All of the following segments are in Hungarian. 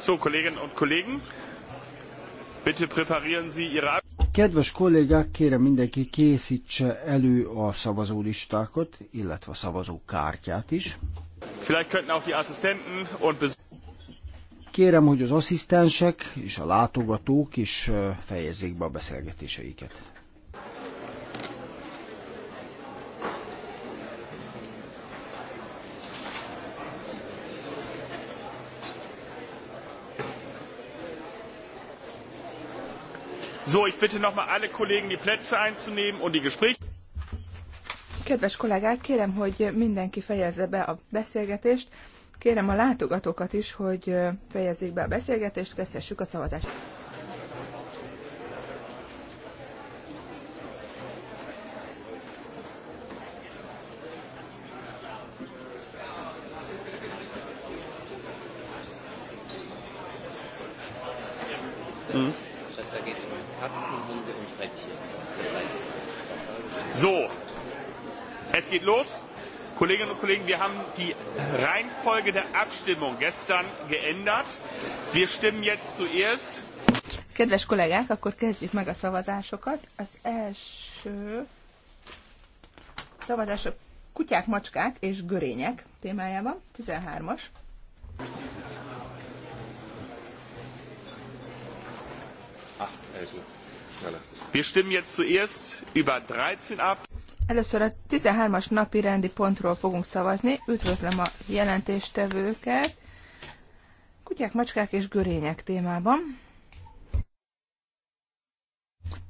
So, Kolleginnen und Kollegen, bitte präparieren Sie Ihre Kedves kollégák, kérem mindenki készítse elő a szavazólistákat, illetve a szavazókártyát is. Vielleicht könnten auch die Assistenten und Kérem, hogy az asszisztensek és a látogatók is fejezzék be a beszélgetéseiket. ich bitte noch mal alle Kollegen, die Plätze einzunehmen und die Gespräche. Kedves kollégák, kérem, hogy mindenki fejezze be a beszélgetést. Kérem a látogatókat is, hogy fejezzék be a beszélgetést, kezdhessük a szavazást. Kollegen, wir haben die Reihenfolge der Abstimmung gestern geändert. Wir stimmen jetzt zuerst. Kedves kollégák, akkor kezdjük meg a szavazásokat. Az első szavazás a kutyák, macskák és görények témájában, 13-as. Wir stimmen jetzt zuerst über 13 ab. Először a 13-as napi rendi pontról fogunk szavazni. Üdvözlöm a jelentéstevőket. Kutyák, macskák és görények témában.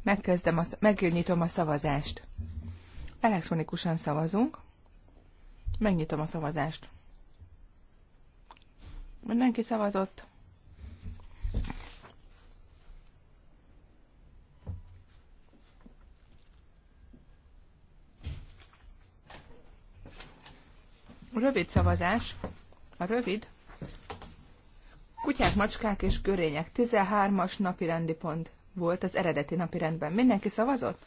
Megkezdem a, megnyitom a szavazást. Elektronikusan szavazunk. Megnyitom a szavazást. Mindenki szavazott. Rövid szavazás. A rövid. Kutyák, macskák és görények. 13-as napi rendi pont volt az eredeti napi rendben. Mindenki szavazott?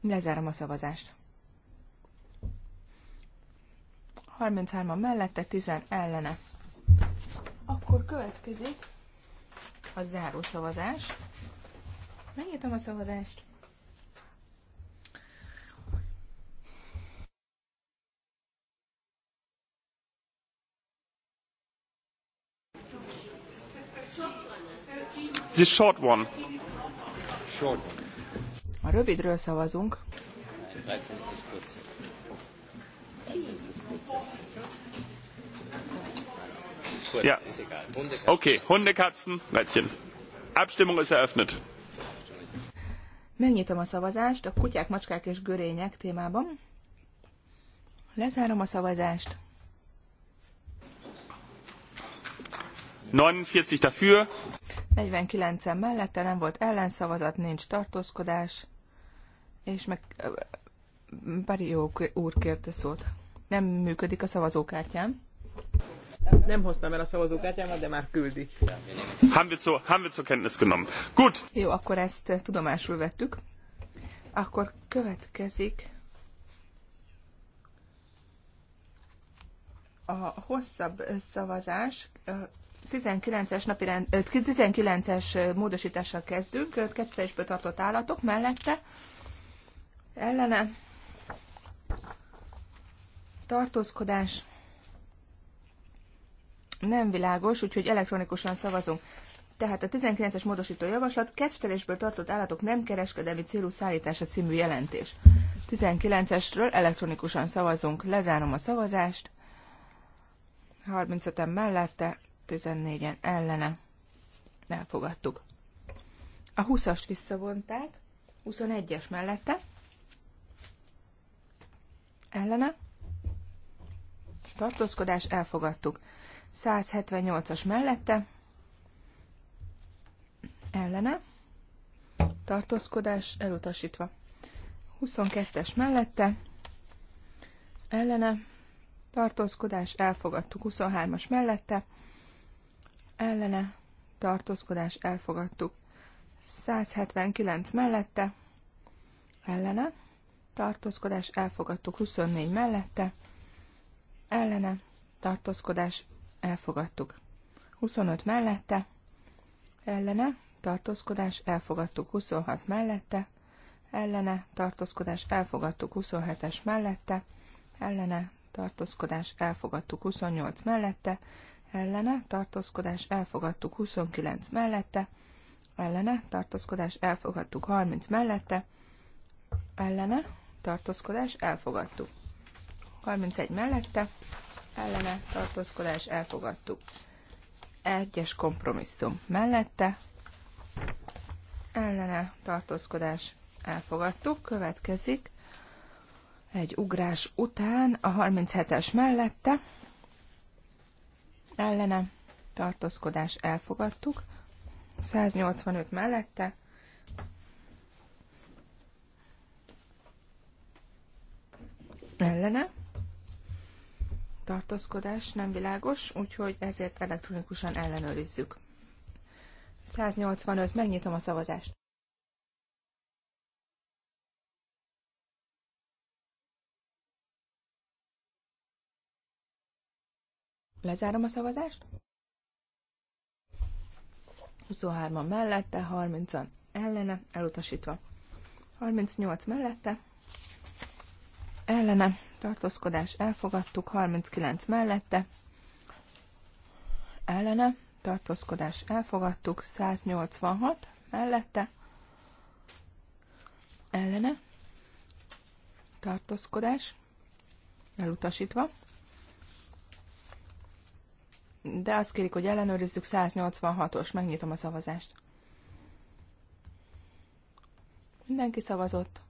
Lezárom a szavazást. 33 a mellette, 10 ellene. Akkor következik a záró szavazás. Megnyitom a szavazást. the short one. Short. A rövidről szavazunk. Ja. Okay, Hunde, Katzen, Mädchen. Abstimmung ist eröffnet. Megnyitom a szavazást a kutyák, macskák és görények témában. Lezárom a szavazást. 49 dafür. 49-en mellette nem volt ellenszavazat, nincs tartózkodás, és meg jó úr kérte szót. Nem működik a szavazókártyám. Nem hoztam el a szavazókártyámat, de már küldi. Haben wir zur Kenntnis genommen. Gut. Jó, akkor ezt tudomásul vettük. Akkor következik a hosszabb szavazás 19-es, napi rend, 19-es módosítással kezdünk, kettesből tartott állatok mellette, ellene, tartózkodás, nem világos, úgyhogy elektronikusan szavazunk. Tehát a 19-es módosító javaslat kettelésből tartott állatok nem kereskedelmi célú szállítása című jelentés. 19-esről elektronikusan szavazunk, lezárom a szavazást. 35-en mellette, 14-en ellene. Elfogadtuk. A 20-ast visszavonták, 21-es mellette. Ellene. Tartózkodás elfogadtuk. 178-as mellette. Ellene. Tartózkodás elutasítva. 22-es mellette. Ellene. Tartózkodás elfogadtuk. 23-as mellette ellene tartózkodás elfogadtuk. 179 mellette ellene tartózkodás elfogadtuk. 24 mellette ellene tartózkodás elfogadtuk. 25 mellette ellene tartózkodás elfogadtuk. 26 mellette ellene tartózkodás elfogadtuk. 27-es mellette ellene tartózkodás elfogadtuk. 28 mellette ellene tartózkodás elfogadtuk 29 mellette, ellene tartózkodás elfogadtuk 30 mellette, ellene tartózkodás elfogadtuk 31 mellette, ellene tartózkodás elfogadtuk egyes kompromisszum mellette, ellene tartózkodás elfogadtuk, következik egy ugrás után a 37-es mellette, ellene tartózkodás elfogadtuk, 185 mellette, ellene tartózkodás nem világos, úgyhogy ezért elektronikusan ellenőrizzük. 185, megnyitom a szavazást. Lezárom a szavazást. 23-an mellette, 30-an ellene, elutasítva. 38 mellette, ellene, tartózkodás elfogadtuk, 39 mellette, ellene, tartózkodás elfogadtuk, 186 mellette, ellene, tartózkodás elutasítva, de azt kérik, hogy ellenőrizzük 186-os. Megnyitom a szavazást. Mindenki szavazott.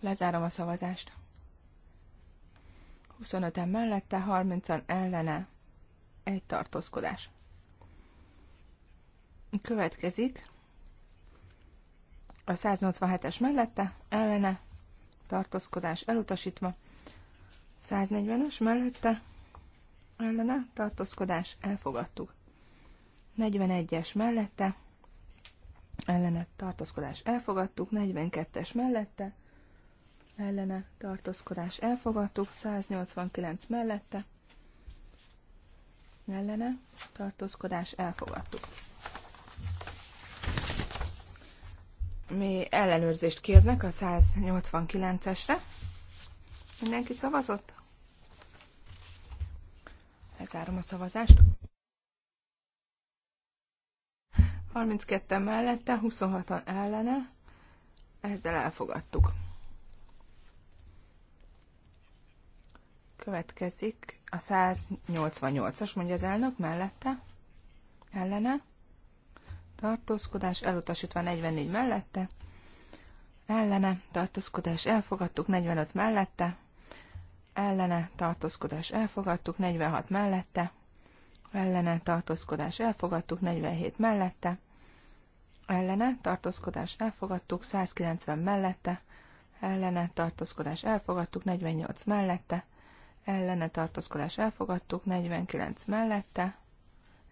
Lezárom a szavazást. 25-en mellette, 30-an ellene. Egy tartózkodás. Következik a 187-es mellette, ellene, tartózkodás elutasítva. 140-es mellette ellene tartózkodás elfogadtuk. 41-es mellette ellene tartózkodás elfogadtuk, 42-es mellette ellene tartózkodás elfogadtuk, 189 mellette ellene tartózkodás elfogadtuk. mi ellenőrzést kérnek a 189-esre. Mindenki szavazott? Lezárom a szavazást. 32 mellette, 26-an ellene. Ezzel elfogadtuk. Következik a 188-as, mondja az elnök, mellette, ellene tartózkodás, elutasítva 44 mellette, ellene, tartózkodás, elfogadtuk 45 mellette, ellene, tartózkodás, elfogadtuk 46 mellette, ellene, tartózkodás, elfogadtuk 47 mellette, ellene, tartózkodás, elfogadtuk 190 mellette, ellene, tartózkodás, elfogadtuk 48 mellette, ellene, tartózkodás, elfogadtuk 49 mellette,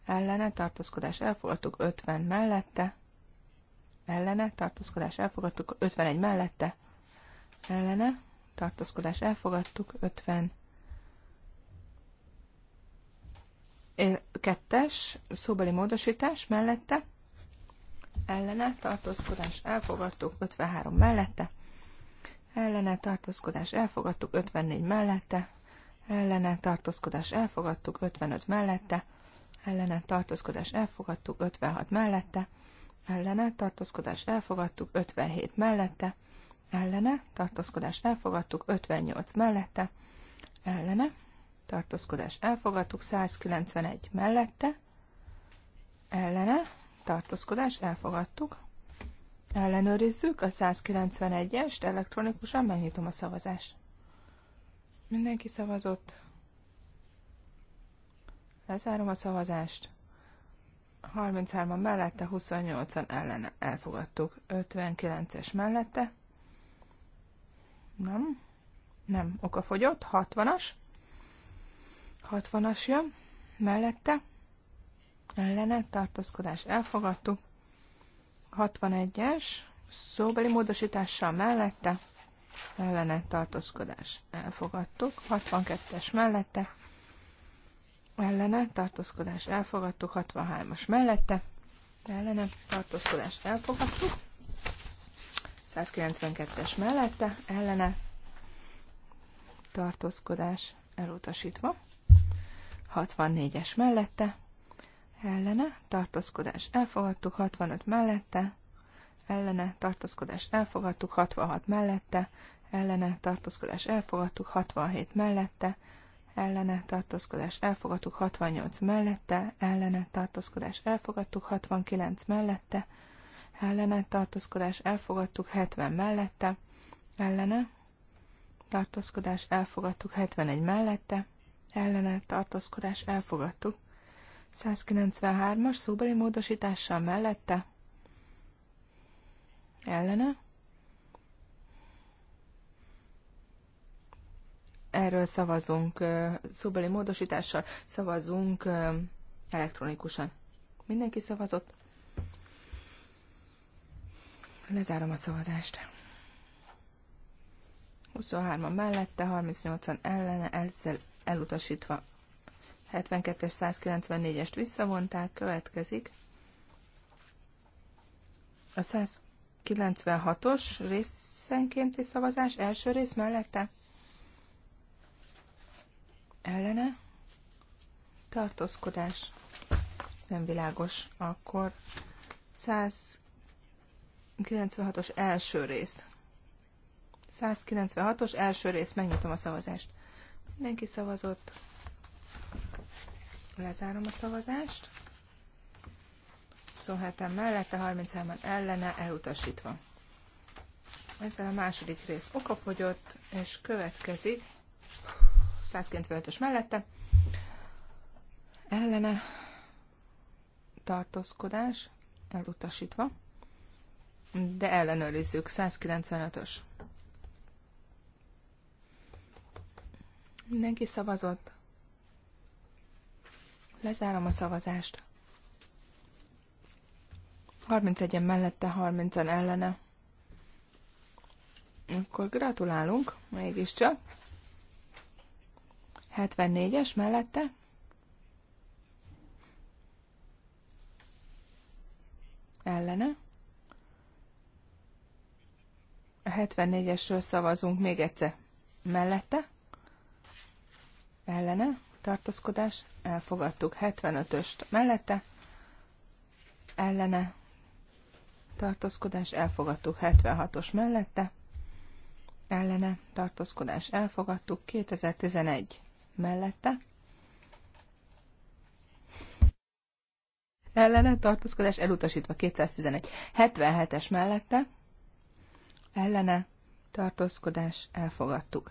ellene tartózkodás elfogadtuk 50 mellette, ellene tartózkodás elfogadtuk 51 mellette, ellene tartózkodás elfogadtuk 50 kettes szóbeli módosítás mellette, ellene tartózkodás elfogadtuk 53 mellette, ellene tartózkodás elfogadtuk 54 mellette, ellene tartózkodás elfogadtuk 55 mellette, ellene tartózkodás elfogadtuk, 56 mellette, ellene tartózkodás elfogadtuk, 57 mellette, ellene tartózkodás elfogadtuk, 58 mellette, ellene tartózkodás elfogadtuk, 191 mellette, ellene tartózkodás elfogadtuk. Ellenőrizzük a 191-est, elektronikusan megnyitom a szavazást. Mindenki szavazott. Lezárom a szavazást. 33-an mellette, 28-an ellene elfogadtuk. 59-es mellette. Nem. Nem, oka fogyott. 60-as. 60-as jön. Mellette. Ellene tartózkodás elfogadtuk. 61-es. Szóbeli módosítással mellette. Ellene tartózkodás elfogadtuk. 62-es mellette ellene, tartózkodás elfogadtuk, 63-as mellette, ellene, tartózkodás elfogadtuk, 192-es mellette, ellene, tartózkodás elutasítva, 64-es mellette, ellene, tartózkodás elfogadtuk, 65 mellette, ellene, tartózkodás elfogadtuk, 66 mellette, ellene, tartózkodás elfogadtuk, 67 mellette, ellene tartózkodás elfogadtuk 68 mellette, ellene tartózkodás elfogadtuk 69 mellette, ellene tartózkodás elfogadtuk 70 mellette, ellene tartózkodás elfogadtuk 71 mellette, ellene tartózkodás elfogadtuk 193-as szóbeli módosítással mellette, ellene erről szavazunk szóbeli módosítással, szavazunk elektronikusan. Mindenki szavazott? Lezárom a szavazást. 23-an mellette, 38-an ellene, ezzel elutasítva. 72-es, 194-est visszavonták, következik. A 196-os részenkénti szavazás első rész mellette ellene tartózkodás nem világos, akkor 196-os első rész. 196-os első rész, megnyitom a szavazást. Mindenki szavazott. Lezárom a szavazást. 27-en mellette, 33-en ellene, elutasítva. Ezzel a második rész okafogyott, és következik 195-ös mellette, ellene tartózkodás elutasítva, de ellenőrizzük, 195-ös. Mindenki szavazott. Lezárom a szavazást. 31-en mellette, 30-en ellene. Akkor gratulálunk, mégiscsak. 74-es mellette. Ellene. A 74-esről szavazunk még egyszer. Mellette. Ellene. Tartózkodás. Elfogadtuk. 75-öst mellette. Ellene. Tartózkodás. Elfogadtuk. 76-os mellette. Ellene. Tartózkodás. Elfogadtuk. 2011 mellette. Ellene tartózkodás elutasítva 211. 77-es mellette. Ellene tartózkodás elfogadtuk.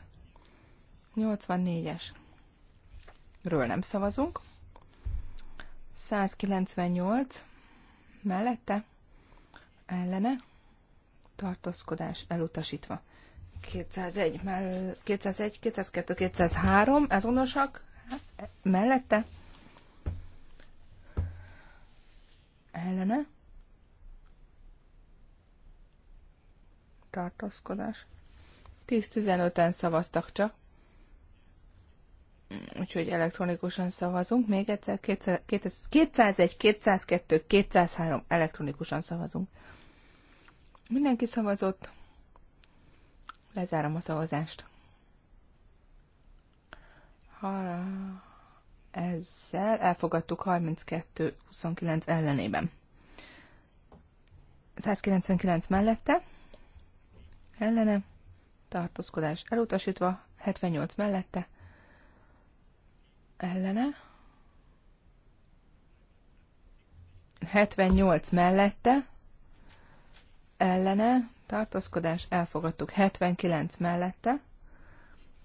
84-es. Ről nem szavazunk. 198 mellette. Ellene tartózkodás elutasítva. 201, mell- 201, 202, 203, azonosak mellette. Ellene. Tartózkodás. 10-15-en szavaztak csak. Úgyhogy elektronikusan szavazunk. Még egyszer 201, 202, 203 elektronikusan szavazunk. Mindenki szavazott. Lezárom a szavazást. Ha ezzel elfogadtuk 32-29 ellenében. 199 mellette, ellene, tartózkodás elutasítva, 78 mellette, ellene, 78 mellette, ellene, tartózkodás elfogadtuk 79 mellette,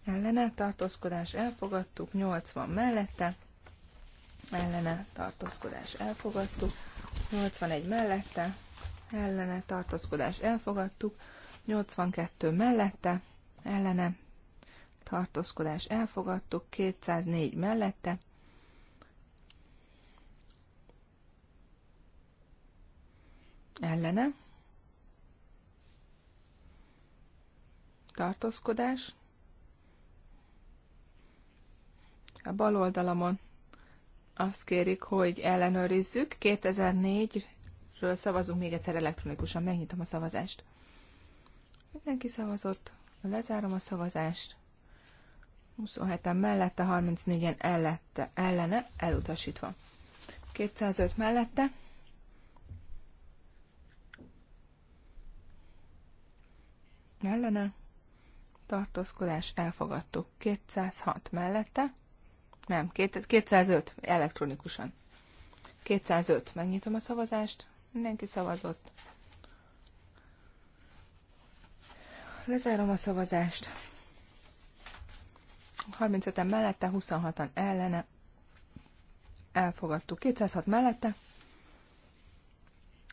ellene tartózkodás elfogadtuk 80 mellette, ellene tartózkodás elfogadtuk 81 mellette, ellene tartózkodás elfogadtuk 82 mellette, ellene tartózkodás elfogadtuk 204 mellette, ellene tartózkodás. A bal oldalamon azt kérik, hogy ellenőrizzük. 2004-ről szavazunk még egyszer elektronikusan. Megnyitom a szavazást. Mindenki szavazott. Lezárom a szavazást. 27-en mellette, 34-en ellette, ellene, elutasítva. 205 mellette. Ellene tartózkodás elfogadtuk. 206 mellette, nem, 205 elektronikusan. 205, megnyitom a szavazást, mindenki szavazott. Lezárom a szavazást. 35-en mellette, 26-an ellene. Elfogadtuk. 206 mellette.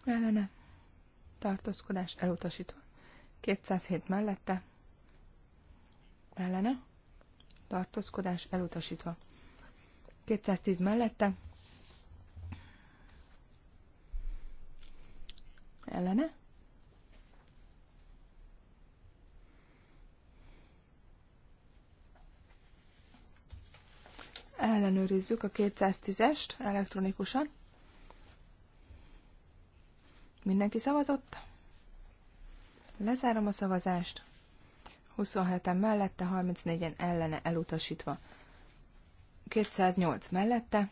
Ellene. Tartózkodás elutasítva. 207 mellette ellene, tartózkodás elutasítva. 210 mellette, ellene, ellenőrizzük a 210-est elektronikusan. Mindenki szavazott? Lezárom a szavazást. 27-en mellette, 34-en ellene elutasítva. 208 mellette,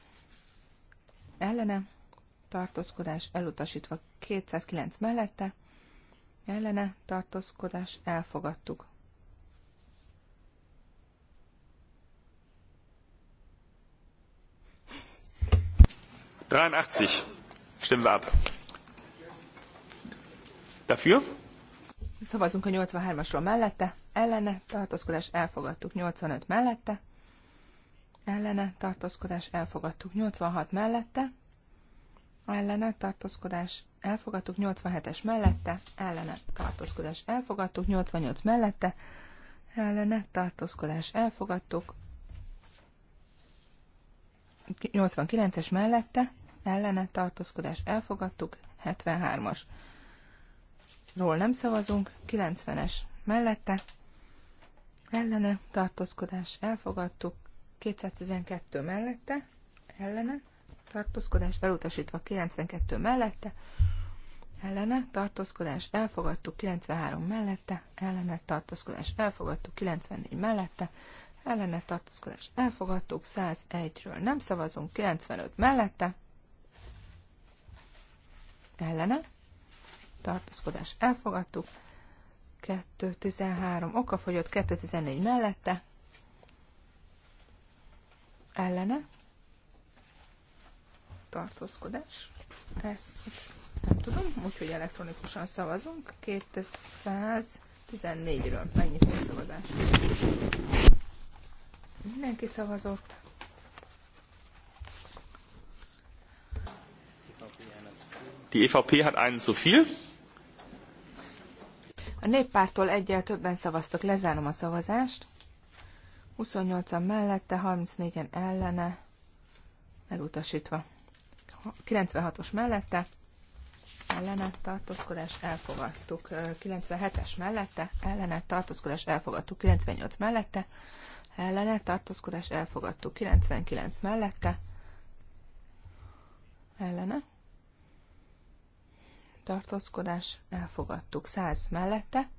ellene, tartózkodás elutasítva. 209 mellette, ellene, tartózkodás elfogadtuk. stimmen wir ab. dafür? Szavazunk a 83-asról mellette, ellene, tartózkodás, elfogadtuk. 85 mellette, ellene, tartózkodás, elfogadtuk. 86 mellette, ellene, tartózkodás, elfogadtuk. 87-es mellette, ellene, tartózkodás, elfogadtuk. 88 mellette, ellene, tartózkodás, elfogadtuk. 89-es mellette, ellene, tartózkodás, elfogadtuk. 73-as ról nem szavazunk, 90-es mellette, ellene, tartózkodás, elfogadtuk, 212 mellette, ellene, tartózkodás, elutasítva 92 mellette, ellene, tartózkodás, elfogadtuk 93 mellette, ellene, tartózkodás, elfogadtuk 94 mellette, ellene, tartózkodás, elfogadtuk 101-ről nem szavazunk, 95 mellette, ellene, tartózkodás elfogadtuk, 2.13 okafogyott, 2.14 mellette, ellene, tartózkodás, ezt is nem tudom, úgyhogy elektronikusan szavazunk, 214-ről mennyit a szavazás? Mindenki szavazott. Die EVP hat einen zu viel. A néppártól egyel többen szavaztak, lezárom a szavazást. 28-an mellette, 34-en ellene, elutasítva. 96-os mellette, ellene tartózkodás elfogadtuk. 97-es mellette, ellene tartózkodás elfogadtuk. 98 mellette, ellene tartózkodás elfogadtuk. 99 mellette, ellene tartózkodás elfogadtuk. 100 mellette,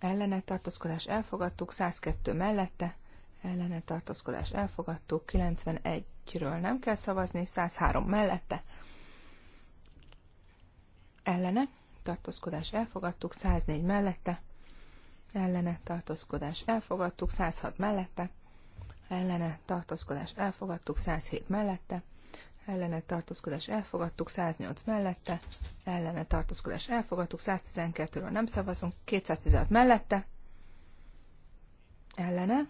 ellene tartózkodás elfogadtuk. 102 mellette, ellene tartózkodás elfogadtuk. 91-ről nem kell szavazni, 103 mellette, ellene tartózkodás elfogadtuk. 104 mellette, ellene tartózkodás elfogadtuk. 106 mellette, ellene tartózkodás elfogadtuk. 107 mellette, ellene tartózkodás elfogadtuk, 108 mellette, ellene tartózkodás elfogadtuk, 112-ről nem szavazunk, 216 mellette, ellene,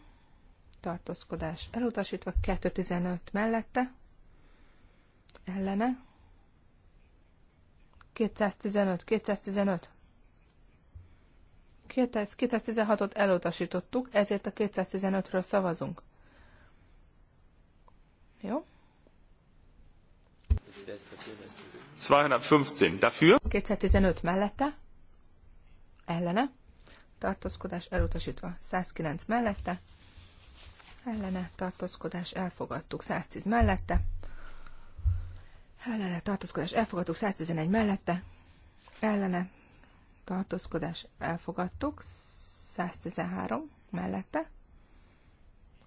tartózkodás elutasítva, 215 mellette, ellene, 215, 215, 216-ot elutasítottuk, ezért a 215-ről szavazunk. Jó? 215 dafür. 215 mellette. Ellene. Tartózkodás elutasítva. 109 mellette. Ellene. Tartózkodás elfogadtuk. 110 mellette. Ellene. Tartózkodás elfogadtuk. 111 mellette. Ellene. Tartózkodás elfogadtuk. 113 mellette.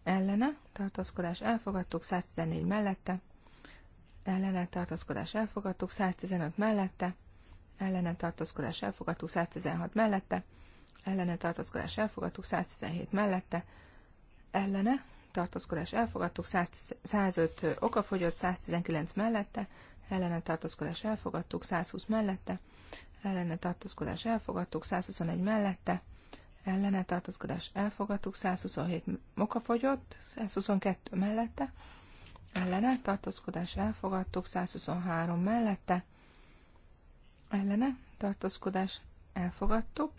Ellene. Tartózkodás elfogadtuk. 114 mellette ellenet tartózkodás elfogadtuk, 115 mellette, ellenet tartózkodás elfogadtuk, 116 mellette, ellenet tartózkodás elfogadtuk, 117 mellette, ellene tartózkodás elfogadtuk, 100, 105 okafogyott, 119 mellette, ellene tartózkodás elfogadtuk, 120 mellette, ellene tartózkodás elfogadtuk, 121 mellette, ellene tartózkodás elfogadtuk, 127 okafogyott, 122 mellette, ellene, tartózkodás elfogadtuk, 123 mellette, ellene, tartózkodás elfogadtuk,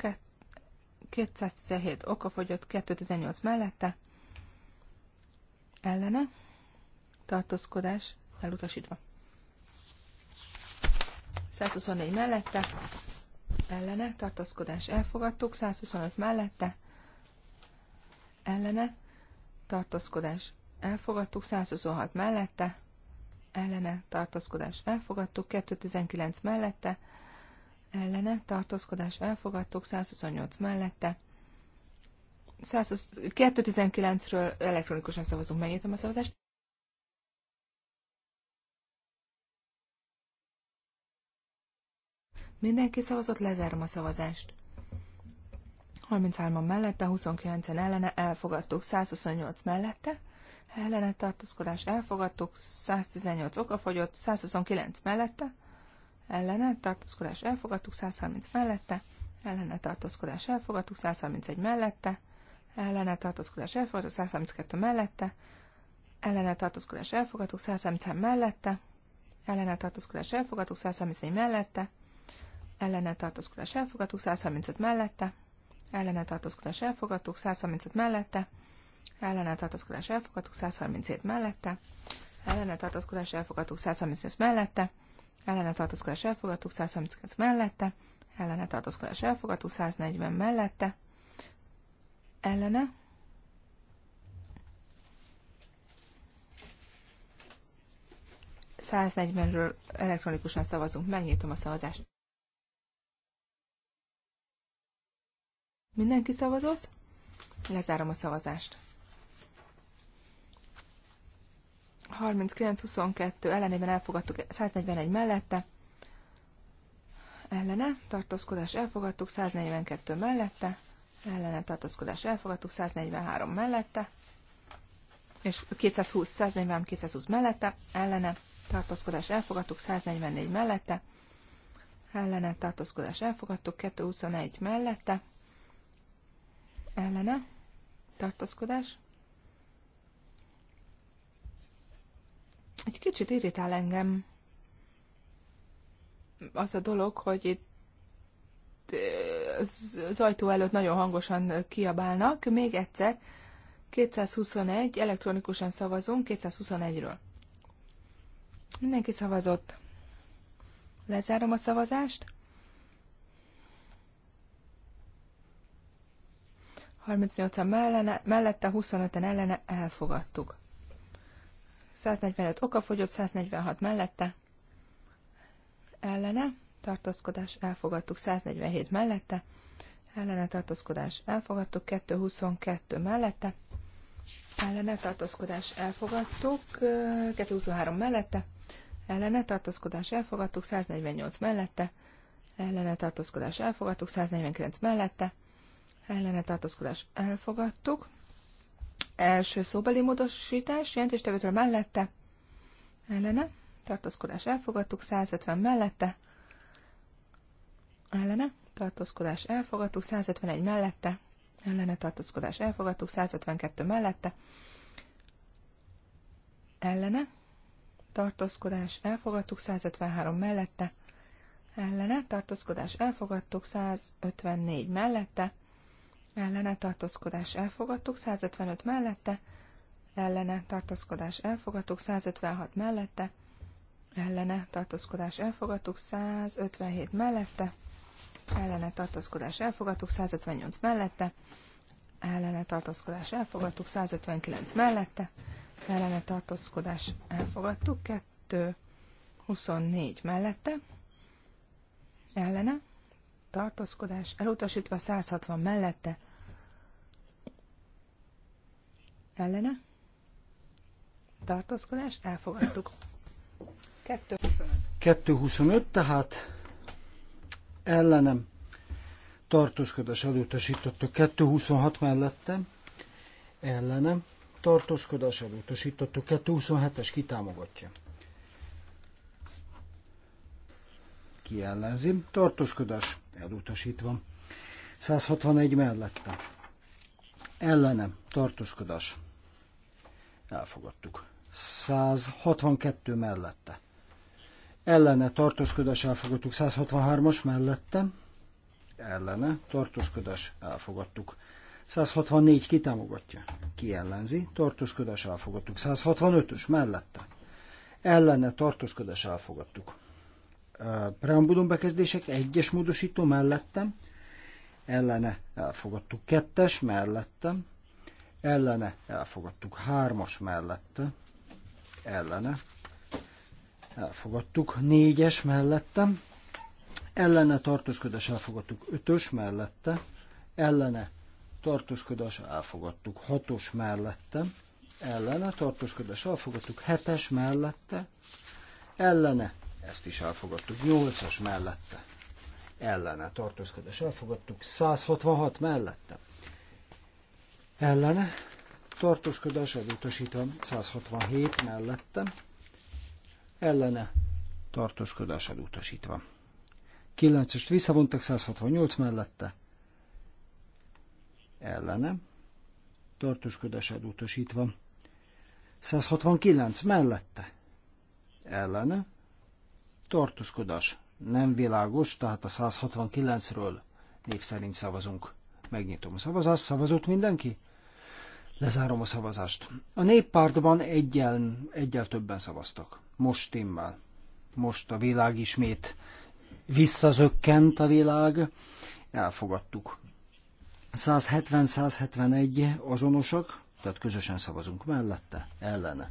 217 okafogyott, 218 mellette, ellene, tartózkodás elutasítva. 124 mellette, ellene, tartózkodás elfogadtuk, 125 mellette, ellene, tartózkodás elfogadtuk, 126 mellette, ellene tartózkodás elfogadtuk, 219 mellette, ellene tartózkodás elfogadtuk, 128 mellette, 219-ről elektronikusan szavazunk, megnyitom a szavazást. Mindenki szavazott, lezárom a szavazást. 33-an mellette, 29-en ellene, elfogadtuk 128 mellette, ellene tartózkodás elfogadtuk, 118 okafogyott, 129 mellette, ellene tartózkodás elfogadtuk, 130 mellette, ellene tartózkodás elfogadtuk, 131 mellette, ellene tartózkodás elfogadtuk, 132 mellette, ellene tartózkodás elfogadtuk, 133 mellette, ellene tartózkodás elfogadtuk, 134 mellette, ellene tartózkodás elfogadtuk, 135 mellette, ellene tartózkodás elfogadtuk, 135 mellette, ellene tartózkodás elfogadtuk 137 mellette, ellene tartózkodás elfogadtuk 138 mellette, ellene tartózkodás elfogadtuk 139 mellette, ellene tartózkodás elfogadtuk 140 mellette, ellene, ről elektronikusan szavazunk, megnyitom a szavazást. Mindenki szavazott? Lezárom a szavazást. 39-22 ellenében elfogadtuk 141 mellette, ellene tartózkodás elfogadtuk 142 mellette, ellene tartózkodás elfogadtuk 143 mellette, és 220, 140, 220 mellette, ellene tartózkodás elfogadtuk 144 mellette, ellene tartózkodás elfogadtuk 221 mellette, ellene tartózkodás Egy kicsit irritál engem az a dolog, hogy itt eh, az ajtó előtt nagyon hangosan kiabálnak. Még egyszer, 221, elektronikusan szavazunk, 221-ről. Mindenki szavazott. Lezárom a szavazást. 38-an mellette, 25-en ellene elfogadtuk. 145 fogyott, 146 mellette, ellene, tartózkodás, elfogadtuk 147 mellette, ellene tartózkodás, elfogadtuk 222 mellette, ellene tartózkodás, elfogadtuk 223 mellette, ellene tartózkodás, elfogadtuk 148 mellette, ellene tartózkodás, elfogadtuk 149 mellette, ellene tartózkodás, elfogadtuk első szóbeli módosítás, jelentéstevőtől mellette, ellene, tartózkodás elfogadtuk, 150 mellette, ellene, tartózkodás elfogadtuk, 151 mellette, ellene tartózkodás elfogadtuk, 152 mellette, ellene, tartózkodás elfogadtuk, 153 mellette, ellene, tartózkodás elfogadtuk, 154 mellette, ellene tartózkodás elfogadtuk, 155 mellette, ellene tartózkodás elfogadtuk, 156 mellette, ellene tartózkodás elfogadtuk, 157 mellette, ellene tartózkodás elfogadtuk, 158 mellette, ellene tartózkodás elfogadtuk, 159 mellette, ellene tartózkodás elfogadtuk, 2, 24 mellette, ellene, tartózkodás elutasítva, 160 mellette, Ellene? Tartózkodás? Elfogadtuk. 225. 225, tehát ellenem tartózkodás elutasítottuk. 226 mellettem ellenem tartózkodás elutasítottuk. 227-es kitámogatja. Ki ellenzi? Tartózkodás elutasítva. 161 mellettem Ellenem tartózkodás Elfogadtuk. 162 mellette. Ellene tartózkodás elfogadtuk. 163-as mellette. Ellene tartózkodás elfogadtuk. 164 kitámogatja. Ki ellenzi? Tartózkodás elfogadtuk. 165-ös mellette. Ellene tartózkodás elfogadtuk. Preambulum bekezdések egyes módosító mellettem. Ellene elfogadtuk. Kettes mellettem ellene elfogadtuk. Hármas mellette ellene elfogadtuk. Négyes mellette, ellene tartózkodás elfogadtuk. Ötös mellette ellene tartózkodás elfogadtuk. Hatos mellette ellene tartózkodás elfogadtuk. Hetes mellette ellene ezt is elfogadtuk. Nyolcas mellette ellene tartózkodás elfogadtuk. 166 mellette ellene, tartózkodás elutasítva 167 mellette, ellene, tartózkodás elutasítva. 9-est visszavontak 168 mellette, ellene, tartózkodás elutasítva. 169 mellette, ellene, tartózkodás nem világos, tehát a 169-ről név szerint szavazunk. Megnyitom a szavazást, szavazott mindenki? Lezárom a szavazást. A néppártban egyel, egyel többen szavaztak. Most stimmel. Most a világ ismét visszazökkent a világ. Elfogadtuk. 170-171 azonosak, tehát közösen szavazunk mellette, ellene.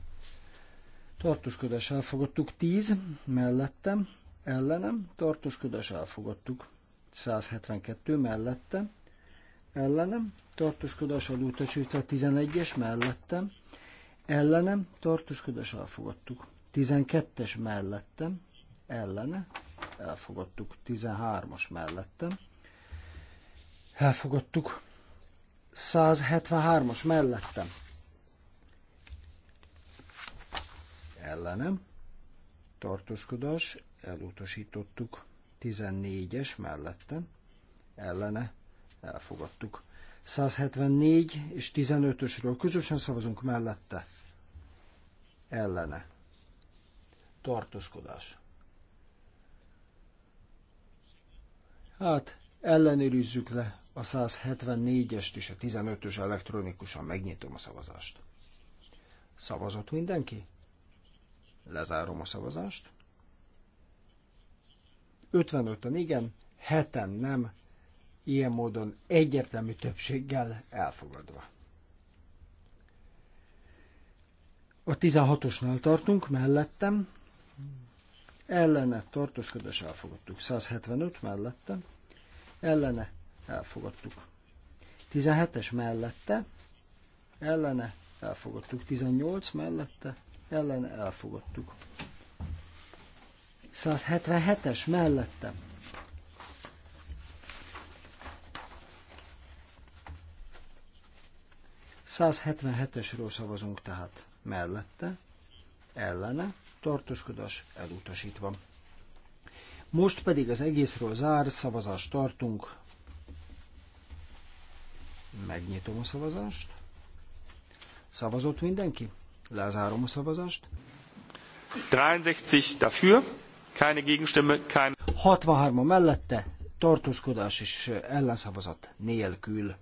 Tartózkodás elfogadtuk 10, mellettem, ellenem, tartózkodás elfogadtuk 172 mellette, ellenem, tartózkodás elutasítva 11-es mellettem, ellenem, tartózkodás elfogadtuk. 12-es mellettem, ellene, elfogadtuk. 13-as mellettem, elfogadtuk. 173-as mellettem, ellenem, tartózkodás elutasítottuk. 14-es mellettem, ellene, elfogadtuk. 174 és 15-ösről közösen szavazunk mellette. Ellene. Tartózkodás. Hát, ellenőrizzük le a 174-est és a 15-ös elektronikusan megnyitom a szavazást. Szavazott mindenki? Lezárom a szavazást. 55-en igen, 7-en nem, ilyen módon egyértelmű többséggel elfogadva. A 16-osnál tartunk, mellettem, ellene tartózkodás elfogadtuk, 175 mellettem, ellene elfogadtuk. 17-es mellette, ellene elfogadtuk, 18 mellette, ellene elfogadtuk. 177-es mellettem, 177-esről szavazunk tehát mellette, ellene, tartózkodás elutasítva. Most pedig az egészről zár szavazást tartunk. Megnyitom a szavazást. Szavazott mindenki? Lezárom a szavazást. 63 dafür, keine Gegenstimme, keine... 63 mellette, tartózkodás és ellenszavazat nélkül.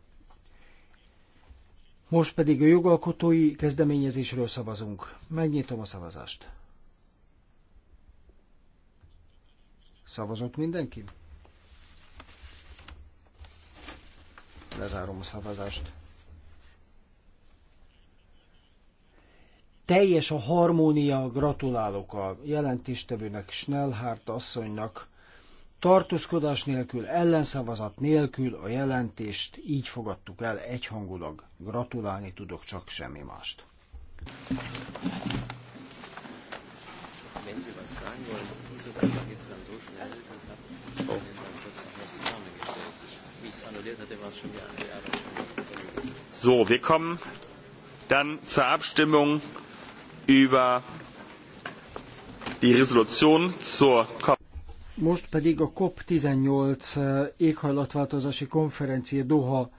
Most pedig a jogalkotói kezdeményezésről szavazunk. Megnyitom a szavazást. Szavazott mindenki? Lezárom a szavazást. Teljes a harmónia, gratulálok a jelentéstevőnek, Schnellhárt asszonynak, tartózkodás nélkül, ellenszavazat nélkül a jelentést így fogadtuk el egyhangulag. Gratulálni tudok csak semmi mást. so wir kommen dann zur Abstimmung über die Resolution zur most pedig a COP18 eh, éghajlatváltozási konferencia Doha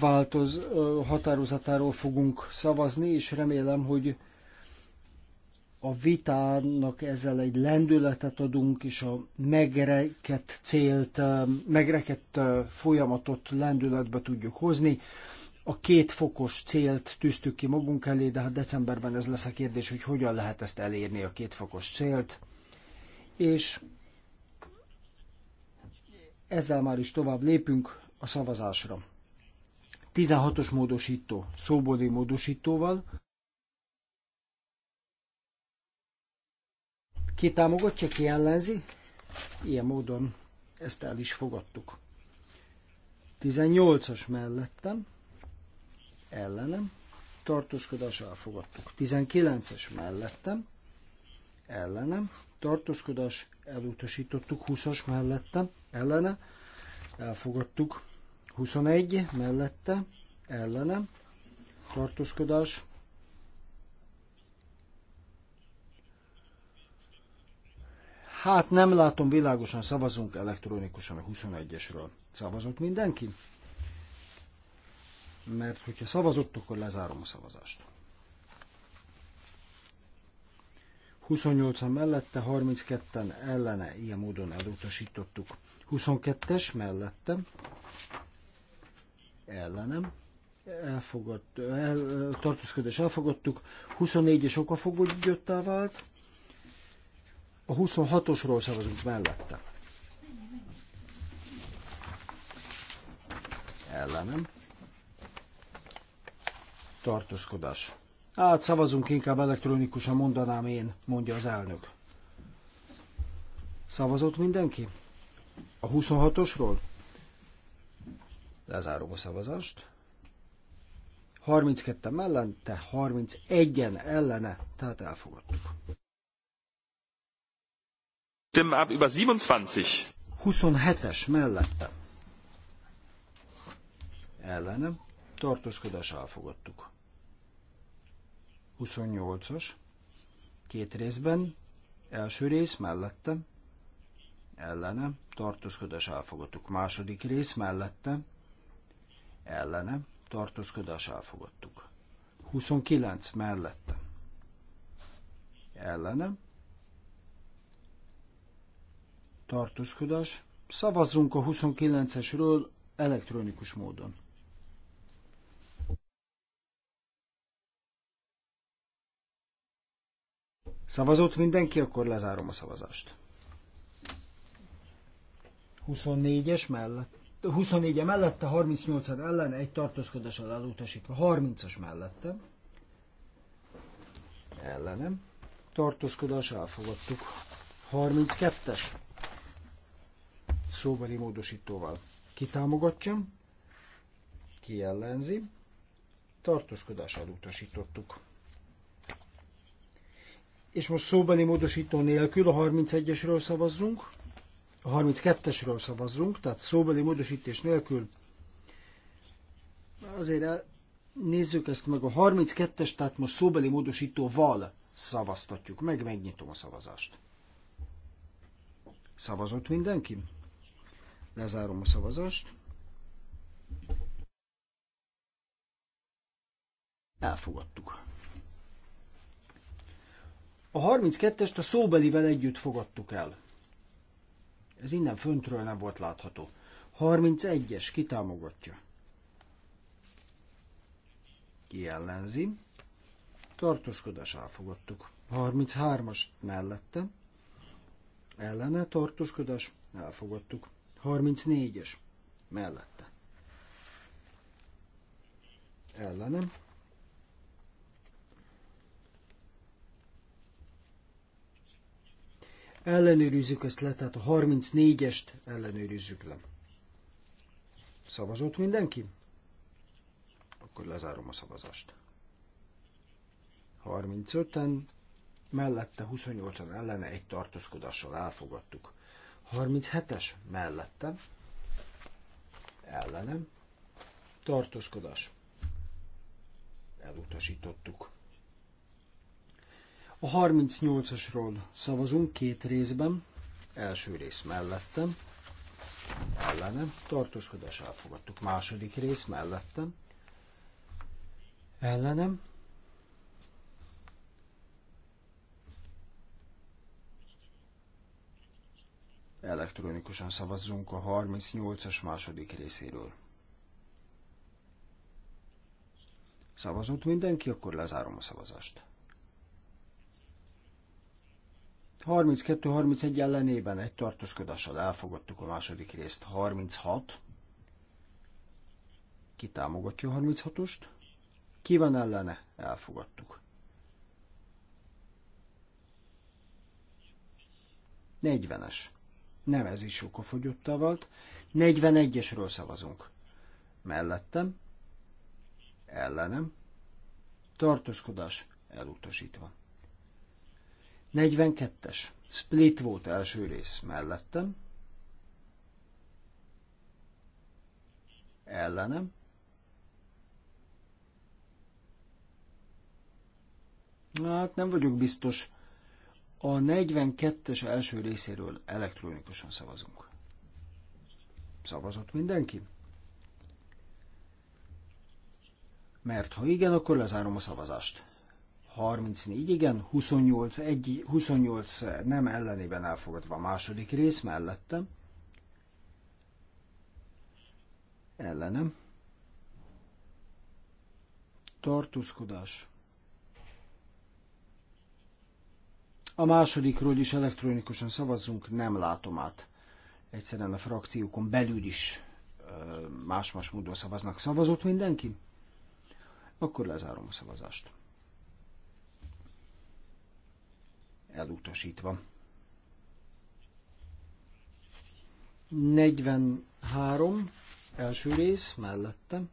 változ, eh, határozatáról fogunk szavazni, és remélem, hogy a vitának ezzel egy lendületet adunk, és a megrekedt célt, eh, megrekedt folyamatot lendületbe tudjuk hozni. A két fokos célt tűztük ki magunk elé, de hát decemberben ez lesz a kérdés, hogy hogyan lehet ezt elérni a két fokos célt és ezzel már is tovább lépünk a szavazásra. 16-os módosító, szóbodi módosítóval. Ki támogatja, ki ellenzi? Ilyen módon ezt el is fogadtuk. 18-as mellettem, ellenem, tartózkodás elfogadtuk. 19-es mellettem, ellenem, tartózkodás, elutasítottuk 20-as mellette, ellene, elfogadtuk 21 mellette, ellene, tartózkodás, Hát nem látom világosan, szavazunk elektronikusan a 21-esről. Szavazott mindenki? Mert hogyha szavazott, akkor lezárom a szavazást. 28-an mellette, 32-en ellene, ilyen módon elutasítottuk. 22-es mellette, ellenem, elfogadt, el, tartózkodás elfogadtuk, 24-es okafogottá vált, a 26-osról szavazunk mellette. Ellenem. Tartózkodás. Hát szavazunk inkább elektronikusan, mondanám én, mondja az elnök. Szavazott mindenki? A 26-osról? Lezárom a szavazást. 32 mellette, 31-en ellene, tehát elfogadtuk. Stimmen ab über 27. 27-es mellette. Ellenem. Tartózkodás elfogadtuk. 28-as, két részben, első rész mellette, ellene, tartózkodás elfogadtuk. Második rész mellette, ellene, tartózkodás elfogadtuk. 29 mellette, ellene, tartózkodás. Szavazzunk a 29-esről elektronikus módon. Szavazott mindenki, akkor lezárom a szavazást. 24-es mellett, 24-e mellette, 38 ellen, egy tartózkodással elutasítva, 30-as mellette, ellenem, tartózkodás elfogadtuk, 32-es, szóbeli módosítóval. Kitámogatjam. támogatja, ki ellenzi, tartózkodás elutasítottuk és most szóbeli módosító nélkül a 31-esről szavazzunk, a 32-esről szavazzunk, tehát szóbeli módosítés nélkül. Azért el, nézzük ezt meg, a 32-es, tehát most szóbeli módosítóval szavaztatjuk meg, megnyitom a szavazást. Szavazott mindenki? Lezárom a szavazást. Elfogadtuk. A 32-est a szóbelivel együtt fogadtuk el. Ez innen föntről nem volt látható. 31-es kitámogatja. Kiellenzi. Tartózkodás elfogadtuk. 33-as mellette. Ellene tartózkodás elfogadtuk. 34-es mellette. Ellenem Ellenőrizzük ezt le, tehát a 34-est ellenőrizzük le. Szavazott mindenki? Akkor lezárom a szavazást. 35-en, mellette 28-an ellene egy tartózkodással elfogadtuk. 37-es mellette, ellenem, tartózkodás. Elutasítottuk. A 38-asról szavazunk két részben, első rész mellettem, ellenem, tartózkodás elfogadtuk. Második rész mellettem, ellenem, elektronikusan szavazzunk a 38-as második részéről. Szavazott mindenki, akkor lezárom a szavazást. 32-31 ellenében egy tartózkodással elfogadtuk a második részt. 36. Ki támogatja a 36-ost? Ki van ellene? Elfogadtuk. 40-es. Nem ez is sok a fogyottá volt. 41-esről szavazunk. Mellettem. Ellenem. Tartózkodás elutasítva. 42-es. Split volt első rész mellettem. Ellenem. Hát nem vagyok biztos. A 42-es első részéről elektronikusan szavazunk. Szavazott mindenki? Mert ha igen, akkor lezárom a szavazást. 34 igen, 28, 1, 28 nem ellenében elfogadva a második rész mellettem. Ellenem. Tartózkodás. A másodikról is elektronikusan szavazzunk, nem látom át. Egyszerűen a frakciókon belül is más-más módon szavaznak. Szavazott mindenki? Akkor lezárom a szavazást. elutasítva. 43 első rész mellettem,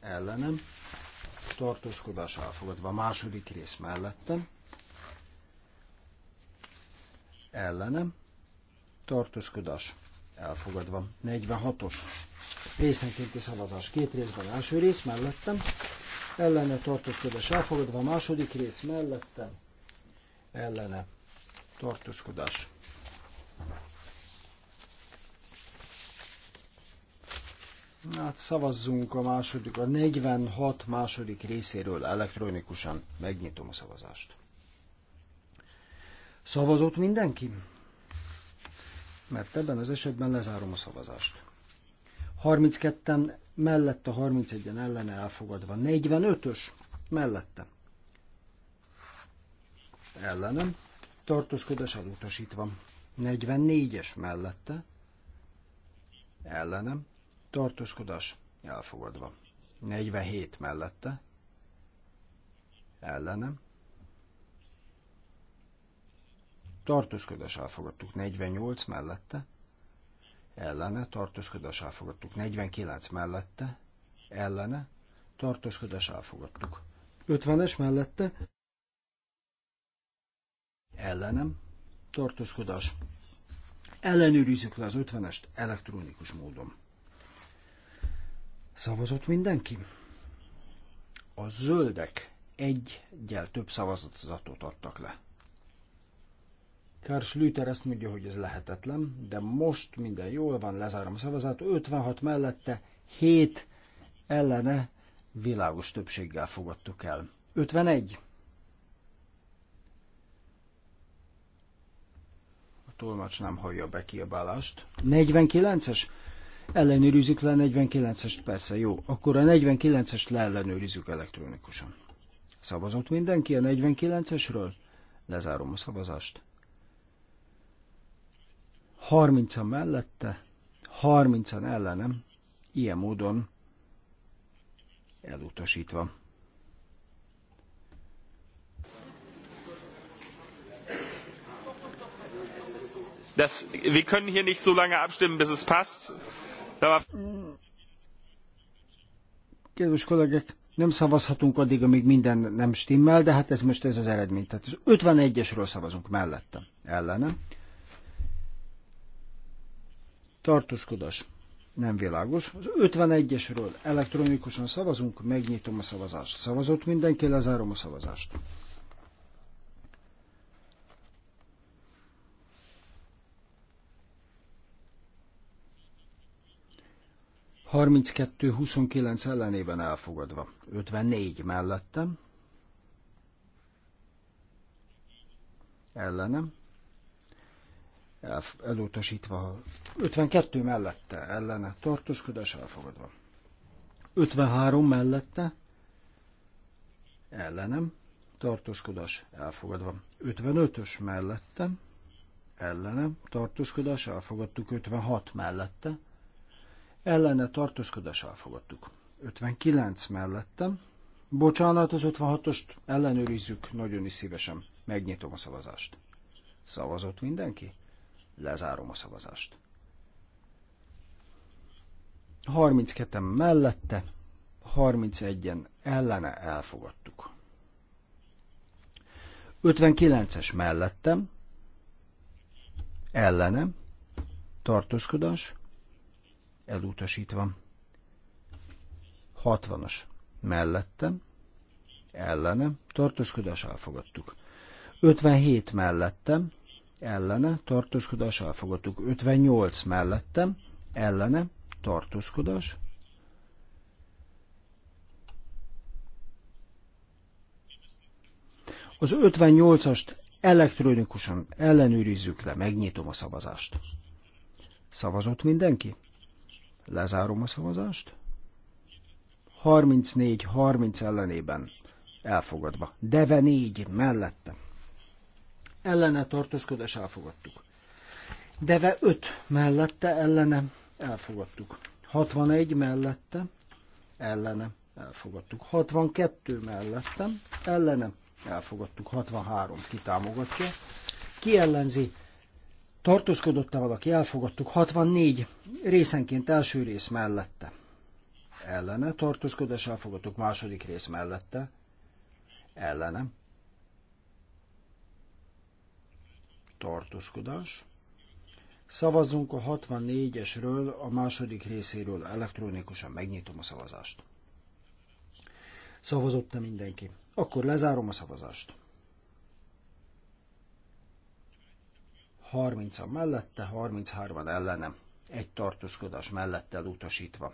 ellenem, tartózkodás elfogadva második rész mellettem, ellenem, tartózkodás elfogadva. 46-os részenkénti szavazás két részben, első rész mellettem, ellene tartózkodás elfogadva, második rész mellettem, ellene tartózkodás. Hát szavazzunk a második, a 46 második részéről elektronikusan. Megnyitom a szavazást. Szavazott mindenki? Mert ebben az esetben lezárom a szavazást. 32-en mellette, 31-en ellene elfogadva. 45-ös mellette ellenem, tartózkodás elutasítva. 44-es mellette, ellenem, tartózkodás elfogadva. 47 mellette, ellenem, tartózkodás elfogadtuk. 48 mellette, ellene, tartózkodás elfogadtuk. 49 mellette, ellene, tartózkodás elfogadtuk. 50-es mellette, ellenem, tartózkodás, ellenőrizzük le az 50 elektronikus módon. Szavazott mindenki? A zöldek egyel több szavazatot adtak le. Karl Schlüter ezt mondja, hogy ez lehetetlen, de most minden jól van, lezárom a szavazát, 56 mellette 7 ellene világos többséggel fogadtuk el. 51. tolmács nem hallja a bekiabálást. 49-es? Ellenőrizzük le 49-est, persze, jó. Akkor a 49-est leellenőrizzük elektronikusan. Szavazott mindenki a 49-esről? Lezárom a szavazást. 30-an mellette, 30-an ellenem, ilyen módon elutasítva. Das, wir können hier nicht so lange abstimmen, bis es passt. Kedves kollégek, nem szavazhatunk addig, amíg minden nem stimmel, de hát ez most ez az eredmény. Tehát 51-esről szavazunk mellette. Ellene. Tartózkodás. Nem világos. Az 51-esről elektronikusan szavazunk, megnyitom a szavazást. Szavazott mindenki, lezárom a szavazást. 32-29 ellenében elfogadva. 54 mellettem. Ellenem. Elf elutasítva. 52 mellette ellene. Tartózkodás elfogadva. 53 mellette. Ellenem. Tartózkodás elfogadva. 55-ös mellettem. Ellenem. Tartózkodás elfogadtuk. 56 mellette ellene tartózkodás elfogadtuk. 59 mellettem. Bocsánat, az 56-ost ellenőrizzük nagyon is szívesen. Megnyitom a szavazást. Szavazott mindenki? Lezárom a szavazást. 32-en mellette, 31-en ellene elfogadtuk. 59-es mellettem, Ellene. tartózkodás, elutasítva. 60-as mellettem, ellene, tartózkodás elfogadtuk. 57 mellettem, ellene, tartózkodás elfogadtuk. 58 mellettem, ellene, tartózkodás. Az 58-ast elektronikusan ellenőrizzük le, megnyitom a szavazást. Szavazott mindenki? Lezárom a szavazást. 34-30 ellenében elfogadva. Deve 4 mellette. Ellene tartózkodás elfogadtuk. Deve 5 mellette ellene elfogadtuk. 61 mellette ellene elfogadtuk. 62 mellettem ellene elfogadtuk. 63 kitámogatja. Ki ellenzi? Tartózkodott-e valaki? Elfogadtuk. 64. Részenként első rész mellette. Ellene. Tartózkodás elfogadtuk. Második rész mellette. Ellene. Tartózkodás. Szavazzunk a 64-esről, a második részéről elektronikusan megnyitom a szavazást. Szavazott-e mindenki? Akkor lezárom a szavazást. 30 a mellette, 33-an ellene, egy tartózkodás mellett utasítva.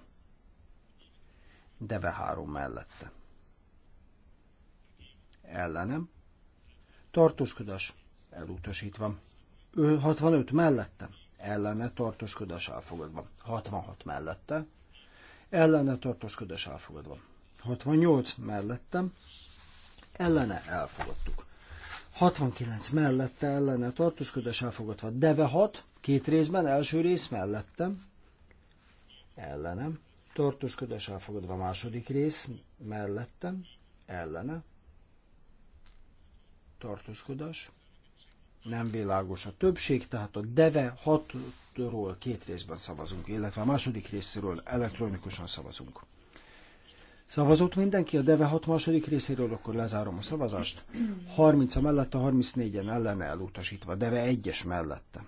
Deve 3 mellette. Ellenem. Tartózkodás elutasítva. Ő 65 mellette. Ellene tartózkodás elfogadva. 66 mellette. Ellene tartózkodás elfogadva. 68 mellettem. Ellene elfogadtuk. 69 mellette ellene tartózkodás elfogadva. Deve 6, két részben, első rész mellettem, ellenem. Tartózkodás elfogadva második rész, mellettem, ellene. Tartózkodás. Nem világos a többség, tehát a DEVE 6-ról két részben szavazunk, illetve a második részről elektronikusan szavazunk. Szavazott mindenki a Deve 6 második részéről, akkor lezárom a szavazást. 30 a mellette, 34-en ellene elutasítva, Deve 1-es mellette.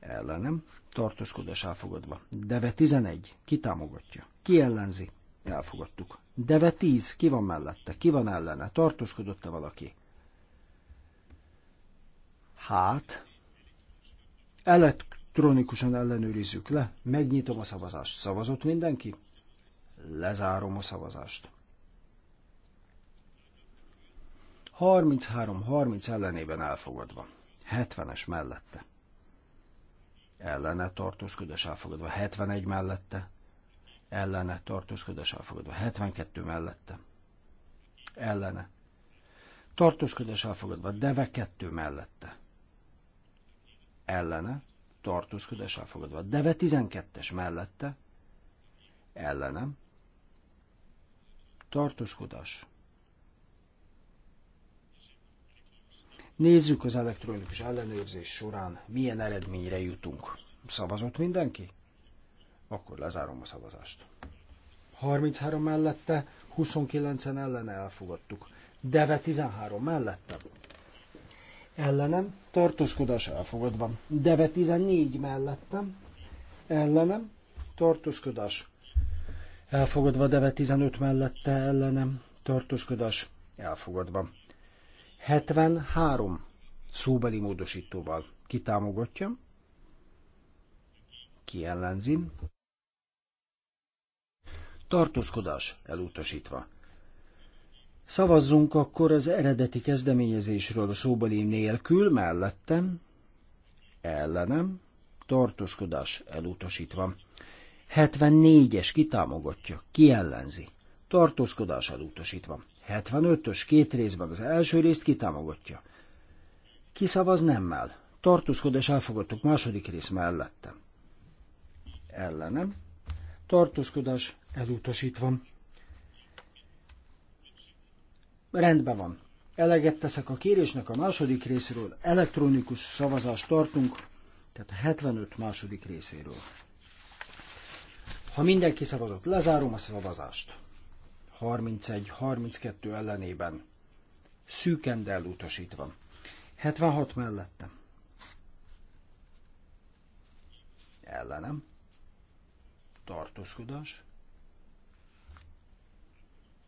Ellenem, tartózkodás elfogadva. Deve 11, ki támogatja? Ki ellenzi? Elfogadtuk. Deve 10, ki van mellette? Ki van ellene? Tartózkodott-e valaki? Hát, elektronikusan ellenőrizzük le, megnyitom a szavazást. Szavazott mindenki? Lezárom a szavazást. 33-30 ellenében elfogadva. 70-es mellette. Ellene tartózkodás elfogadva. 71 mellette. Ellene tartózkodás elfogadva. 72 mellette. Ellene. Tartózkodás elfogadva. Deve 2 mellette. Ellene. Tartózkodás elfogadva. Deve 12-es mellette. Ellenem tartózkodás. Nézzük az elektronikus ellenőrzés során, milyen eredményre jutunk. Szavazott mindenki? Akkor lezárom a szavazást. 33 mellette, 29-en ellene elfogadtuk. Deve 13 mellette. Ellenem, tartózkodás elfogadva. Deve 14 mellettem. Ellenem, tartózkodás elfogadva, Deve 15 mellette ellenem, tartózkodás elfogadva. 73 szóbeli módosítóval kitámogatja, kiellenzi. tartózkodás elutasítva. Szavazzunk akkor az eredeti kezdeményezésről a szóbeli nélkül, mellettem, ellenem, tartózkodás elutasítva. 74-es kitámogatja, kiellenzi. Tartózkodás utasítva. 75-ös két részben az első részt kitámogatja. Kiszavaz nemmel. Tartózkodás elfogadtuk második rész mellette. Ellenem. Tartózkodás elutasítva. Rendben van. Eleget teszek a kérésnek a második részéről. Elektronikus szavazást tartunk, tehát a 75 második részéről. Ha mindenki szavazott, lezárom a szavazást. 31-32 ellenében szűken, elutasítva. 76 mellettem. Ellenem. Tartózkodás.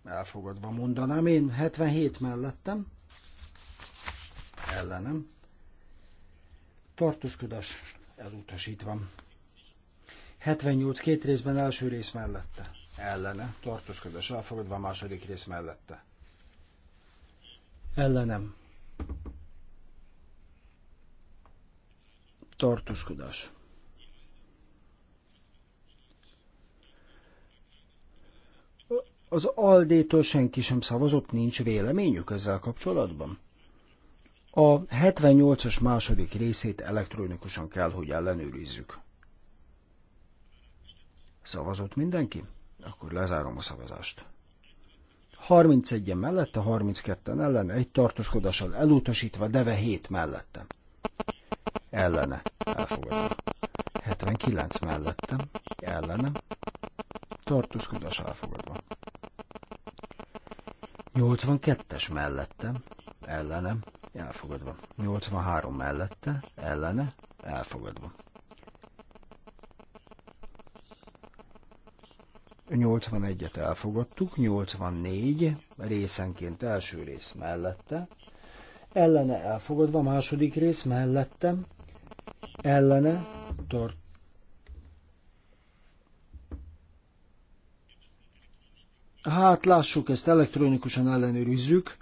Elfogadva mondanám én, 77 mellettem. Ellenem. Tartózkodás elutasítva. 78 két részben első rész mellette. Ellene. Tartózkodás elfogadva a második rész mellette. Ellenem. Tartózkodás. Az Aldétől senki sem szavazott, nincs véleményük ezzel kapcsolatban. A 78-as második részét elektronikusan kell, hogy ellenőrizzük. Szavazott mindenki? Akkor lezárom a szavazást. 31-en mellette, 32-en ellen, egy tartózkodással elutasítva, deve 7 mellette. Ellene. Elfogadom. 79 mellette. Ellene. Tartózkodás elfogadva. 82-es mellette. Ellene. Elfogadva. 83 mellette. Ellene. Elfogadva. 81-et elfogadtuk, 84 részenként első rész mellette, ellene elfogadva második rész mellettem, ellene tart Hát lássuk, ezt elektronikusan ellenőrizzük,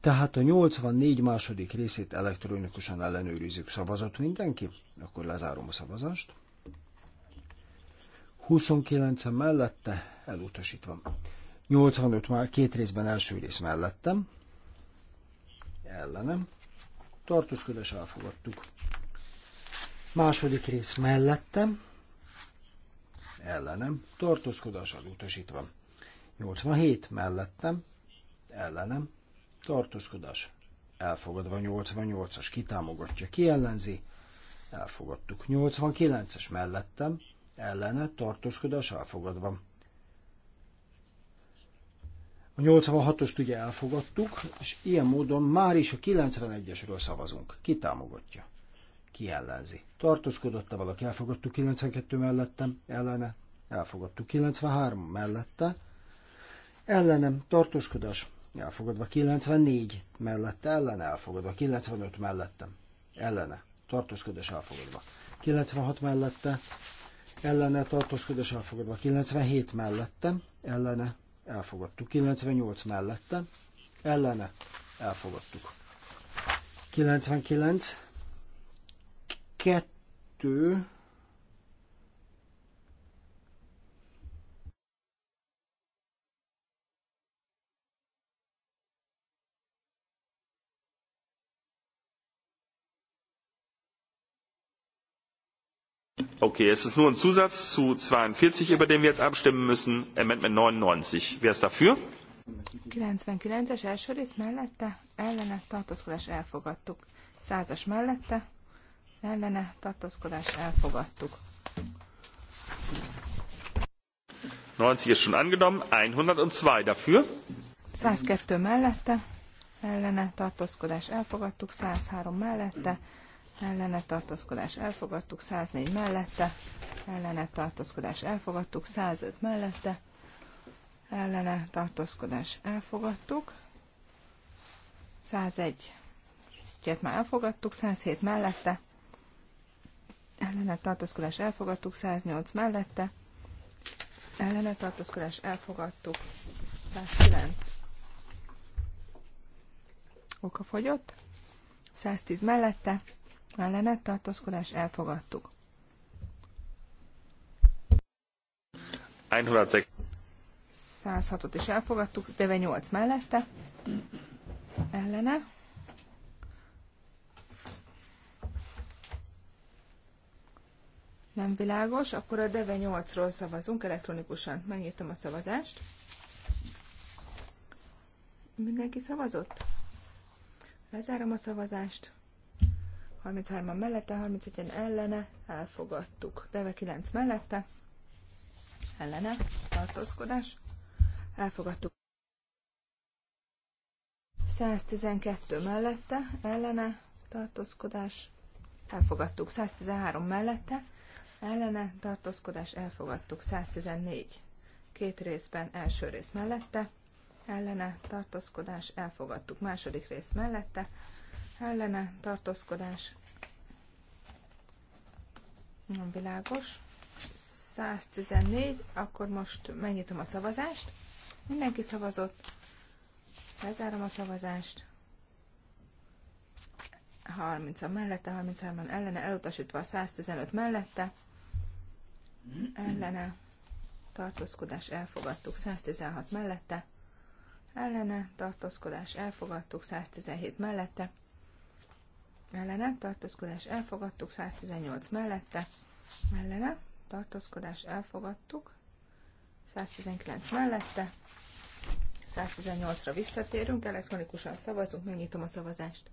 tehát a 84 második részét elektronikusan ellenőrizzük. Szavazott mindenki? Akkor lezárom a szavazást. 29 mellette elutasítva. 85 már két részben első rész mellettem, ellenem, tartózkodás elfogadtuk. Második rész mellettem, ellenem, tartózkodás elutasítva. 87 mellettem, ellenem, tartózkodás elfogadva 88-as kitámogatja, kiellenzi, elfogadtuk. 89-es mellettem, ellene tartózkodás elfogadva. A 86-ost ugye elfogadtuk, és ilyen módon már is a 91-esről szavazunk. Ki támogatja? Ki ellenzi? Tartózkodott-e valaki? Elfogadtuk 92 mellettem, ellene? Elfogadtuk 93 mellette, ellenem tartózkodás elfogadva 94 mellette, ellen elfogadva 95 mellettem, ellene tartózkodás elfogadva 96 mellette, ellene tartózkodás elfogadva 97 mellette, ellene elfogadtuk 98 mellette, ellene elfogadtuk. 99 2 Okay, es ist nur ein Zusatz zu 42, über den wir jetzt abstimmen müssen. Amendment 99. Wer ist dafür? 99-es első rész mellette, ellene tartózkodás elfogadtuk. 100 mellette, ellene tartózkodás elfogadtuk. 90 ist schon angenommen, 102 dafür. 102 mellette, ellene tartózkodás elfogadtuk, 103 mellette, ellene tartózkodás elfogadtuk, 104 mellette, ellene tartózkodás elfogadtuk, 105 mellette, ellene tartózkodás elfogadtuk, 101 két már elfogadtuk, 107 mellette, ellene tartózkodás elfogadtuk, 108 mellette, ellene tartózkodás elfogadtuk, 109 oka fogyott, 110 mellette, ellene tartózkodás elfogadtuk. 106-ot is elfogadtuk, de 8 mellette ellene. Nem világos, akkor a Deve 8-ról szavazunk elektronikusan. Megnyitom a szavazást. Mindenki szavazott? Lezárom a szavazást. 33-an mellette, 31-en ellene, elfogadtuk. Deve 9 mellette, ellene, tartózkodás, elfogadtuk. 112 mellette, ellene, tartózkodás, elfogadtuk. 113 mellette, ellene, tartózkodás, elfogadtuk. 114 két részben, első rész mellette, ellene, tartózkodás, elfogadtuk. Második rész mellette, ellene tartózkodás nem világos. 114, akkor most megnyitom a szavazást. Mindenki szavazott. Lezárom a szavazást. 30 a mellette, 33-an ellene, elutasítva a 115 mellette. Ellene tartózkodás elfogadtuk 116 mellette. Ellene tartózkodás elfogadtuk 117 mellette ellene, tartózkodás elfogadtuk, 118 mellette, ellene, tartózkodás elfogadtuk, 119 mellette, 118-ra visszatérünk, elektronikusan szavazunk, megnyitom a szavazást.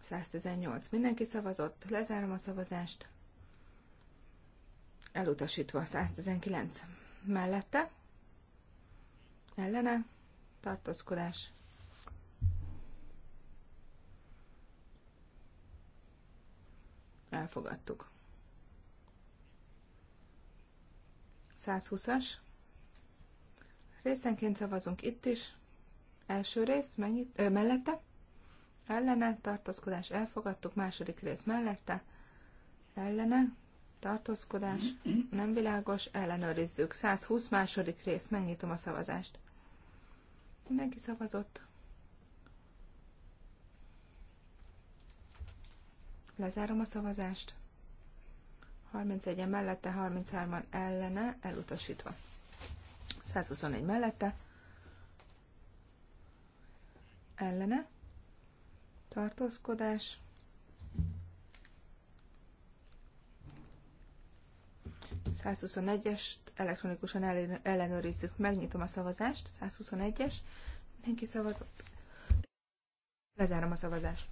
118. Mindenki szavazott, lezárom a szavazást. Elutasítva 119. Mellette, ellene, tartózkodás elfogadtuk. 120-as. Részenként szavazunk itt is. Első rész mennyit, ö, mellette. Ellene, tartózkodás, elfogadtuk. Második rész mellette. Ellene, tartózkodás, nem világos, ellenőrizzük. 120 második rész, megnyitom a szavazást. Mindenki szavazott. Lezárom a szavazást. 31 -e mellette, 33-an ellene, elutasítva. 121 mellette, ellene, tartózkodás, es elektronikusan ellenőrizzük. Megnyitom a szavazást. 121-es. Mindenki szavazott. Lezárom a szavazást.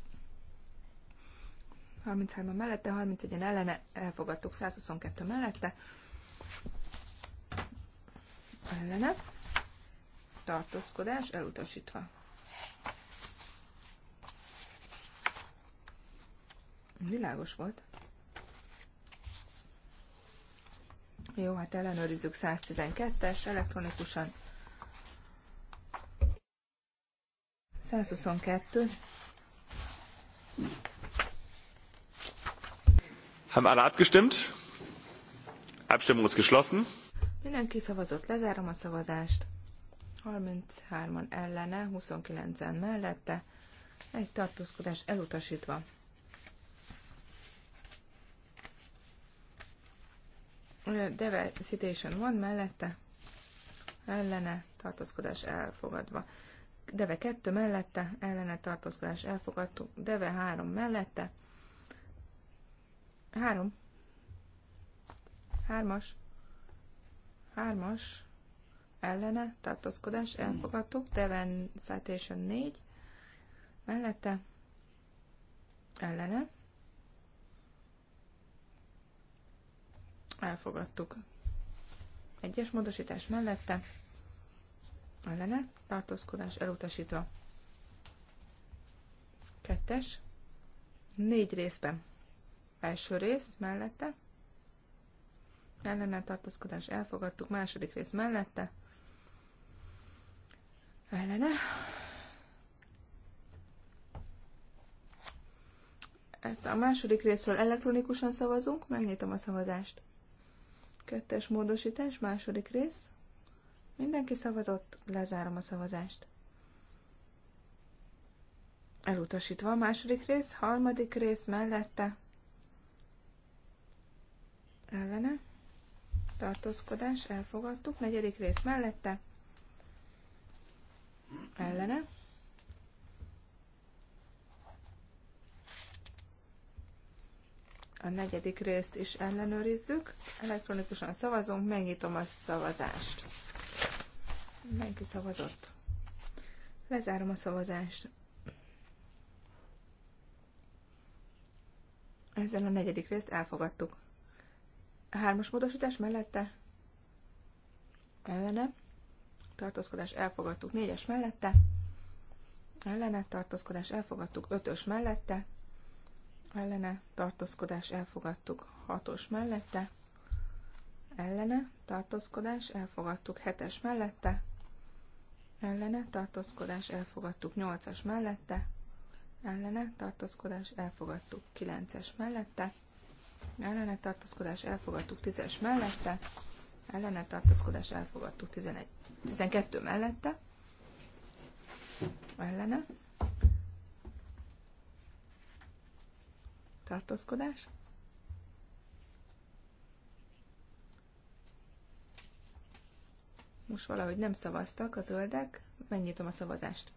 33-an mellette, 31-en ellene, elfogadtuk 122 mellette, ellene, tartózkodás elutasítva. Világos volt. Jó, hát ellenőrizzük 112-es elektronikusan. 122 Haben alle abgestimmt? Abstimmung ist geschlossen. Mindenki szavazott, lezárom a szavazást. 33-an ellene, 29-en mellette, egy tartózkodás elutasítva. Deve van mellette, ellene, tartózkodás elfogadva. Deve 2 mellette, ellene tartózkodás elfogadtuk. Deve 3 mellette, Három. Hármas. Hármas. Ellene. Tartózkodás. Elfogadtuk. Deven Citation 4. Mellette. Ellene. Elfogadtuk. Egyes módosítás mellette. Ellene. Tartózkodás elutasítva. Kettes. Négy részben. Első rész mellette. Ellene tartózkodás elfogadtuk. Második rész mellette. Ellene. Ezt a második részről elektronikusan szavazunk. Megnyitom a szavazást. Kettes módosítás, második rész. Mindenki szavazott, lezárom a szavazást. Elutasítva a második rész, harmadik rész mellette ellene, tartózkodás, elfogadtuk, negyedik rész mellette, ellene, a negyedik részt is ellenőrizzük, elektronikusan szavazunk, megnyitom a szavazást. Mindenki szavazott. Lezárom a szavazást. Ezzel a negyedik részt elfogadtuk. Hármas módosítás mellette ellene tartózkodás elfogadtuk. Négyes mellette ellene tartózkodás elfogadtuk. Ötös mellette ellene tartózkodás elfogadtuk. Hatos mellette ellene tartózkodás elfogadtuk. Hetes mellette ellene tartózkodás elfogadtuk. Nyolcas mellette ellene tartózkodás elfogadtuk. Kilences mellette ellene tartózkodás elfogadtuk 10 mellette, ellene tartózkodás elfogadtuk 11, 12 mellette, ellene tartózkodás. Most valahogy nem szavaztak a zöldek, megnyitom a szavazást.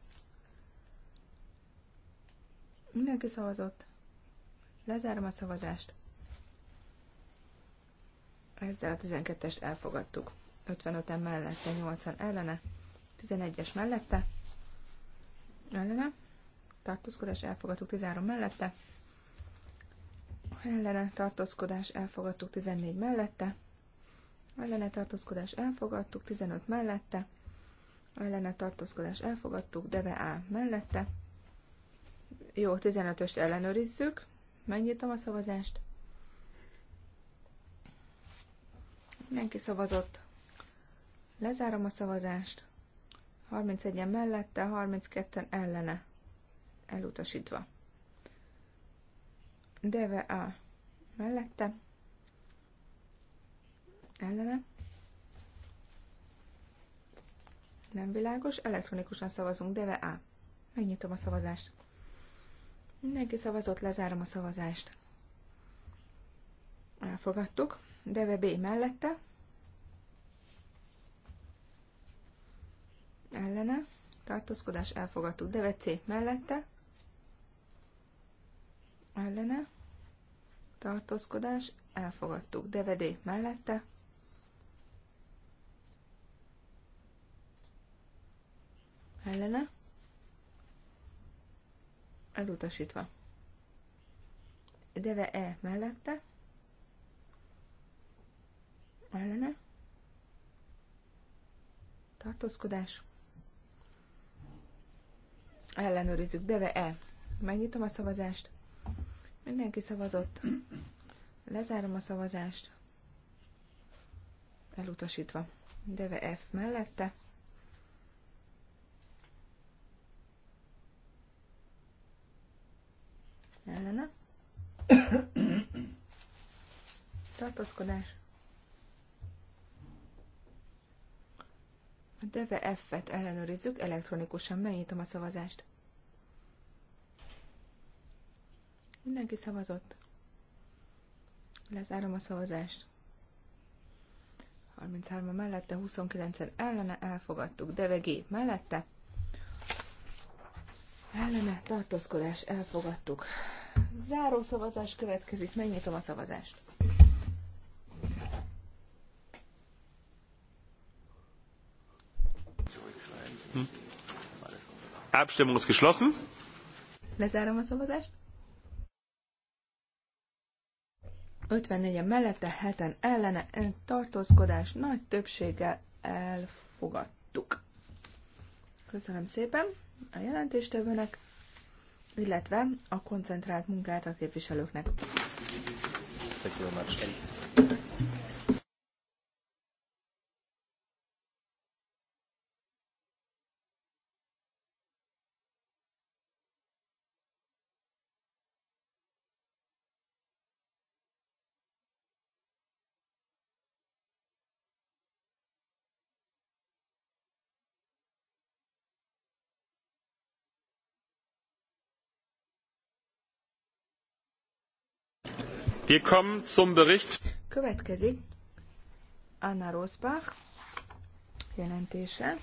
Mindenki szavazott. Lezárom a szavazást. Ezzel a 12-est elfogadtuk. 55-en mellette, 80 ellene, 11-es mellette, ellene, tartózkodás elfogadtuk 13 mellette, ellene tartózkodás elfogadtuk 14 mellette, ellene tartózkodás elfogadtuk 15 mellette, ellene tartózkodás elfogadtuk, de be áll mellette. Jó, 15-öst ellenőrizzük, megnyitom a szavazást, Mindenki szavazott. Lezárom a szavazást. 31-en mellette, 32-en ellene. Elutasítva. Deve A. Mellette. Ellene. Nem világos. Elektronikusan szavazunk. Deve A. Megnyitom a szavazást. Mindenki szavazott, lezárom a szavazást elfogadtuk. Deve B mellette, ellene, tartózkodás elfogadtuk. Deve C mellette, ellene, tartózkodás elfogadtuk. Deve D mellette, ellene, elutasítva. Deve E mellette, ellene, tartózkodás, ellenőrizzük, deve-e, megnyitom a szavazást, mindenki szavazott, lezárom a szavazást, elutasítva, deve F mellette, ellene, tartózkodás, A DEVE F-et ellenőrizzük, elektronikusan megnyitom a szavazást. Mindenki szavazott. Lezárom a szavazást. 33 mellette, 29-en ellene elfogadtuk. Deve G mellette. Ellene tartózkodás elfogadtuk. Záró szavazás következik, megnyitom a szavazást. Mhm. Abstimmung ist geschlossen. Lezárom a szavazást. 54 mellette, 7-en ellene, tartózkodás nagy többséggel elfogadtuk. Köszönöm szépen a jelentéstevőnek, illetve a koncentrált munkát a képviselőknek. Thank you very much. Wir zum Bericht. Következik Anna Rosbach jelentése,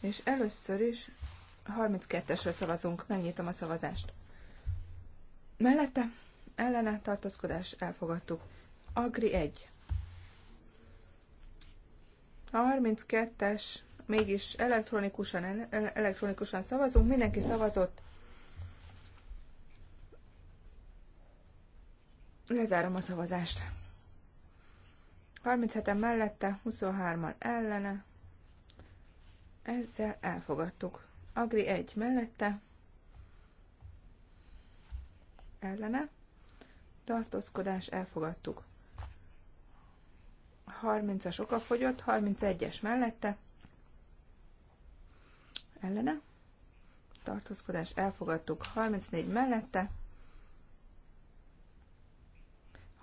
és először is 32-esre szavazunk, megnyitom a szavazást. Mellette ellene tartózkodás elfogadtuk. Agri 1. A 32-es mégis elektronikusan, elektronikusan szavazunk, mindenki szavazott, Lezárom a szavazást. 37-en mellette, 23-an ellene. Ezzel elfogadtuk. Agri 1 mellette, ellene. Tartózkodás elfogadtuk. 30-as fogyott. 31-es mellette, ellene. Tartózkodás elfogadtuk. 34 mellette,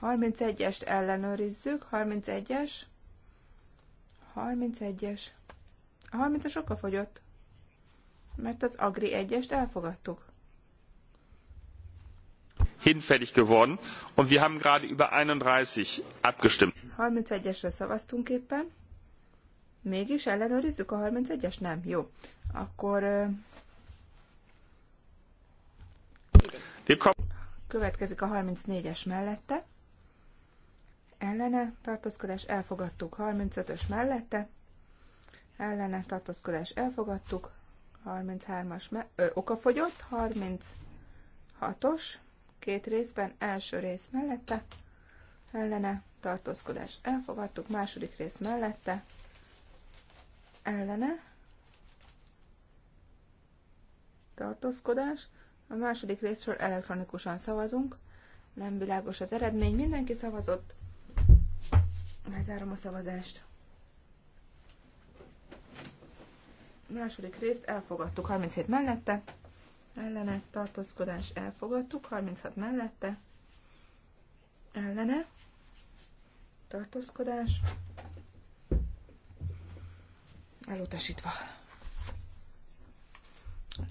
31-est ellenőrizzük, 31-es, 31-es. A 30-as sokkal fogyott, mert az Agri 1-est elfogadtuk. Hinfällig geworden, und wir haben gerade über 31 abgestimmt. 31-esre szavaztunk éppen. Mégis ellenőrizzük a 31-es? Nem, jó. Akkor... Uh... Következik a 34-es mellette ellene tartózkodás elfogadtuk, 35-ös mellette, ellene tartózkodás elfogadtuk, 33-as okafogyott, 36-os, két részben, első rész mellette, ellene tartózkodás elfogadtuk, második rész mellette, ellene tartózkodás, a második részről elektronikusan szavazunk, nem világos az eredmény, mindenki szavazott, Lezárom a szavazást. Második részt elfogadtuk 37 mellette, ellene tartózkodás elfogadtuk 36 mellette, ellene tartózkodás elutasítva.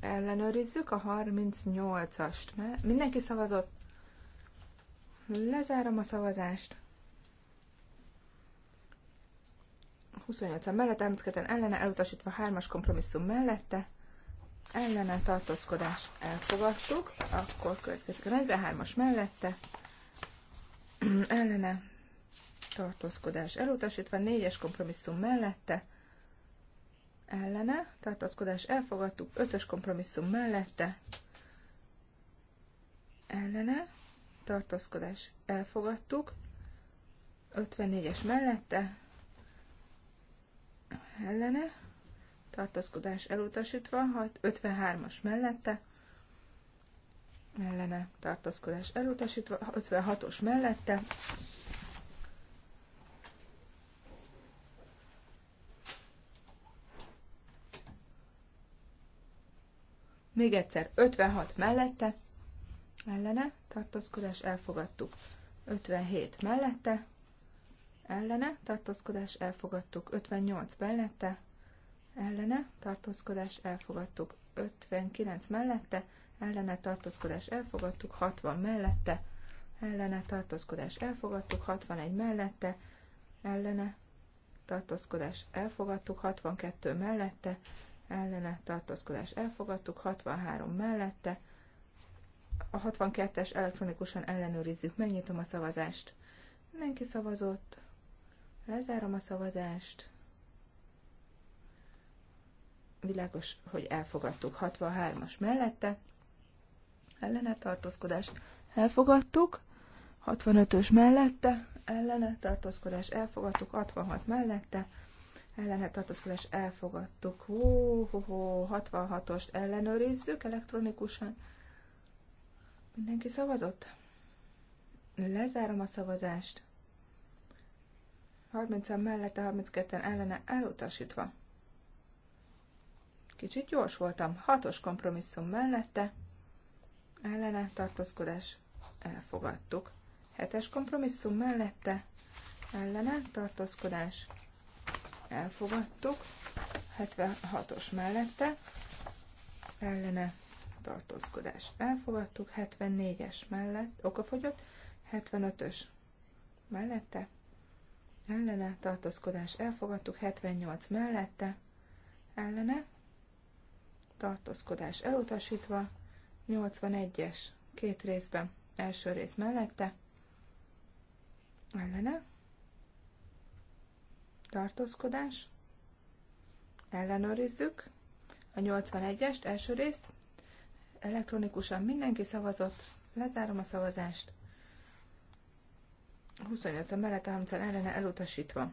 Ellenőrizzük a 38-ast. Mindenki szavazott. Lezárom a szavazást. 28-an mellette, 32 ellene, elutasítva 3-as kompromisszum mellette, ellene tartózkodás elfogadtuk, akkor következik a 43-as mellette, ellene tartózkodás elutasítva, 4-es kompromisszum mellette, ellene tartózkodás elfogadtuk, 5-ös kompromisszum mellette, ellene tartózkodás elfogadtuk, 54-es mellette, ellene, tartózkodás elutasítva, 53-as mellette, ellene, tartózkodás elutasítva, 56-os mellette, Még egyszer, 56 mellette, ellene, tartózkodás, elfogadtuk. 57 mellette, ellene, tartózkodás elfogadtuk. 58 mellette, ellene, tartózkodás elfogadtuk. 59 mellette, ellene, tartózkodás elfogadtuk. 60 mellette, ellene, tartózkodás elfogadtuk. 61 mellette, ellene, tartózkodás elfogadtuk. 62 mellette, ellene, tartózkodás elfogadtuk. 63 mellette, a 62-es elektronikusan ellenőrizzük. Megnyitom a szavazást. Mindenki szavazott. Lezárom a szavazást. Világos, hogy elfogadtuk 63-as mellette. Ellene tartózkodás elfogadtuk. 65-ös mellette. Ellene tartózkodás elfogadtuk. 66 mellette. Ellene tartózkodás elfogadtuk. Hú, hú, hú 66-ost ellenőrizzük elektronikusan. Mindenki szavazott? Lezárom a szavazást. 30-an mellette, 32-en ellene elutasítva. Kicsit gyors voltam. 6-os kompromisszum mellette, ellene tartózkodás elfogadtuk. 7-es kompromisszum mellette, ellene tartózkodás elfogadtuk. 76-os mellette, ellene tartózkodás elfogadtuk. 74-es mellett, okafogyott, 75-ös mellette, ellene, tartózkodás elfogadtuk, 78 mellette, ellene, tartózkodás elutasítva, 81-es, két részben, első rész mellette, ellene, tartózkodás, ellenőrizzük, a 81-est, első részt, elektronikusan mindenki szavazott, lezárom a szavazást, 28 mellette, 30 ellene elutasítva.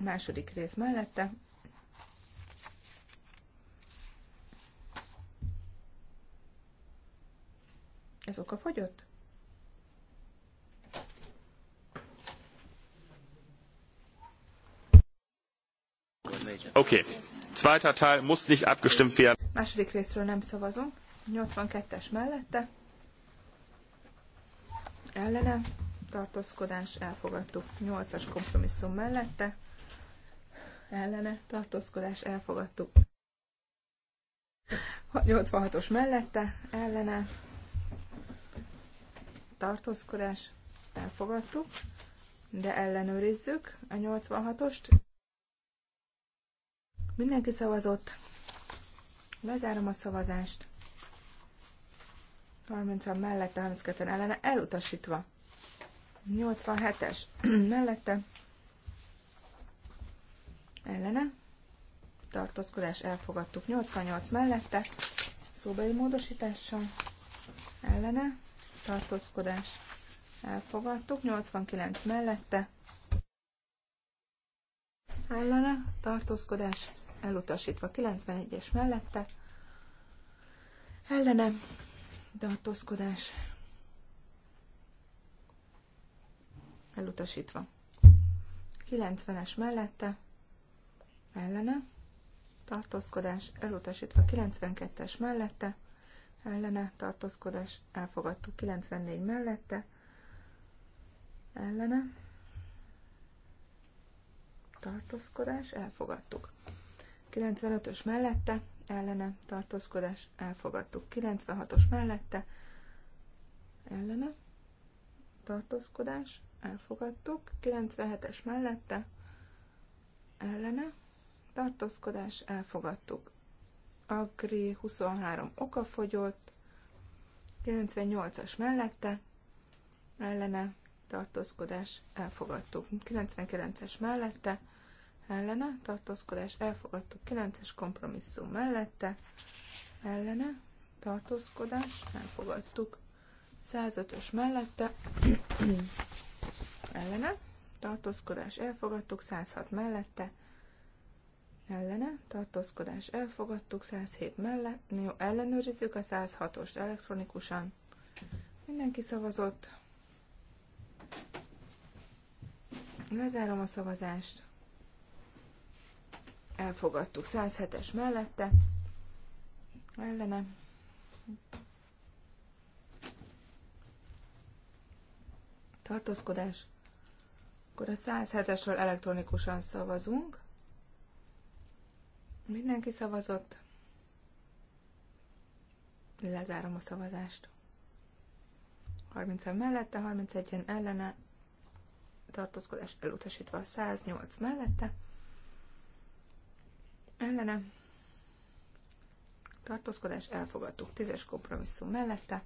Második rész mellette. Ez oka fogyott? Oké, Okay. Zweiter Teil muss nicht abgestimmt werden. Második részről nem szavazunk. 82-es mellette. Ellene tartózkodás, elfogadtuk. 8-as kompromisszum mellette, ellene tartózkodás, elfogadtuk. 86-os mellette, ellene tartózkodás, elfogadtuk, de ellenőrizzük a 86-ost. Mindenki szavazott. Lezárom a szavazást. 30 mellette, 32 ellene, elutasítva. 87-es mellette ellene tartózkodás elfogadtuk 88 mellette szóbeli módosítással ellene tartózkodás elfogadtuk 89 mellette ellene tartózkodás elutasítva 91-es mellette ellene tartózkodás elutasítva. 90-es mellette, ellene, tartózkodás, elutasítva. 92-es mellette, ellene, tartózkodás, elfogadtuk. 94 mellette, ellene, tartózkodás, elfogadtuk. 95-ös mellette, ellene, tartózkodás, elfogadtuk. 96-os mellette, ellene, tartózkodás, elfogadtuk, 97-es mellette ellene tartózkodás elfogadtuk. Agri 23 okafogyott, 98-as mellette ellene tartózkodás elfogadtuk. 99-es mellette ellene tartózkodás elfogadtuk. 9-es kompromisszum mellette ellene tartózkodás elfogadtuk. 105-ös mellette ellene, tartózkodás elfogadtuk, 106 mellette, ellene, tartózkodás elfogadtuk, 107 mellett, jó, ellenőrizzük a 106-ost elektronikusan. Mindenki szavazott. Lezárom a szavazást. Elfogadtuk 107-es mellette, ellene. Tartózkodás akkor a 107-esről elektronikusan szavazunk. Mindenki szavazott. Lezárom a szavazást. 30 mellette, 31-en ellene, tartózkodás elutasítva a 108 mellette, ellene, tartózkodás elfogadtuk 10-es kompromisszum mellette,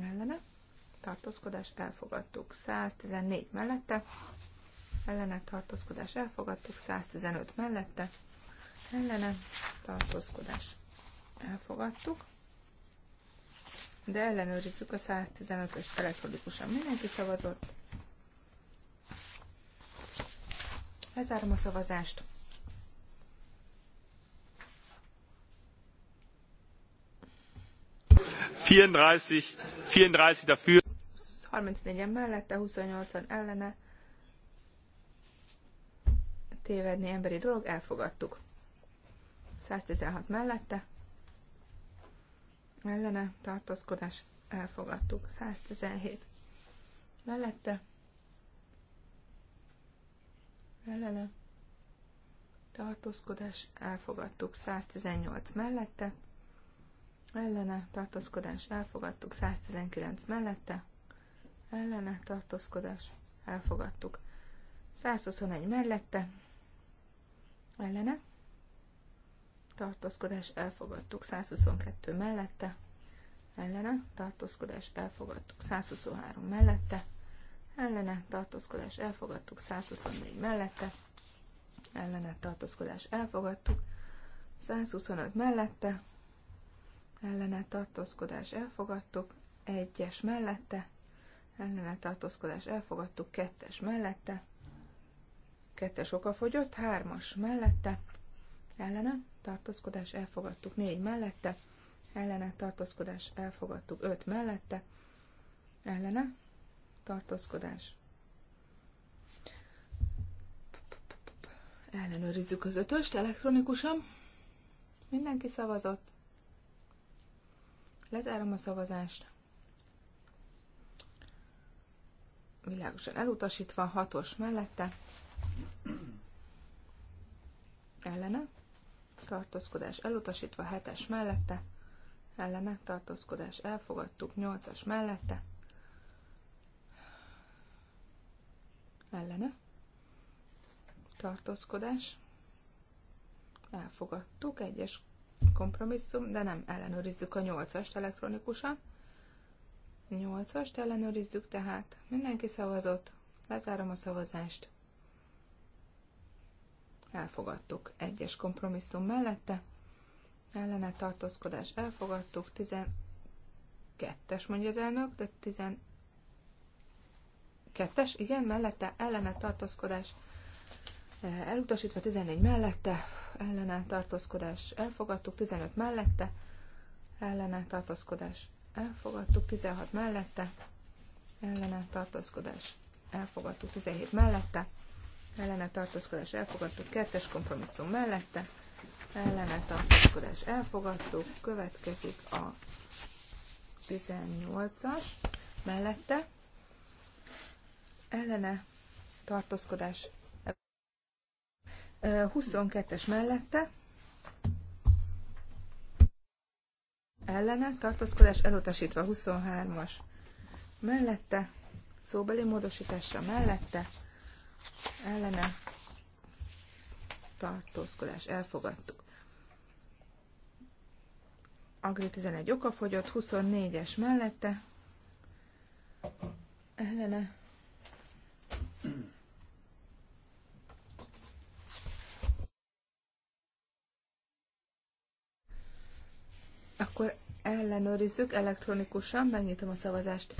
ellene, tartózkodás elfogadtuk. 114 mellette, ellene tartózkodás elfogadtuk. 115 mellette, ellene tartózkodás elfogadtuk. De ellenőrizzük a 115-ös elektronikusan. Mindenki szavazott. Lezárom a szavazást. vierunddreißig dafür 34-en mellette, 28-an ellene. Tévedni emberi dolog, elfogadtuk. 116 mellette, ellene, tartózkodás, elfogadtuk. 117 mellette, ellene, tartózkodás, elfogadtuk. 118 mellette, ellene, tartózkodás elfogadtuk 119 mellette, ellene tartózkodás elfogadtuk. 121 mellette ellene tartózkodás elfogadtuk. 122 mellette ellene tartózkodás elfogadtuk. 123 mellette ellene tartózkodás elfogadtuk. 124 mellette ellene tartózkodás elfogadtuk. 125 mellette ellene tartózkodás elfogadtuk. 1-es mellette ellene tartózkodás elfogadtuk, kettes mellette, kettes fogyott hármas mellette, ellene tartózkodás elfogadtuk, négy mellette, ellene tartózkodás elfogadtuk, öt mellette, ellene tartózkodás. Ellenőrizzük az ötöst elektronikusan. Mindenki szavazott. Lezárom a szavazást. világosan elutasítva, hatos mellette, ellene, tartózkodás elutasítva, hetes mellette, ellene, tartózkodás elfogadtuk, nyolcas mellette, ellene, tartózkodás, elfogadtuk, egyes kompromisszum, de nem ellenőrizzük a nyolcast elektronikusan, Nyolcast ellenőrizzük tehát. Mindenki szavazott. Lezárom a szavazást. Elfogadtuk. Egyes kompromisszum mellette. Ellene tartózkodás elfogadtuk. 12-es mondja az elnök, de 12-es, igen, mellette ellene tartózkodás elutasítva, 14 mellette, ellene tartózkodás elfogadtuk, 15 mellette, ellene tartózkodás elfogadtuk, 16 mellette, ellene tartózkodás, elfogadtuk, 17 mellette, ellene tartózkodás, elfogadtuk, kettes kompromisszum mellette, ellene tartózkodás, elfogadtuk, következik a 18-as mellette, ellene tartózkodás, 22-es mellette, ellene, tartózkodás elutasítva 23-as mellette, szóbeli módosítása mellette, ellene, tartózkodás elfogadtuk. Agri 11 okafogyott, 24-es mellette, ellene, Akkor ellenőrizzük elektronikusan, megnyitom a szavazást.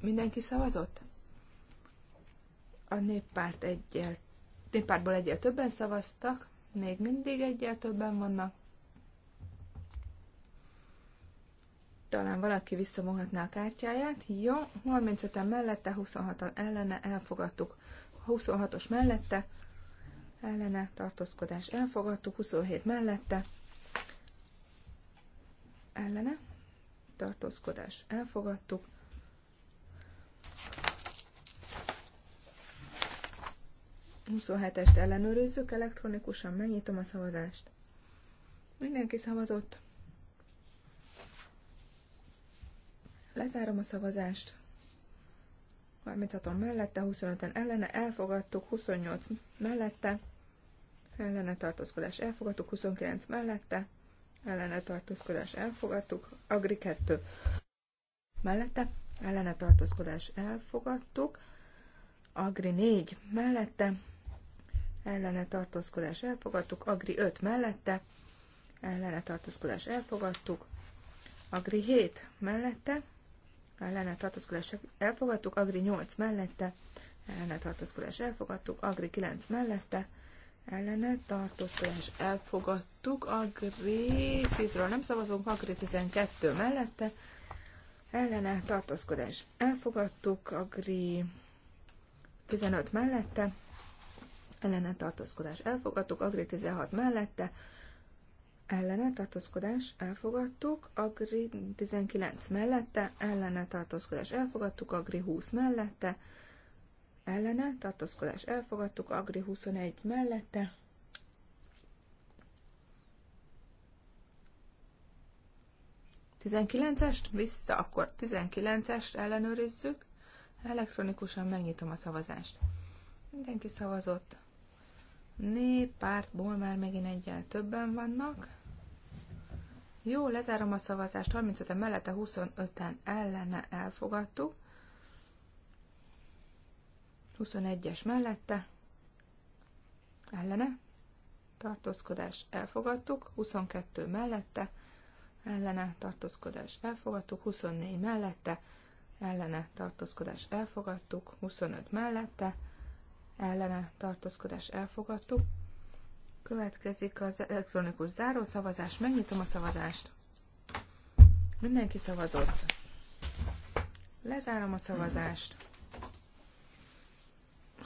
Mindenki szavazott? A néppárt egyel, néppártból egyel többen szavaztak, még mindig egyel többen vannak. Talán valaki visszavonhatná a kártyáját. Jó, 35-en mellette, 26-an ellene elfogadtuk. 26-os mellette, ellene tartózkodás elfogadtuk, 27 mellette ellene tartózkodás elfogadtuk, est ellenőrizzük elektronikusan, megnyitom a szavazást. Mindenki szavazott. Lezárom a szavazást. 36-on mellette, 25-en ellene, elfogadtuk, 28 mellette, ellene tartózkodás elfogadtuk, 29 mellette, ellene tartózkodás elfogadtuk, Agri 2 mellette, ellene tartózkodás elfogadtuk, Agri 4 mellette, ellene tartózkodás elfogadtuk, Agri 5 mellette, ellene tartózkodás elfogadtuk, Agri 7 mellette, ellene tartózkodás elfogadtuk, Agri 8 mellette, ellene tartózkodás elfogadtuk, Agri 9 mellette, ellene tartózkodás elfogadtuk, A Gré 10-ről nem szavazunk, a Gré 12 mellette, ellene tartózkodás elfogadtuk, A Gré 15 mellette, ellene tartózkodás elfogadtuk, A Gré 16 mellette, ellene tartózkodás elfogadtuk, A Gré 19 mellette, ellene tartózkodás elfogadtuk, A Gré 20 mellette, ellene, tartózkodás elfogadtuk, Agri 21 mellette, Tizenkilencest, vissza, akkor 19-est ellenőrizzük. Elektronikusan megnyitom a szavazást. Mindenki szavazott. Néppártból már megint egyel többen vannak. Jó, lezárom a szavazást. 35-en mellette, 25-en ellene elfogadtuk. 21-es mellette, ellene, tartózkodás elfogadtuk, 22 mellette, ellene, tartózkodás elfogadtuk, 24 mellette, ellene, tartózkodás elfogadtuk, 25 mellette, ellene, tartózkodás elfogadtuk. Következik az elektronikus zárószavazás, megnyitom a szavazást. Mindenki szavazott. Lezárom a szavazást.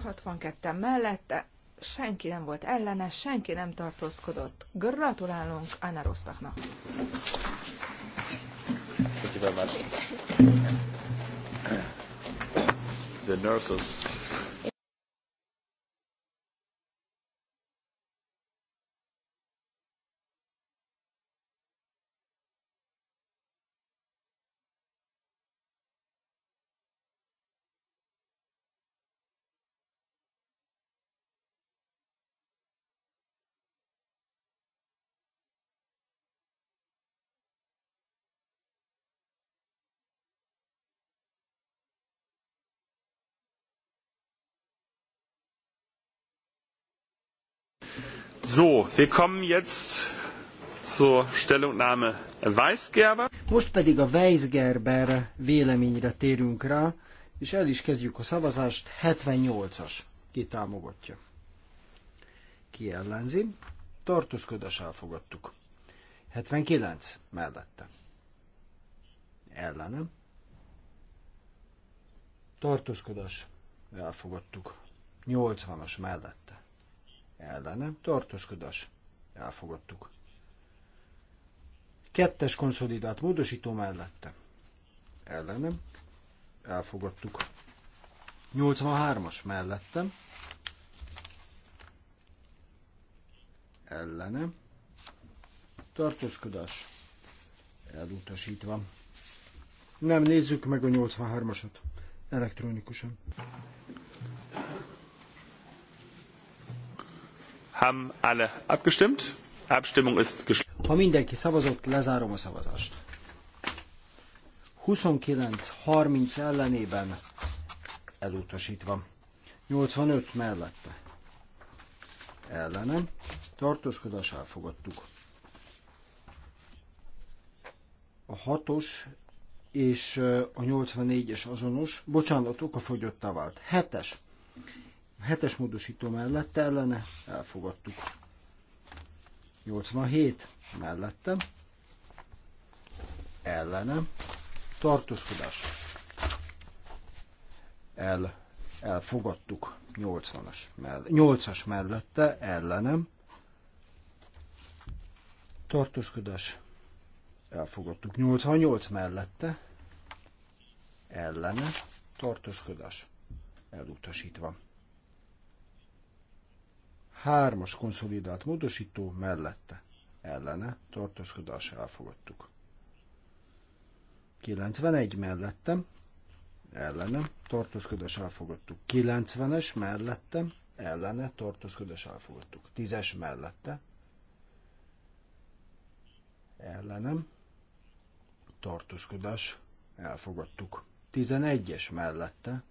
62-en mellette, senki nem volt ellene, senki nem tartózkodott. Gratulálunk Anna Rostachnak! The nurses So, wir kommen jetzt zur Stellungnahme Weisgerber. Most pedig a Weisgerber véleményre térünk rá, és el is kezdjük a szavazást. 78-as. Ki támogatja? Ki ellenzi? Tartózkodás elfogadtuk. 79 mellette. Ellenem. Tartózkodás elfogadtuk. 80-as mellette ellene tartózkodás elfogadtuk. Kettes konszolidált módosító mellette ellenem elfogadtuk. 83-as mellettem ellenem tartózkodás elutasítva. Nem nézzük meg a 83-asat elektronikusan. Haben alle abgestimmt? Abstimmung ist geschlossen. Ha mindenki szavazott, lezárom a szavazást. 29-30 ellenében elutasítva. 85 mellette. Ellenem. Tartózkodás elfogadtuk. A 6-os és a 84-es azonos, bocsánat, okafogyottá vált. 7-es Hetes módosító mellette ellene elfogadtuk. 87 mellette ellene tartózkodás el, elfogadtuk 80-as mell 8-as mellette ellenem tartózkodás elfogadtuk 88 mellette ellene tartózkodás elutasítva Hármas konszolidált módosító mellette. Ellene tartózkodás elfogadtuk. 91 mellettem. Ellene tartózkodás elfogadtuk. 90-es mellettem. Ellene tartózkodás elfogadtuk. 10-es mellette. Ellenem tartózkodás elfogadtuk. 11-es mellette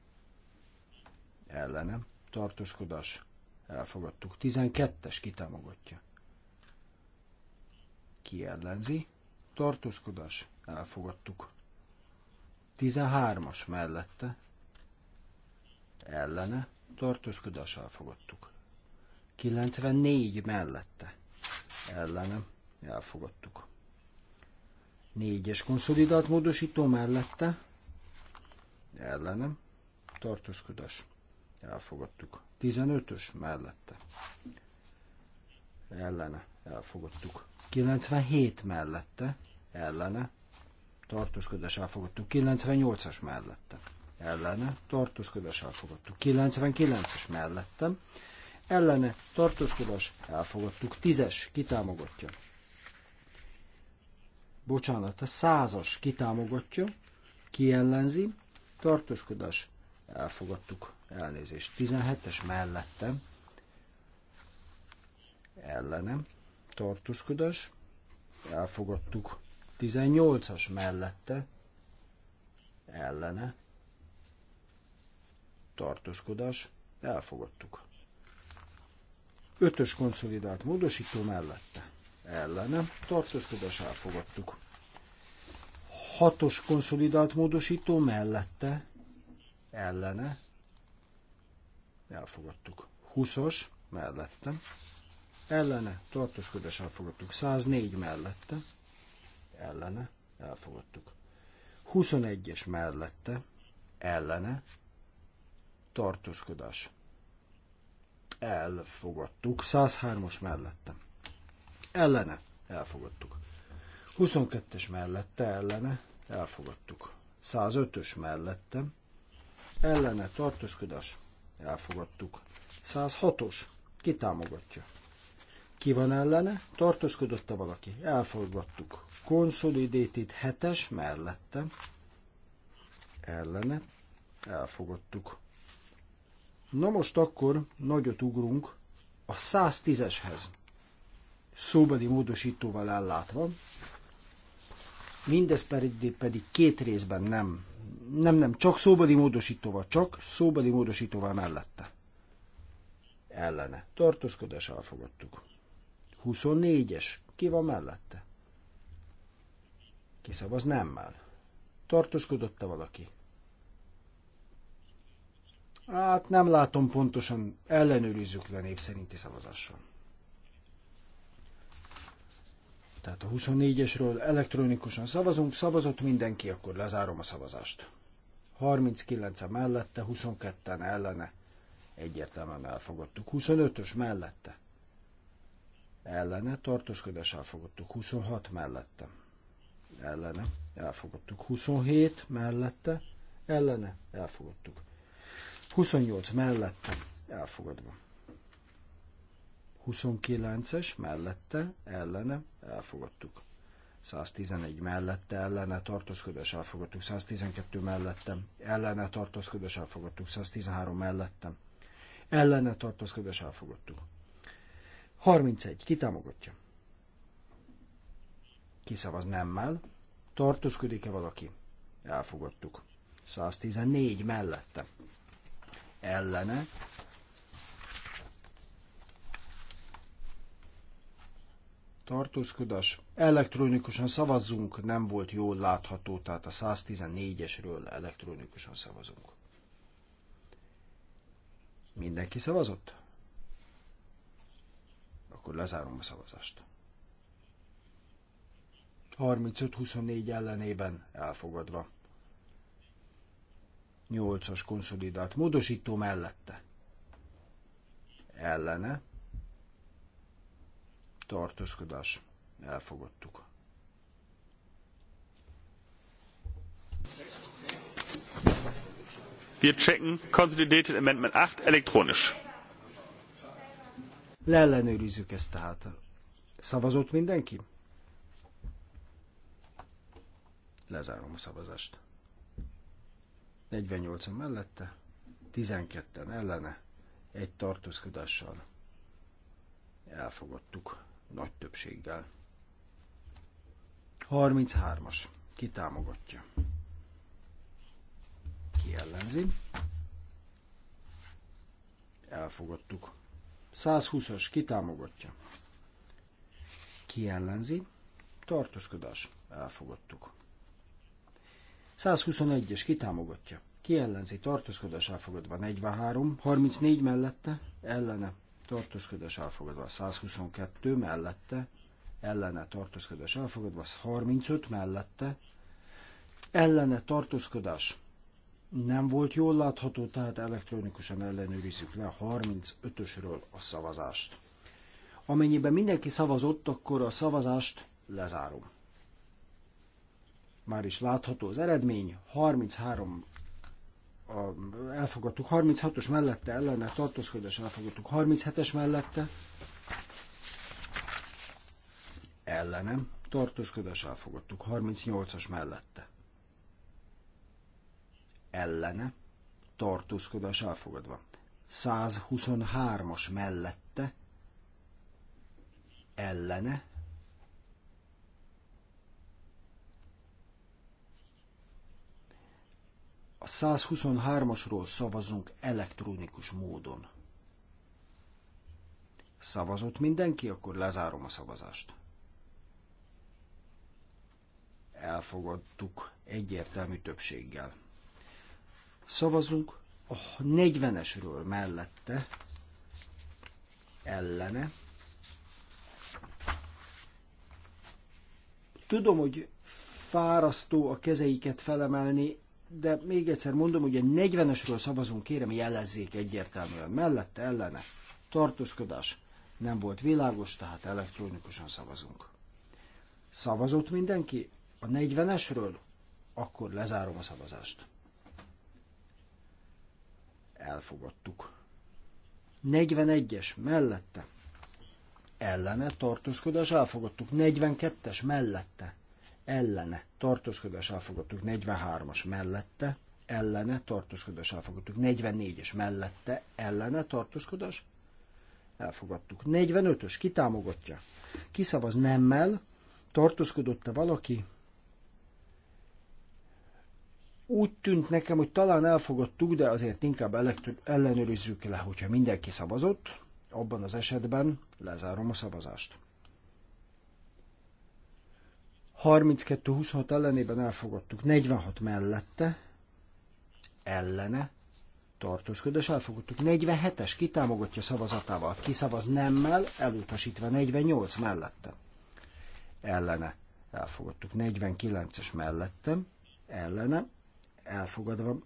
ellenem tartózkodás Elfogadtuk. 12-es kitámogatja. Ki ellenzi? Tartózkodás. Elfogadtuk. 13-as mellette. Ellene. Tartózkodás. Elfogadtuk. 94 mellette. Ellene. Elfogadtuk. 4-es konszolidált módosító mellette. Ellene. Tartózkodás elfogadtuk. 15-ös mellette ellene elfogadtuk. 97 mellette ellene tartózkodás elfogadtuk. 98-as mellette ellene tartózkodás elfogadtuk. 99-es mellettem ellene tartózkodás elfogadtuk. 10-es kitámogatja. Bocsánat, a 100-as kitámogatja, kiellenzi, tartózkodás elfogadtuk elnézést, 17-es mellettem, ellenem, tartózkodás, elfogadtuk, 18-as mellette, ellene, tartózkodás, elfogadtuk. 5-ös konszolidált módosító mellette, ellene, tartózkodás, elfogadtuk. 6-os konszolidált módosító mellette, ellene, elfogadtuk. 20-os mellette, ellene tartózkodás elfogadtuk. 104 mellette, ellene elfogadtuk. 21-es mellette, ellene tartózkodás elfogadtuk. 103 os mellette, ellene elfogadtuk. 22-es mellette, ellene elfogadtuk. 105-ös mellette, ellene tartózkodás elfogadtuk. 106-os, ki támogatja? Ki van ellene? Tartózkodott-e valaki? Elfogadtuk. Consolidated 7-es mellette. Ellene. Elfogadtuk. Na most akkor nagyot ugrunk a 110-eshez. Szóbeli módosítóval ellátva. Mindez pedig, pedig két részben nem nem, nem, csak szóbeli módosítóval, csak szóbeli módosítóval mellette. Ellene. Tartózkodás elfogadtuk. 24-es. Ki van mellette? Ki szavaz már. Tartózkodott-e valaki? Hát nem látom pontosan, ellenőrizzük le népszerinti szavazással. Tehát a 24-esről elektronikusan szavazunk, szavazott mindenki, akkor lezárom a szavazást. 39 -e mellette, 22-en ellene, egyértelműen elfogadtuk. 25-ös mellette, ellene, tartózkodás elfogadtuk. 26 mellette, ellene, elfogadtuk. 27 mellette, ellene, elfogadtuk. 28 mellette, elfogadva. 29-es mellette, ellene, elfogadtuk. 111 mellette, ellene tartózkodás elfogadtuk, 112 mellette, ellene tartózkodás elfogadtuk, 113 mellette, ellene tartózkodás elfogadtuk. 31. Ki támogatja? Kiszavaz nemmel. Tartózkodik-e valaki? Elfogadtuk. 114 mellette. Ellene tartózkodás. Elektronikusan szavazzunk, nem volt jól látható, tehát a 114-esről elektronikusan szavazunk. Mindenki szavazott? Akkor lezárom a szavazást. 35-24 ellenében elfogadva. 8-as konszolidált módosító mellette. Ellene tartózkodás elfogadtuk. Wir checken Consolidated Amendment 8 elektronisch. Leellenőrizzük ezt tehát. Szavazott mindenki? Lezárom a szavazást. 48 mellette, 12-en ellene, egy tartózkodással elfogadtuk nagy többséggel. 33-as. Ki támogatja? Ki ellenzi? Elfogadtuk. 120-as. Ki támogatja? Ki ellenzi? Tartózkodás. Elfogadtuk. 121-es. Ki támogatja? Ki ellenzi? Tartózkodás elfogadva. 43. 34 mellette. Ellene tartózkodás elfogadva, 122 mellette, ellene tartózkodás elfogadva, 35 mellette, ellene tartózkodás nem volt jól látható, tehát elektronikusan ellenőrizzük le 35-ösről a szavazást. Amennyiben mindenki szavazott, akkor a szavazást lezárom. Már is látható az eredmény, 33 a, elfogadtuk 36-os mellette ellene tartózkodás, elfogadtuk 37-es mellette ellenem tartózkodás, elfogadtuk 38-as mellette ellene tartózkodás elfogadva. 123-as mellette ellene a 123-asról szavazunk elektronikus módon. Szavazott mindenki, akkor lezárom a szavazást. Elfogadtuk egyértelmű többséggel. Szavazunk a 40-esről mellette, ellene. Tudom, hogy fárasztó a kezeiket felemelni, de még egyszer mondom, hogy a 40-esről szavazunk, kérem jelezzék egyértelműen mellette, ellene. Tartózkodás nem volt világos, tehát elektronikusan szavazunk. Szavazott mindenki a 40-esről? Akkor lezárom a szavazást. Elfogadtuk. 41-es mellette. Ellene tartózkodás elfogadtuk. 42-es mellette ellene tartózkodás elfogadtuk 43-as mellette, ellene tartózkodás elfogadtuk 44-es mellette, ellene tartózkodás elfogadtuk. 45-ös kitámogatja, kiszavaz nemmel, tartózkodott-e valaki, úgy tűnt nekem, hogy talán elfogadtuk, de azért inkább ellenőrizzük le, hogyha mindenki szavazott, abban az esetben lezárom a szavazást. 32-26 ellenében elfogadtuk, 46 mellette, ellene, tartózkodás elfogadtuk. 47-es kitámogatja szavazatával, kiszavaz nemmel, elutasítva 48 mellette. Ellene, elfogadtuk. 49-es mellettem, ellene, elfogadva.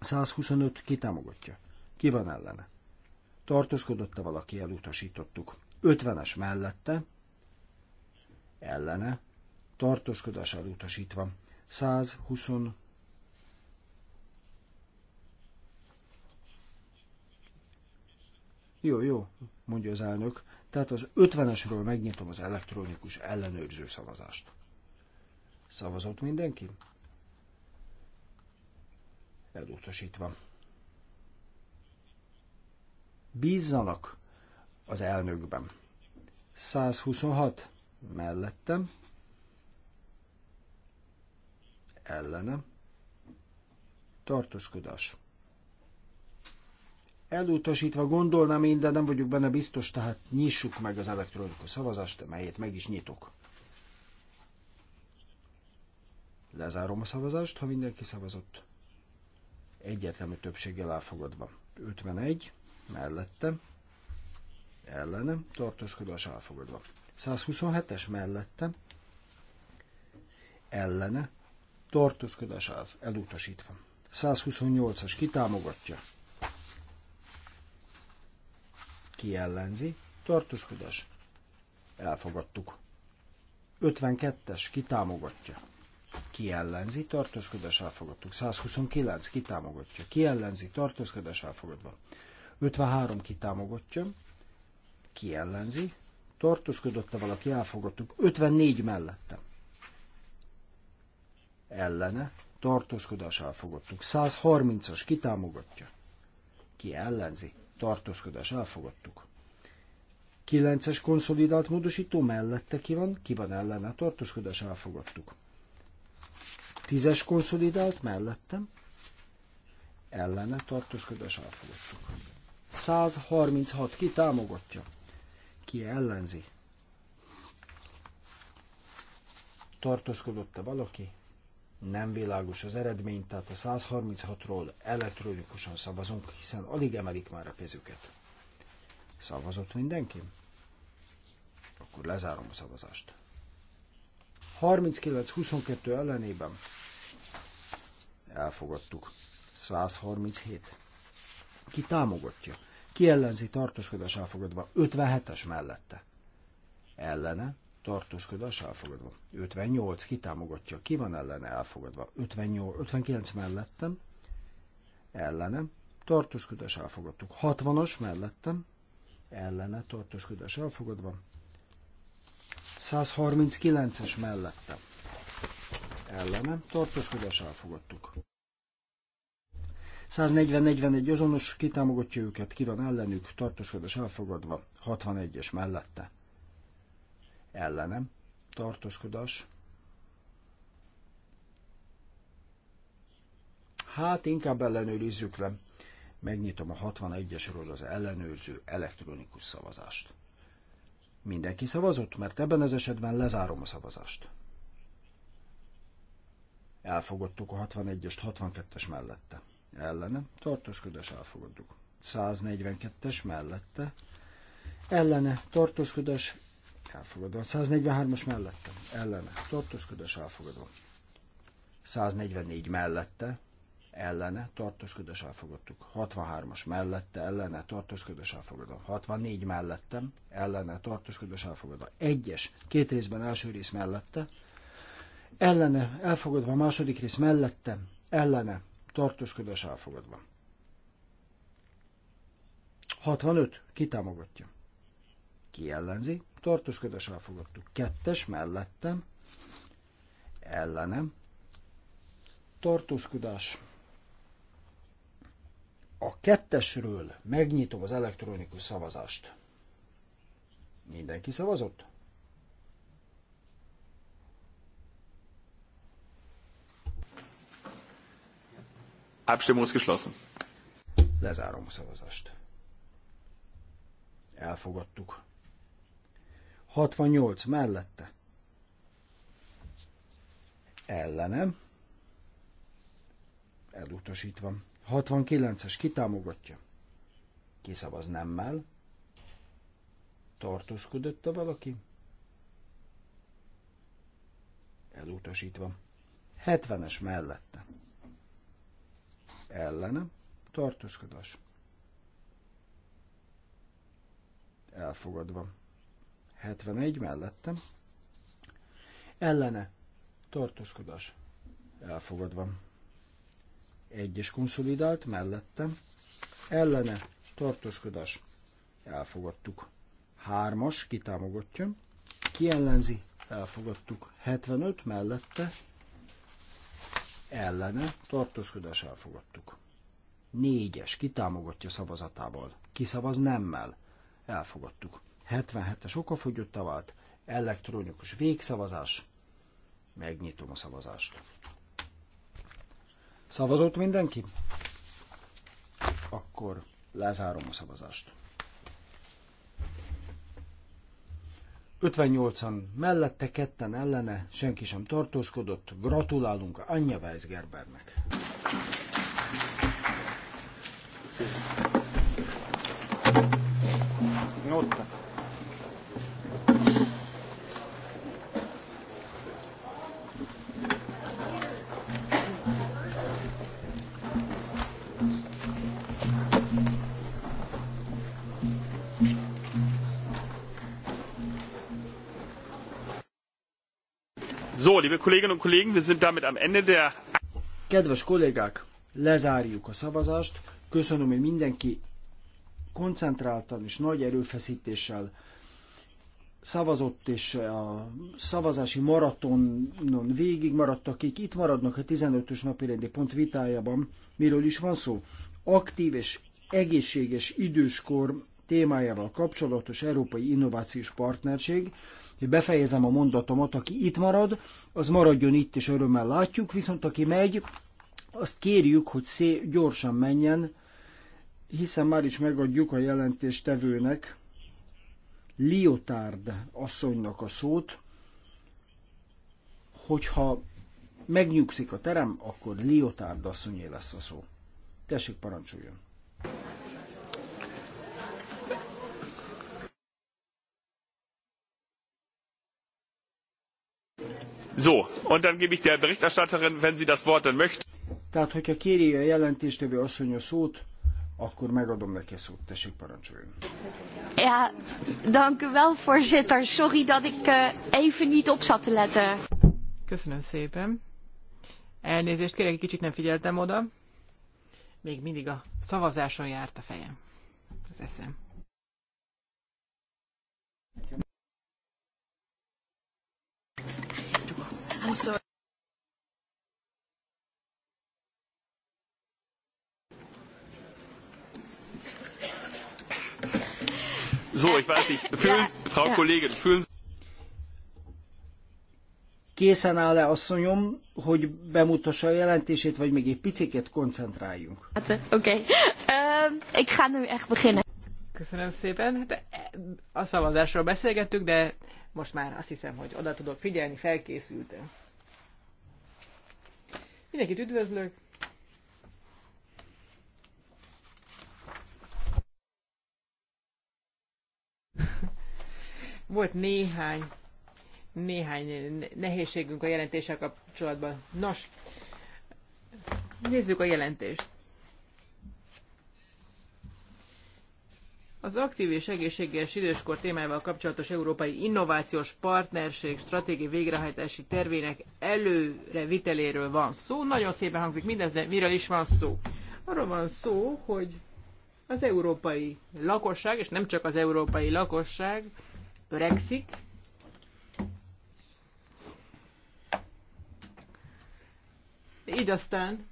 125 kitámogatja. Ki van ellene? Tartózkodott-e valaki, elutasítottuk. 50-es mellette, ellene, tartózkodás elutasítva. 120 Jó, jó, mondja az elnök. Tehát az 50-esről megnyitom az elektronikus ellenőrző szavazást. Szavazott mindenki? Elutasítva. Bízzanak az elnökben. 126 mellettem, ellene, tartózkodás. Elutasítva gondolnám én, de nem vagyok benne biztos, tehát nyissuk meg az elektronikus szavazást, melyet meg is nyitok. Lezárom a szavazást, ha mindenki szavazott. Egyetlenül többséggel elfogadva. 51 mellette, ellenem, tartózkodás elfogadva. 127-es mellette, ellene, tartózkodás elutasítva. 128-as kitámogatja, ki ellenzi, tartózkodás elfogadtuk. 52-es kitámogatja, ki ellenzi, tartózkodás elfogadtuk. 129 kitámogatja, ki ellenzi, tartózkodás elfogadva. 53 kitámogatja, ki ellenzi, tartózkodott-e valaki, elfogadtuk. 54 mellettem ellene tartózkodással fogadtuk. 130-as kitámogatja, ki ellenzi, tartózkodás elfogadtuk. 9-es konszolidált módosító mellette ki van, ki van ellene, tartózkodás elfogadtuk. 10-es konszolidált mellettem, ellene tartózkodás elfogadtuk. 136 ki támogatja, ki ellenzi. Tartózkodott-e valaki? nem világos az eredmény, tehát a 136-ról elektronikusan szavazunk, hiszen alig emelik már a kezüket. Szavazott mindenki? Akkor lezárom a szavazást. 39-22 ellenében elfogadtuk. 137. Ki támogatja? Ki ellenzi tartózkodás elfogadva? 57-es mellette. Ellene és elfogadva. 58 támogatja, ki van ellene elfogadva. 58, 59 mellettem, ellenem, tartózkodás elfogadtuk. 60 os mellettem, ellene, tartózkodás elfogadva. 139-es mellettem, ellenem, tartózkodás elfogadtuk. 140-41 azonos, kitámogatja őket, ki van ellenük, tartózkodás elfogadva, 61-es mellette ellenem, tartózkodás. Hát inkább ellenőrizzük le. Megnyitom a 61-esről az ellenőrző elektronikus szavazást. Mindenki szavazott, mert ebben az esetben lezárom a szavazást. Elfogadtuk a 61-est 62-es mellette. Ellenem, tartózkodás elfogadtuk. 142-es mellette. Ellene, tartózkodás Elfogadom. 143-as mellette. Ellene. Tartózkodás elfogadom. 144 mellette. Ellene. Tartózkodás elfogadtuk. 63-as mellette. Ellene. Tartózkodás elfogadom. 64 mellettem. Ellene. Tartózkodás elfogadom. 1-es. Két részben első rész mellette. Ellene. Elfogadva. Második rész mellette. Ellene. Tartózkodás elfogadva. 65. Kitámogatja. támogatja? Ki ellenzi? Tartózkodás elfogadtuk. Kettes mellettem. Ellenem. Tartózkodás. A kettesről megnyitom az elektronikus szavazást. Mindenki szavazott? Abstimmung ist geschlossen. Lezárom a szavazást. Elfogadtuk. 68 mellette. Ellenem. Elutasítva. 69-es kitámogatja. Kiszavaz nemmel. Tartózkodott a valaki? Elutasítva. 70-es mellette. Ellenem. Tartózkodás. Elfogadva. 71 mellettem. Ellene tartózkodás elfogadva. Egyes konszolidált mellettem. Ellene tartózkodás elfogadtuk. Hármas kitámogatja. Kiellenzi. Elfogadtuk. 75 mellette ellene tartózkodás elfogadtuk. Négyes kitámogatja szavazatával. Kiszavaz nemmel. Elfogadtuk. 77-es okafogyott vált, elektronikus végszavazás, megnyitom a szavazást. Szavazott mindenki? Akkor lezárom a szavazást. 58-an mellette, ketten ellene, senki sem tartózkodott. Gratulálunk Anja Weisgerbernek. Notta. Liebe Kolleginnen und Kollegen, wir sind damit am Ende der... Kedves kollégák, lezárjuk a szavazást. Köszönöm, hogy mindenki koncentráltan és nagy erőfeszítéssel szavazott, és a szavazási maratonon végig maradtak, akik itt maradnak a 15-ös napirendi pont vitájában. Miről is van szó? Aktív és egészséges időskor témájával kapcsolatos Európai Innovációs Partnerség, hogy befejezem a mondatomat, aki itt marad, az maradjon itt, és örömmel látjuk, viszont aki megy, azt kérjük, hogy szé gyorsan menjen, hiszen már is megadjuk a jelentéstevőnek, Liotard asszonynak a szót, hogyha megnyugszik a terem, akkor Liotard asszonyé lesz a szó. Tessék, parancsoljon! So, und dann gebe ich der Berichterstatterin, wenn sie das Wort dann möchte. Tehát, hogyha kéri a jelentéstevő asszony a szót, akkor megadom neki a szót. Tessék, parancsoljon. Ja, dank u wel, voorzitter. Sorry dat ik uh, even niet op zat te letten. Köszönöm szépen. Elnézést kérek, egy kicsit nem figyeltem oda. Még mindig a szavazáson járt a fejem. Az eszem. 20 So, ich weiß nicht, fühlen, ja, Frau ja. Kollegin, fühlen Készen áll-e asszonyom, hogy bemutassa a jelentését, vagy még egy picit koncentráljunk? Hát, oké. Okay. Um, ich kann nur Köszönöm szépen. Hát e, a szavazásról beszélgettük, de most már azt hiszem, hogy oda tudok figyelni, felkészültem. Mindenkit üdvözlök! Volt néhány, néhány nehézségünk a jelentéssel kapcsolatban. Nos, nézzük a jelentést. Az aktív és egészséges időskor témával kapcsolatos Európai Innovációs Partnerség stratégiai végrehajtási tervének előreviteléről van szó. Nagyon szépen hangzik mindez, de miről is van szó? Arról van szó, hogy az európai lakosság, és nem csak az európai lakosság öregszik, így aztán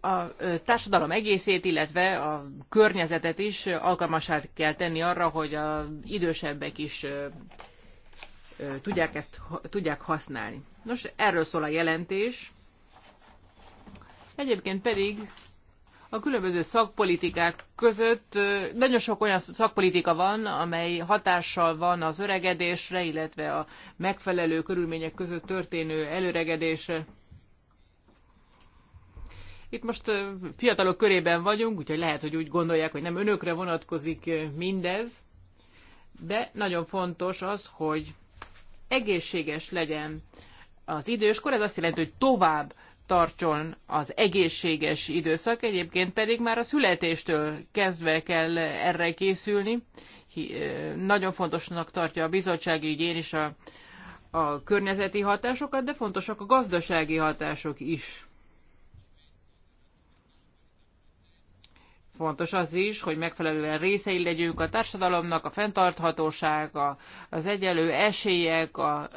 a társadalom egészét, illetve a környezetet is alkalmasát kell tenni arra, hogy az idősebbek is tudják ezt tudják használni. Nos, erről szól a jelentés. Egyébként pedig a különböző szakpolitikák között nagyon sok olyan szakpolitika van, amely hatással van az öregedésre, illetve a megfelelő körülmények között történő előregedésre. Itt most fiatalok körében vagyunk, úgyhogy lehet, hogy úgy gondolják, hogy nem önökre vonatkozik mindez, de nagyon fontos az, hogy egészséges legyen az időskor, ez azt jelenti, hogy tovább tartson az egészséges időszak, egyébként pedig már a születéstől kezdve kell erre készülni. Nagyon fontosnak tartja a bizottság, így én is a, a környezeti hatásokat, de fontosak a gazdasági hatások is. fontos az is, hogy megfelelően részei legyünk a társadalomnak, a fenntarthatóság, a, az egyenlő esélyek, a,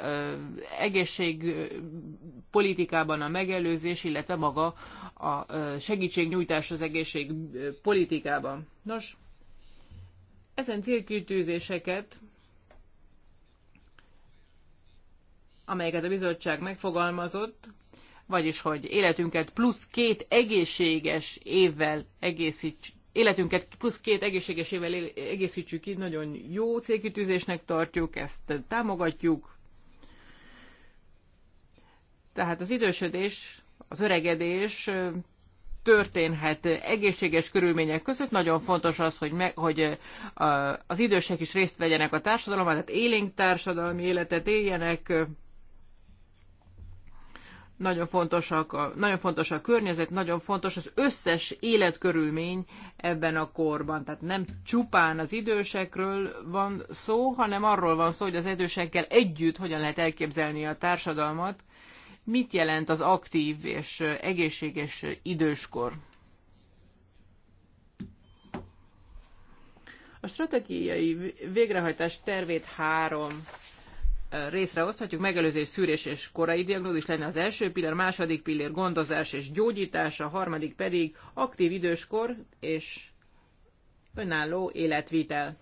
egészség egészségpolitikában a megelőzés, illetve maga a segítségnyújtás az egészségpolitikában. Nos, ezen célkültőzéseket, amelyeket a bizottság megfogalmazott, vagyis hogy életünket plusz két egészséges évvel egészíts, életünket plusz két egészséges évvel egészítsük ki, nagyon jó célkitűzésnek tartjuk, ezt támogatjuk. Tehát az idősödés, az öregedés történhet egészséges körülmények között. Nagyon fontos az, hogy, me, hogy az idősek is részt vegyenek a társadalomban, tehát élénk társadalmi életet éljenek, nagyon, fontosak a, nagyon fontos a környezet, nagyon fontos az összes életkörülmény ebben a korban. Tehát nem csupán az idősekről van szó, hanem arról van szó, hogy az idősekkel együtt hogyan lehet elképzelni a társadalmat, mit jelent az aktív és egészséges időskor. A stratégiai végrehajtás tervét három részre oszthatjuk, megelőzés, szűrés és korai diagnózis lenne az első pillér, második pillér gondozás és gyógyítás, a harmadik pedig aktív időskor és önálló életvitel.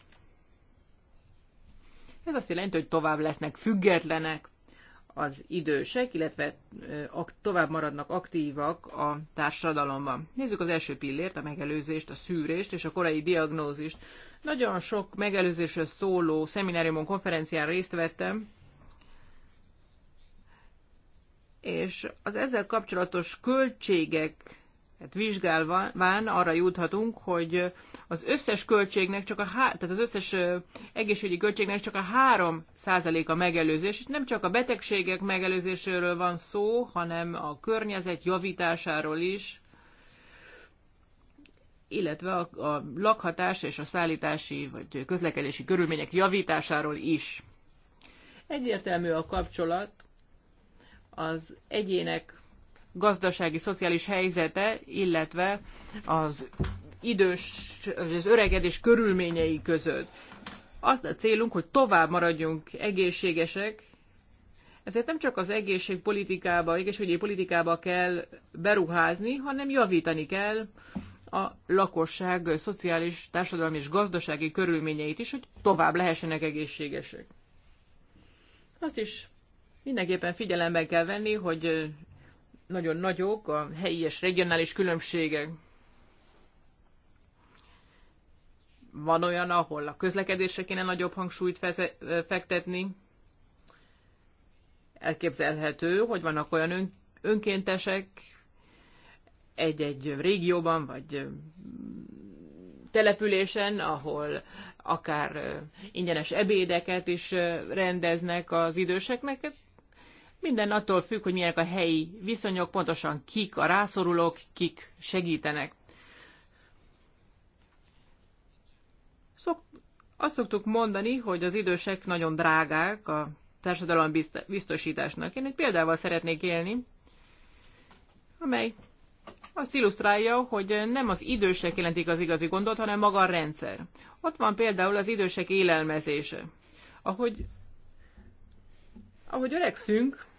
Ez azt jelenti, hogy tovább lesznek függetlenek az idősek, illetve tovább maradnak aktívak a társadalomban. Nézzük az első pillért, a megelőzést, a szűrést és a korai diagnózist. Nagyon sok megelőzésről szóló szemináriumon, konferencián részt vettem, és az ezzel kapcsolatos költségek tehát vizsgálván arra juthatunk, hogy az összes költségnek csak a há- tehát az összes egészségügyi költségnek csak a 3 a megelőzés, és nem csak a betegségek megelőzéséről van szó, hanem a környezet javításáról is, illetve a, a lakhatás és a szállítási vagy közlekedési körülmények javításáról is. Egyértelmű a kapcsolat az egyének gazdasági, szociális helyzete, illetve az idős, az öregedés körülményei között. Azt a célunk, hogy tovább maradjunk egészségesek, ezért nem csak az egészségpolitikába, egészségügyi politikába kell beruházni, hanem javítani kell a lakosság szociális, társadalmi és gazdasági körülményeit is, hogy tovább lehessenek egészségesek. Azt is Mindenképpen figyelembe kell venni, hogy nagyon nagyok a helyi és regionális különbségek. Van olyan, ahol a közlekedésre kéne nagyobb hangsúlyt fektetni. Elképzelhető, hogy vannak olyan önkéntesek egy-egy régióban vagy településen, ahol akár ingyenes ebédeket is rendeznek az időseknek. Minden attól függ, hogy milyenek a helyi viszonyok, pontosan kik a rászorulók, kik segítenek. Szok, azt szoktuk mondani, hogy az idősek nagyon drágák a társadalom biztosításnak. Én egy példával szeretnék élni, amely azt illusztrálja, hogy nem az idősek jelentik az igazi gondot, hanem maga a rendszer. Ott van például az idősek élelmezése. Ahogy, ahogy öregszünk,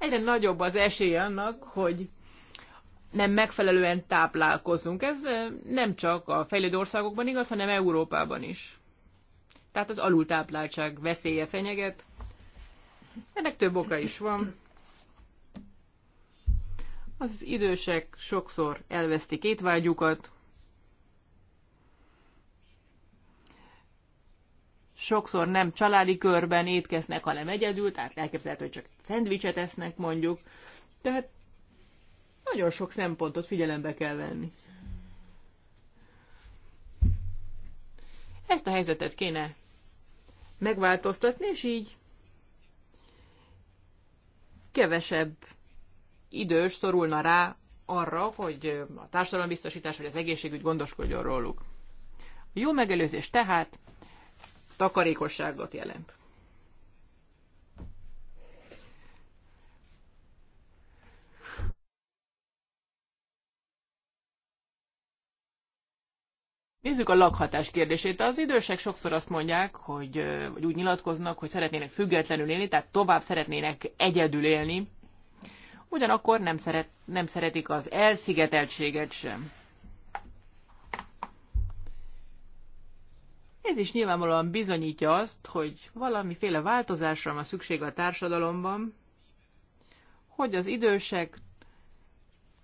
egyre nagyobb az esély annak, hogy nem megfelelően táplálkozunk. Ez nem csak a fejlődő országokban igaz, hanem Európában is. Tehát az alultápláltság veszélye fenyeget. Ennek több oka is van. Az idősek sokszor elvesztik étvágyukat, sokszor nem családi körben étkeznek, hanem egyedül, tehát elképzelhető, hogy csak szendvicset esznek mondjuk. Tehát nagyon sok szempontot figyelembe kell venni. Ezt a helyzetet kéne megváltoztatni, és így kevesebb idős szorulna rá arra, hogy a társadalombiztosítás vagy az egészségügy gondoskodjon róluk. A jó megelőzés tehát takarékosságot jelent. Nézzük a lakhatás kérdését. Az idősek sokszor azt mondják, hogy, vagy úgy nyilatkoznak, hogy szeretnének függetlenül élni, tehát tovább szeretnének egyedül élni. Ugyanakkor nem, szeret, nem szeretik az elszigeteltséget sem. Ez is nyilvánvalóan bizonyítja azt, hogy valamiféle változásra van szükség a társadalomban, hogy az idősek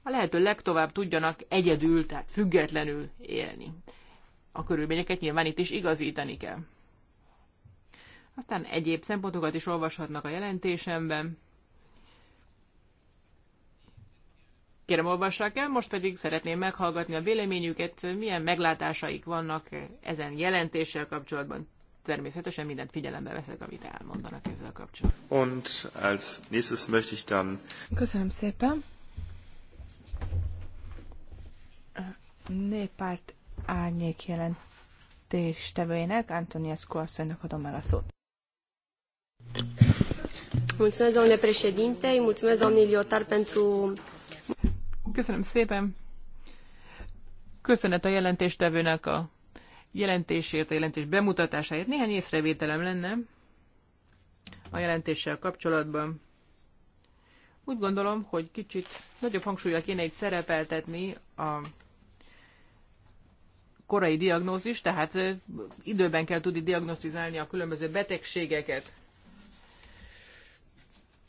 a lehető legtovább tudjanak egyedül, tehát függetlenül élni. A körülményeket nyilván itt is igazítani kell. Aztán egyéb szempontokat is olvashatnak a jelentésemben. Kérem, olvassák el, most pedig szeretném meghallgatni a véleményüket, milyen meglátásaik vannak ezen jelentéssel kapcsolatban. Természetesen mindent figyelembe veszek, amit elmondanak ezzel kapcsolatban. Und als nächstes möchte ich dann... Köszönöm szépen. Néppárt árnyék jelentéstevőjének, Antonia Skolszonynak adom el a szót. Mulțumesc, domnule președinte, mulțumesc, domnului Iliotar, pentru Köszönöm szépen. Köszönet a jelentéstevőnek a jelentésért, a jelentés bemutatásáért. Néhány észrevételem lenne a jelentéssel kapcsolatban. Úgy gondolom, hogy kicsit nagyobb hangsúlyra kéne itt szerepeltetni a korai diagnózis, tehát időben kell tudni diagnosztizálni a különböző betegségeket.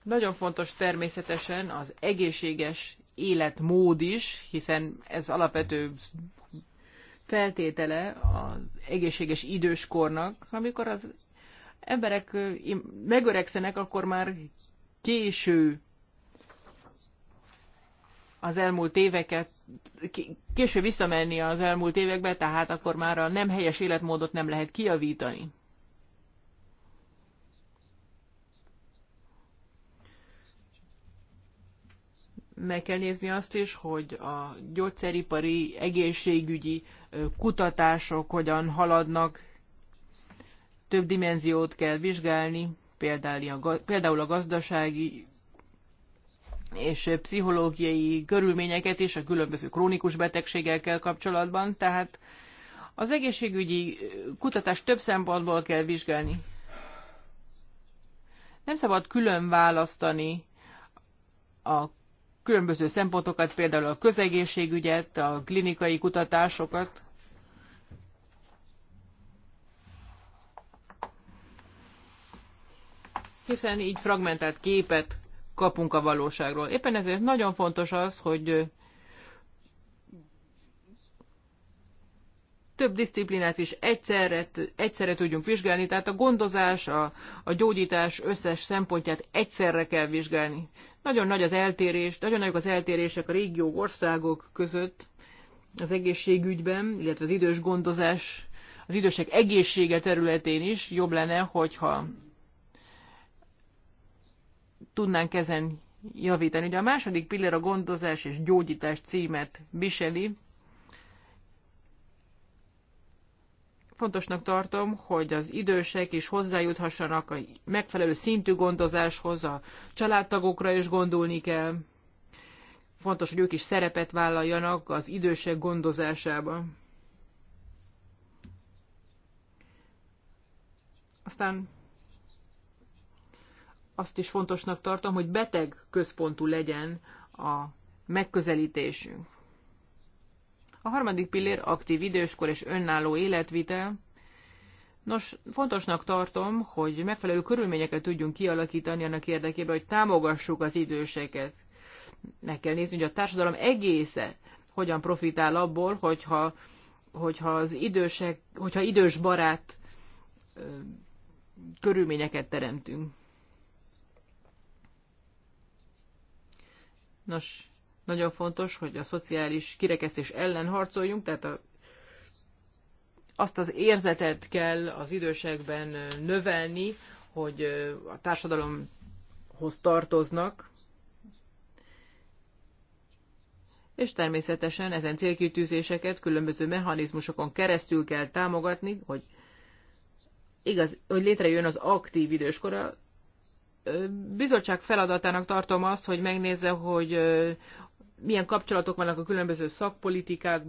Nagyon fontos természetesen az egészséges életmód is, hiszen ez alapvető feltétele az egészséges időskornak, amikor az emberek megöregszenek, akkor már késő az elmúlt éveket, késő visszamenni az elmúlt évekbe, tehát akkor már a nem helyes életmódot nem lehet kiavítani. meg kell nézni azt is, hogy a gyógyszeripari, egészségügyi kutatások hogyan haladnak, több dimenziót kell vizsgálni, például a gazdasági és pszichológiai körülményeket is a különböző krónikus betegségekkel kapcsolatban, tehát az egészségügyi kutatást több szempontból kell vizsgálni. Nem szabad külön választani a különböző szempontokat, például a közegészségügyet, a klinikai kutatásokat. Hiszen így fragmentált képet kapunk a valóságról. Éppen ezért nagyon fontos az, hogy több disziplinát is egyszerre, egyszerre tudjunk vizsgálni, tehát a gondozás, a, a gyógyítás összes szempontját egyszerre kell vizsgálni. Nagyon nagy az eltérés, nagyon nagyok az eltérések a régiók, országok között az egészségügyben, illetve az idős gondozás, az idősek egészsége területén is jobb lenne, hogyha tudnánk ezen javítani. Ugye a második pillér a gondozás és gyógyítás címet viseli, fontosnak tartom, hogy az idősek is hozzájuthassanak a megfelelő szintű gondozáshoz, a családtagokra is gondolni kell. Fontos, hogy ők is szerepet vállaljanak az idősek gondozásában. Aztán azt is fontosnak tartom, hogy beteg központú legyen a megközelítésünk. A harmadik pillér aktív időskor és önálló életvitel. Nos, fontosnak tartom, hogy megfelelő körülményeket tudjunk kialakítani annak érdekében, hogy támogassuk az időseket. Meg kell nézni, hogy a társadalom egésze hogyan profitál abból, hogyha, hogyha az idősek, hogyha idős barát körülményeket teremtünk. Nos, nagyon fontos, hogy a szociális kirekesztés ellen harcoljunk, tehát a, azt az érzetet kell az idősekben növelni, hogy a társadalomhoz tartoznak, és természetesen ezen célkitűzéseket különböző mechanizmusokon keresztül kell támogatni, hogy igaz, hogy létrejön az aktív időskora. bizottság feladatának tartom azt, hogy megnézze, hogy milyen kapcsolatok vannak a különböző szakpolitikák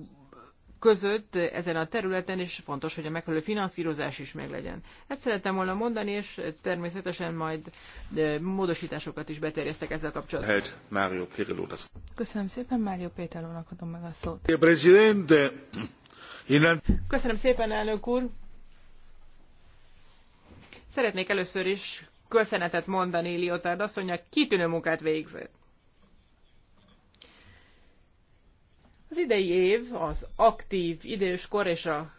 között ezen a területen, és fontos, hogy a megfelelő finanszírozás is meglegyen. Ezt szerettem volna mondani, és természetesen majd módosításokat is beterjesztek ezzel kapcsolatban. Hát, Mário Pirillo. Köszönöm szépen, Mário Péterlónak adom meg a szót. Köszönöm szépen, elnök úr. Szeretnék először is köszönetet mondani Liotard asszonynak, kitűnő munkát végzett. Az idei év az aktív időskor és a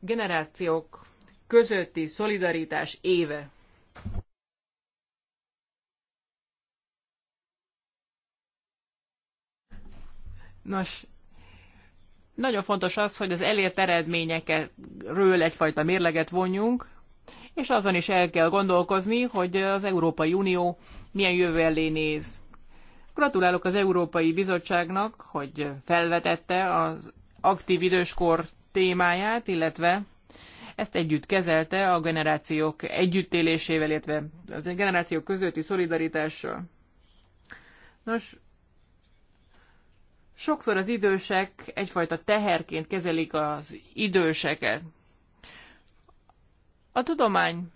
generációk közötti szolidaritás éve. Nos, nagyon fontos az, hogy az elért eredményekről egyfajta mérleget vonjunk, és azon is el kell gondolkozni, hogy az Európai Unió milyen jövő elé néz. Gratulálok az Európai Bizottságnak, hogy felvetette az aktív időskor témáját, illetve ezt együtt kezelte a generációk együttélésével, illetve az generációk közötti szolidaritással. Nos, sokszor az idősek egyfajta teherként kezelik az időseket. A tudomány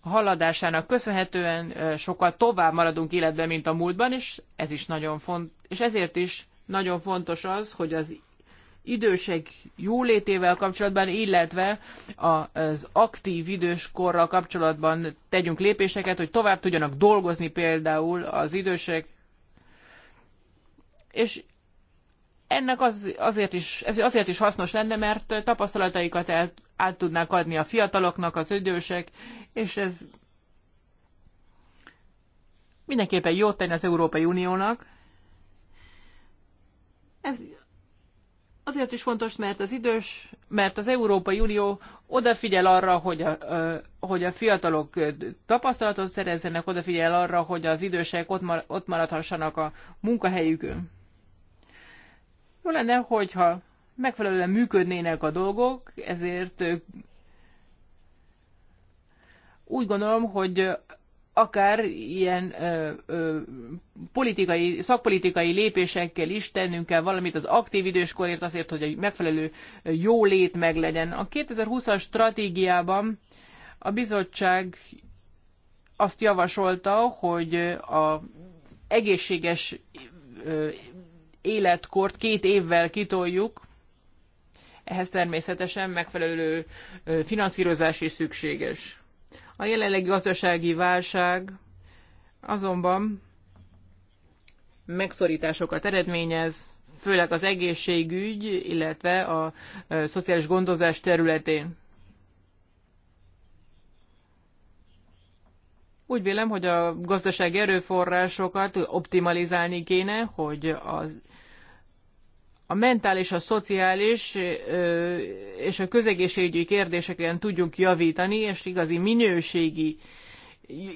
haladásának köszönhetően sokkal tovább maradunk életben, mint a múltban, és ez is nagyon font, és ezért is nagyon fontos az, hogy az idősek jólétével kapcsolatban, illetve az aktív időskorral kapcsolatban tegyünk lépéseket, hogy tovább tudjanak dolgozni például az idősek. És ennek az, azért, is, ez azért is hasznos lenne, mert tapasztalataikat el, át tudnák adni a fiataloknak, az idősek, és ez mindenképpen jót tenni az Európai Uniónak. Ez azért is fontos, mert az idős, mert az Európai Unió odafigyel arra, hogy a, hogy a fiatalok tapasztalatot szerezzenek, odafigyel arra, hogy az idősek ott maradhassanak a munkahelyükön. Jó lenne, hogyha megfelelően működnének a dolgok, ezért úgy gondolom, hogy akár ilyen ö, ö, politikai, szakpolitikai lépésekkel is tennünk kell valamit az aktív időskorért azért, hogy egy megfelelő jó lét meglegyen. A 2020-as stratégiában a bizottság azt javasolta, hogy a egészséges életkort két évvel kitoljuk, ehhez természetesen megfelelő finanszírozás is szükséges. A jelenlegi gazdasági válság azonban megszorításokat eredményez, főleg az egészségügy, illetve a szociális gondozás területén. Úgy vélem, hogy a gazdasági erőforrásokat optimalizálni kéne, hogy az a mentális, a szociális és a közegészségügyi kérdéseken tudjunk javítani, és igazi minőségi,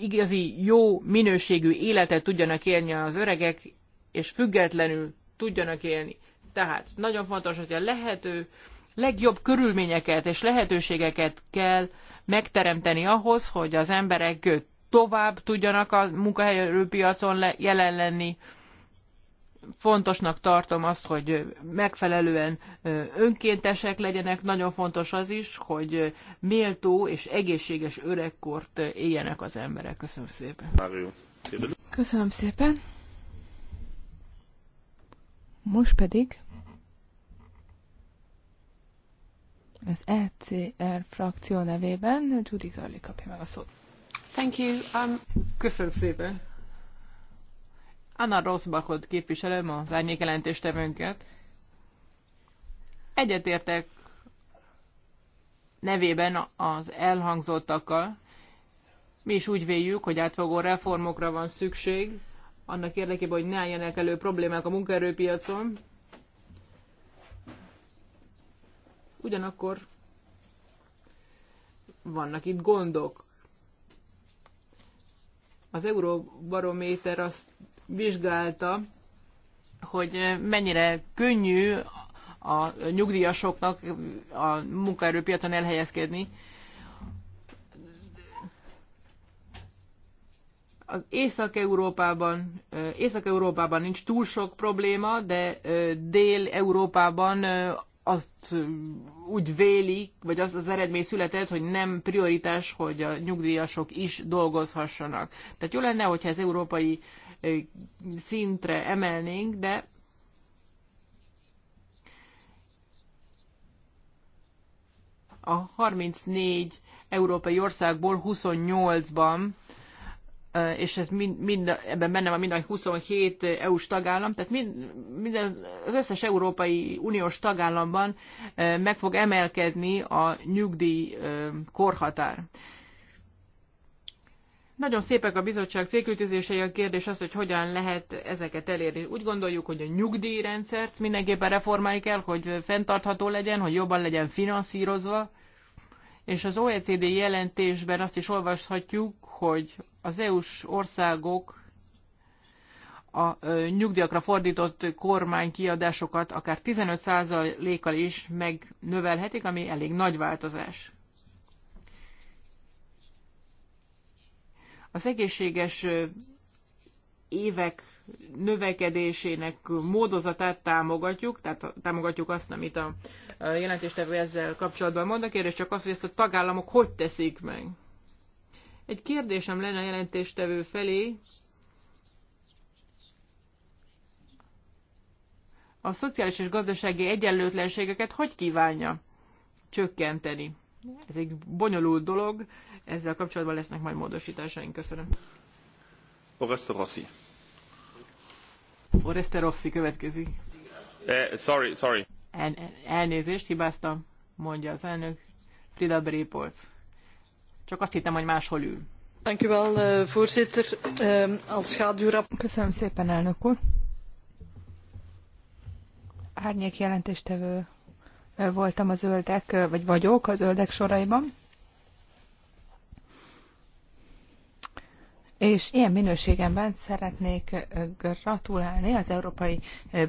igazi jó minőségű életet tudjanak élni az öregek, és függetlenül tudjanak élni. Tehát nagyon fontos, hogy a lehető legjobb körülményeket és lehetőségeket kell megteremteni ahhoz, hogy az emberek tovább tudjanak a munkaerőpiacon jelen lenni, fontosnak tartom azt, hogy megfelelően önkéntesek legyenek, nagyon fontos az is, hogy méltó és egészséges öregkort éljenek az emberek. Köszönöm szépen. Köszönöm szépen. Most pedig az ECR frakció nevében Judy Görli kapja meg a szót. Thank you. Um... Köszönöm szépen. Anna Rosbachot képviselem, az jelentéstevőnket. Egyetértek nevében az elhangzottakkal. Mi is úgy véljük, hogy átfogó reformokra van szükség, annak érdekében, hogy ne álljanak elő problémák a munkaerőpiacon. Ugyanakkor vannak itt gondok. Az Euróbarométer azt vizsgálta, hogy mennyire könnyű a nyugdíjasoknak a munkaerőpiacon elhelyezkedni. Az Észak-Európában, Észak-Európában nincs túl sok probléma, de Dél-Európában azt úgy vélik, vagy az az eredmény született, hogy nem prioritás, hogy a nyugdíjasok is dolgozhassanak. Tehát jó lenne, hogyha az európai szintre emelnénk, de a 34 európai országból 28-ban és ez mind, mind, ebben benne van mind a 27 EU-s tagállam, tehát mind, minden, az összes Európai Uniós tagállamban meg fog emelkedni a nyugdíj korhatár. Nagyon szépek a bizottság célkültözései, a kérdés az, hogy hogyan lehet ezeket elérni. Úgy gondoljuk, hogy a nyugdíjrendszert mindenképpen reformálni kell, hogy fenntartható legyen, hogy jobban legyen finanszírozva. És az OECD jelentésben azt is olvashatjuk, hogy az EU-s országok a nyugdíjakra fordított kormánykiadásokat akár 15%-kal is megnövelhetik, ami elég nagy változás. Az egészséges évek növekedésének módozatát támogatjuk, tehát támogatjuk azt, amit a jelentéstevő ezzel kapcsolatban mond. A kérdés csak az, hogy ezt a tagállamok hogy teszik meg. Egy kérdésem lenne a jelentéstevő felé. A szociális és gazdasági egyenlőtlenségeket hogy kívánja csökkenteni? Ez egy bonyolult dolog, ezzel kapcsolatban lesznek majd módosításaink. Köszönöm. Oreste Rossi. Oreste Rossi következik. Eh, sorry, sorry. El, elnézést, hibáztam, mondja az elnök. Frida Brépolc. Csak azt hittem, hogy máshol ül. Eh, voorzitter. Eh, als schaduwrap... Köszönöm szépen, elnök úr. Árnyék jelentéstevő voltam a zöldek, vagy vagyok a zöldek soraiban. És ilyen minőségemben szeretnék gratulálni az Európai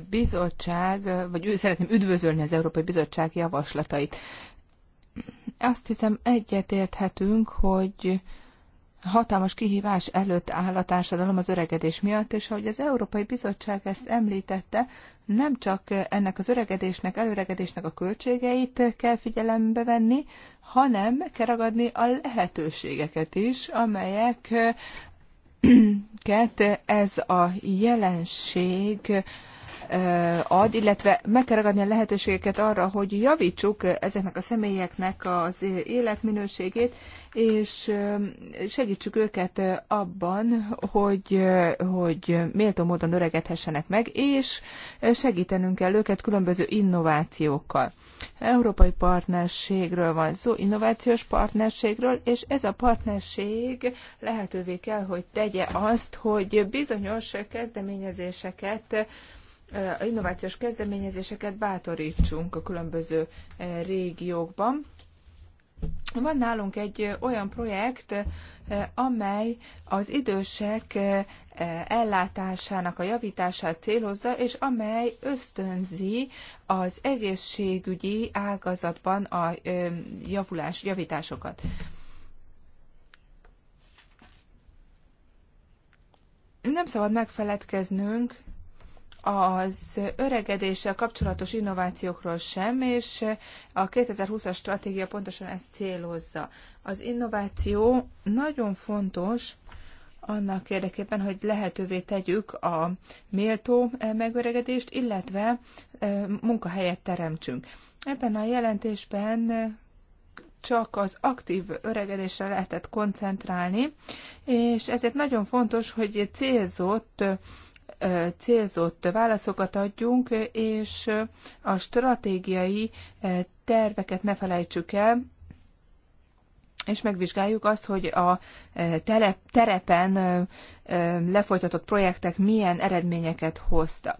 Bizottság, vagy szeretném üdvözölni az Európai Bizottság javaslatait. Azt hiszem egyetérthetünk, hogy hatalmas kihívás előtt áll a társadalom az öregedés miatt, és ahogy az Európai Bizottság ezt említette, nem csak ennek az öregedésnek, előregedésnek a költségeit kell figyelembe venni, hanem kell ragadni a lehetőségeket is, amelyeket ez a jelenség ad, illetve meg kell ragadni a lehetőségeket arra, hogy javítsuk ezeknek a személyeknek az életminőségét, és segítsük őket abban, hogy, hogy méltó módon öregedhessenek meg, és segítenünk kell őket különböző innovációkkal. Európai partnerségről van szó, innovációs partnerségről, és ez a partnerség lehetővé kell, hogy tegye azt, hogy bizonyos kezdeményezéseket innovációs kezdeményezéseket bátorítsunk a különböző régiókban van nálunk egy olyan projekt, amely az idősek ellátásának a javítását célozza, és amely ösztönzi az egészségügyi ágazatban a javulás, javításokat. Nem szabad megfeledkeznünk az öregedéssel kapcsolatos innovációkról sem, és a 2020-as stratégia pontosan ezt célozza. Az innováció nagyon fontos annak érdekében, hogy lehetővé tegyük a méltó eh, megöregedést, illetve eh, munkahelyet teremtsünk. Ebben a jelentésben eh, csak az aktív öregedésre lehetett koncentrálni, és ezért nagyon fontos, hogy célzott célzott válaszokat adjunk, és a stratégiai terveket ne felejtsük el, és megvizsgáljuk azt, hogy a telep, terepen lefolytatott projektek milyen eredményeket hoztak.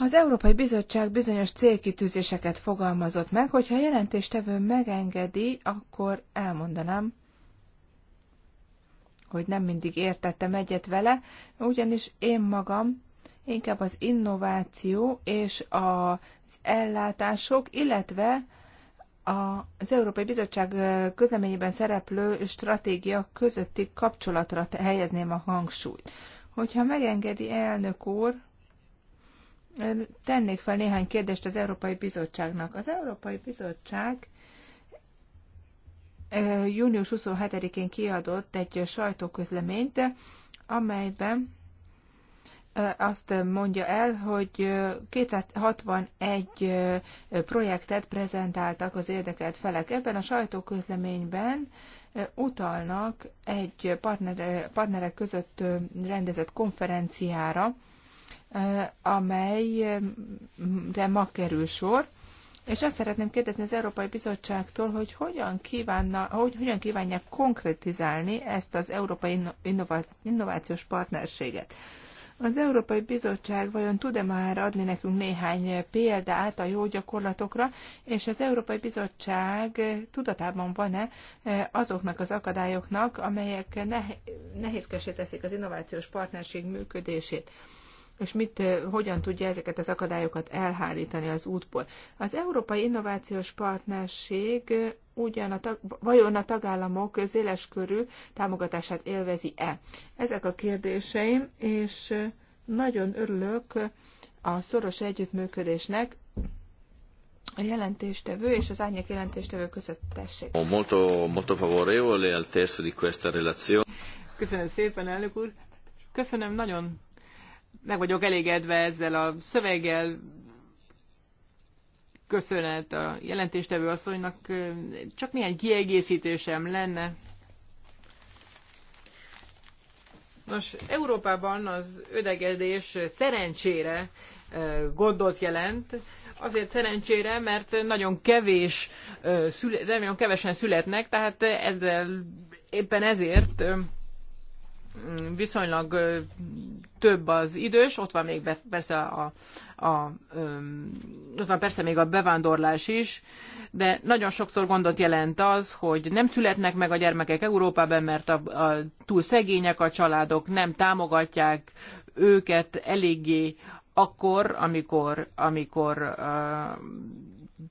Az Európai Bizottság bizonyos célkitűzéseket fogalmazott meg, hogyha a jelentéstevő megengedi, akkor elmondanám, hogy nem mindig értettem egyet vele, ugyanis én magam inkább az innováció és az ellátások, illetve az Európai Bizottság közleményében szereplő stratégia közötti kapcsolatra helyezném a hangsúlyt. Hogyha megengedi elnök úr, tennék fel néhány kérdést az Európai Bizottságnak. Az Európai Bizottság június 27-én kiadott egy sajtóközleményt, amelyben azt mondja el, hogy 261 projektet prezentáltak az érdekelt felek. Ebben a sajtóközleményben utalnak egy partner, partnerek között rendezett konferenciára, amelyre ma kerül sor. És azt szeretném kérdezni az Európai Bizottságtól, hogy hogyan, kívánna, hogy hogyan kívánják konkretizálni ezt az Európai Innovációs Partnerséget. Az Európai Bizottság vajon tud-e már adni nekünk néhány példát a jó gyakorlatokra, és az Európai Bizottság tudatában van-e e, azoknak az akadályoknak, amelyek nehézkesé teszik az innovációs partnerség működését? és mit, hogyan tudja ezeket az akadályokat elhárítani az útból. Az Európai Innovációs Partnerség ugyan a tag, vajon a tagállamok széleskörű támogatását élvezi-e? Ezek a kérdéseim, és nagyon örülök a szoros együttműködésnek a jelentéstevő és az árnyék jelentéstevő között tessék. Molto, molto favorevole al testo di questa relazione. Köszönöm szépen, elnök úr. Köszönöm, nagyon meg vagyok elégedve ezzel a szöveggel, köszönet a jelentéstevő asszonynak, csak néhány kiegészítésem lenne. Nos, Európában az ödegedés szerencsére eh, gondot jelent, azért szerencsére, mert nagyon kevés, eh, nagyon kevesen születnek, tehát ezzel, éppen ezért eh, viszonylag több az idős, ott van még persze a, a, ott van persze még a bevándorlás is, de nagyon sokszor gondot jelent az, hogy nem születnek meg a gyermekek Európában, mert a, a, túl szegények a családok, nem támogatják őket eléggé akkor, amikor, amikor a,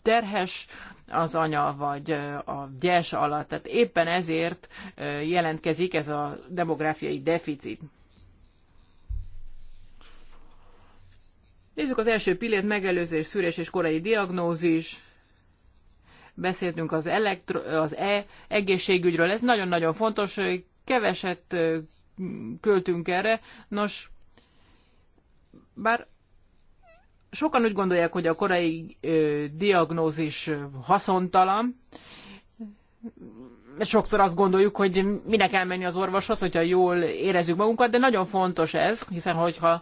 terhes az anya vagy a gyes alatt. Tehát éppen ezért jelentkezik ez a demográfiai deficit. Nézzük az első pillért, megelőzés, szűrés és korai diagnózis. Beszéltünk az, elektro, az e egészségügyről, ez nagyon-nagyon fontos, keveset költünk erre. Nos, bár sokan úgy gondolják, hogy a korai ö, diagnózis haszontalan, sokszor azt gondoljuk, hogy minek kell menni az orvoshoz, hogyha jól érezzük magunkat, de nagyon fontos ez, hiszen hogyha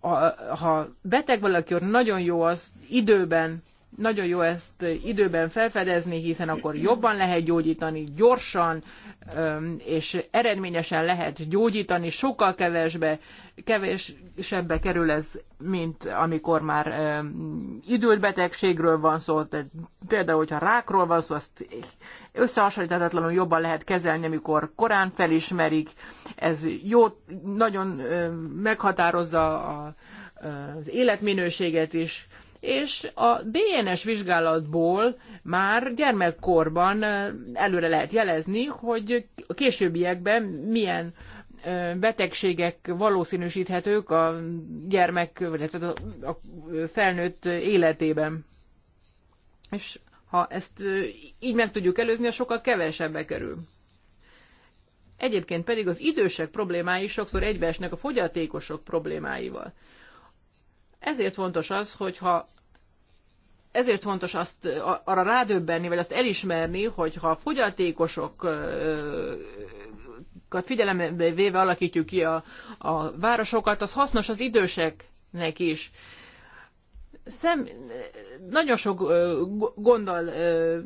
ha, ha beteg valaki, nagyon jó az időben nagyon jó ezt időben felfedezni, hiszen akkor jobban lehet gyógyítani, gyorsan és eredményesen lehet gyógyítani, sokkal kevesbe, kevesebbe kerül ez, mint amikor már időt betegségről van szó, tehát például, hogyha rákról van szó, azt összehasonlítatatlanul jobban lehet kezelni, amikor korán felismerik, ez jó, nagyon meghatározza a, az életminőséget is, és a DNS vizsgálatból már gyermekkorban előre lehet jelezni, hogy a későbbiekben milyen betegségek valószínűsíthetők a gyermek, vagy hát a felnőtt életében. És ha ezt így meg tudjuk előzni, a sokkal kevesebbe kerül. Egyébként pedig az idősek problémái sokszor egybeesnek a fogyatékosok problémáival. Ezért fontos az, hogyha ezért fontos azt arra rádöbbenni, vagy azt elismerni, hogy ha a fogyatékosokat figyelembe véve alakítjuk ki a, a városokat, az hasznos az időseknek is szem, nagyon sok gonddal,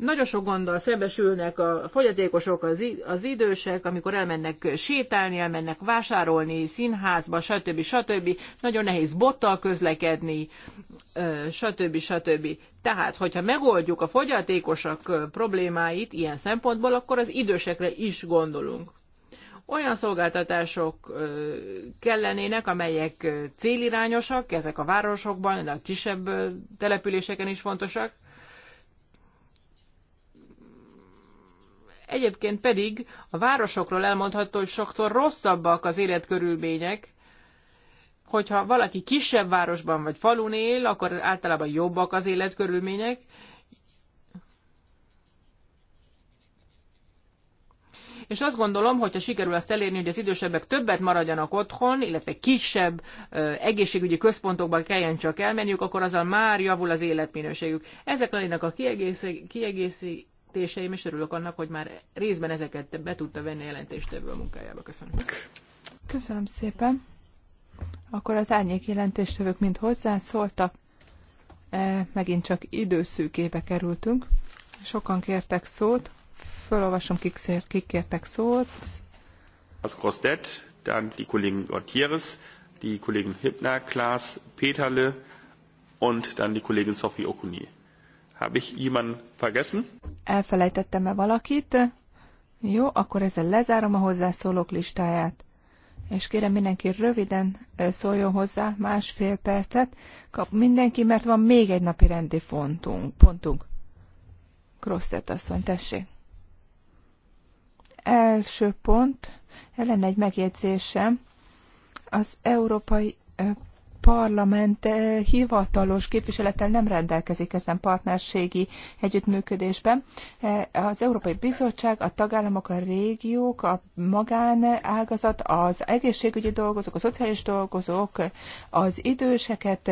nagyon sok gonddal szembesülnek a fogyatékosok, az, az idősek, amikor elmennek sétálni, elmennek vásárolni, színházba, stb. stb. Nagyon nehéz bottal közlekedni, stb. stb. Tehát, hogyha megoldjuk a fogyatékosok problémáit ilyen szempontból, akkor az idősekre is gondolunk olyan szolgáltatások kellenének, amelyek célirányosak, ezek a városokban, de a kisebb településeken is fontosak. Egyébként pedig a városokról elmondható, hogy sokszor rosszabbak az életkörülmények, hogyha valaki kisebb városban vagy falun él, akkor általában jobbak az életkörülmények, és azt gondolom, hogyha sikerül azt elérni, hogy az idősebbek többet maradjanak otthon, illetve kisebb egészségügyi központokba kelljen csak elmenniük, akkor azzal már javul az életminőségük. Ezek lennének a kiegészítéseim, és örülök annak, hogy már részben ezeket be tudta venni a jelentéstevő a munkájába. Köszönöm. Köszönöm szépen. Akkor az árnyék jelentéstevők mind hozzászóltak. E, megint csak időszűkébe kerültünk. Sokan kértek szót. Fölolvasom, kik, kik kértek szót. Az Grosdet, dann die Kollegen Gutierrez, die Kollegen Hübner, Klaas, Peterle und dann die Kollegin Sophie Okuni. Habe ich jemanden vergessen? Elfelejtettem-e valakit? Jó, akkor ezzel lezárom a hozzászólók listáját. És kérem mindenki röviden szóljon hozzá, másfél percet kap mindenki, mert van még egy napi rendi pontunk. pontunk. Krosztett asszony, tessék. Első pont, lenne egy megjegyzésem, az Európai Parlament hivatalos képviselettel nem rendelkezik ezen partnerségi együttműködésben. Az Európai Bizottság, a tagállamok, a régiók, a magánágazat, az egészségügyi dolgozók, a szociális dolgozók, az időseket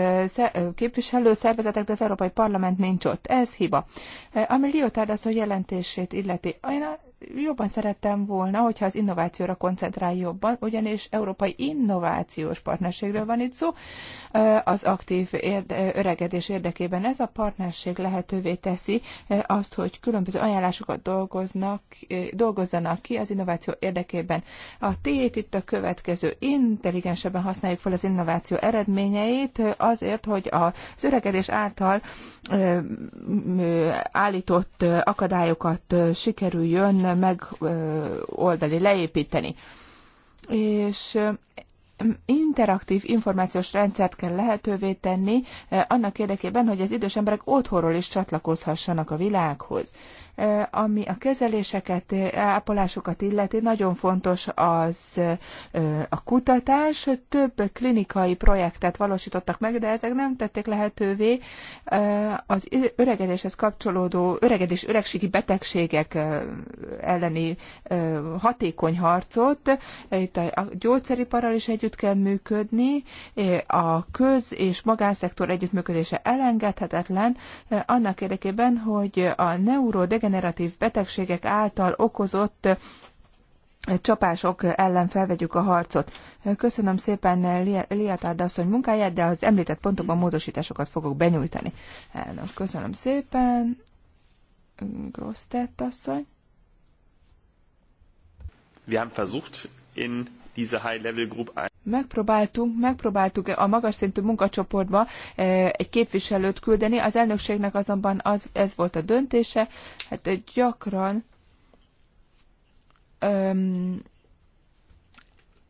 képviselő szervezetek, de az Európai Parlament nincs ott. Ez hiba. Ami Liotard az, hogy jelentését illeti. Én jobban szerettem volna, hogyha az innovációra koncentrál jobban, ugyanis európai innovációs partnerségről van itt szó, az aktív érde, öregedés érdekében. Ez a partnerség lehetővé teszi azt, hogy különböző ajánlásokat dolgoznak, dolgozzanak ki az innováció érdekében. A tét itt a következő, intelligensebben használjuk fel az innováció eredményeit azért, hogy az öregedés által állított akadályokat sikerüljön megoldani, leépíteni. És interaktív információs rendszert kell lehetővé tenni annak érdekében, hogy az idős emberek otthonról is csatlakozhassanak a világhoz ami a kezeléseket, ápolásokat illeti, nagyon fontos az a kutatás. Több klinikai projektet valósítottak meg, de ezek nem tették lehetővé az öregedéshez kapcsolódó öregedés, öregségi betegségek elleni hatékony harcot. Itt a gyógyszeriparral is együtt kell működni, a köz- és magánszektor együttműködése elengedhetetlen annak érdekében, hogy a neuro degeneratív betegségek által okozott eh, csapások ellen felvegyük a harcot. Eh, köszönöm szépen eh, Liatárd asszony munkáját, de az említett pontokban módosításokat fogok benyújtani. Elnök, köszönöm szépen. Grosztett asszony. Wir haben versucht, in diese High-Level-Group Megpróbáltunk, megpróbáltuk a magas szintű munkacsoportba eh, egy képviselőt küldeni, az elnökségnek azonban az, ez volt a döntése, hát eh, gyakran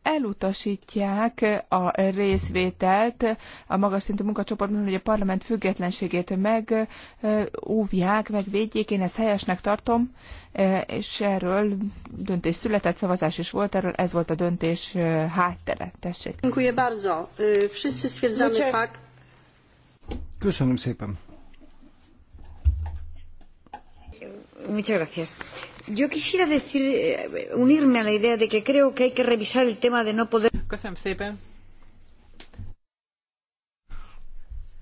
elutasítják a részvételt a magas szintű munkacsoportban, hogy a parlament függetlenségét megóvják, megvédjék. Én ezt helyesnek tartom, és erről döntés született, szavazás is volt, erről ez volt a döntés háttere. Tessék. Köszönöm szépen. Muchas gracias. Yo quisiera decir, eh, unirme a la idea de que creo que hay que revisar el tema de no poder... Köszönöm szépen.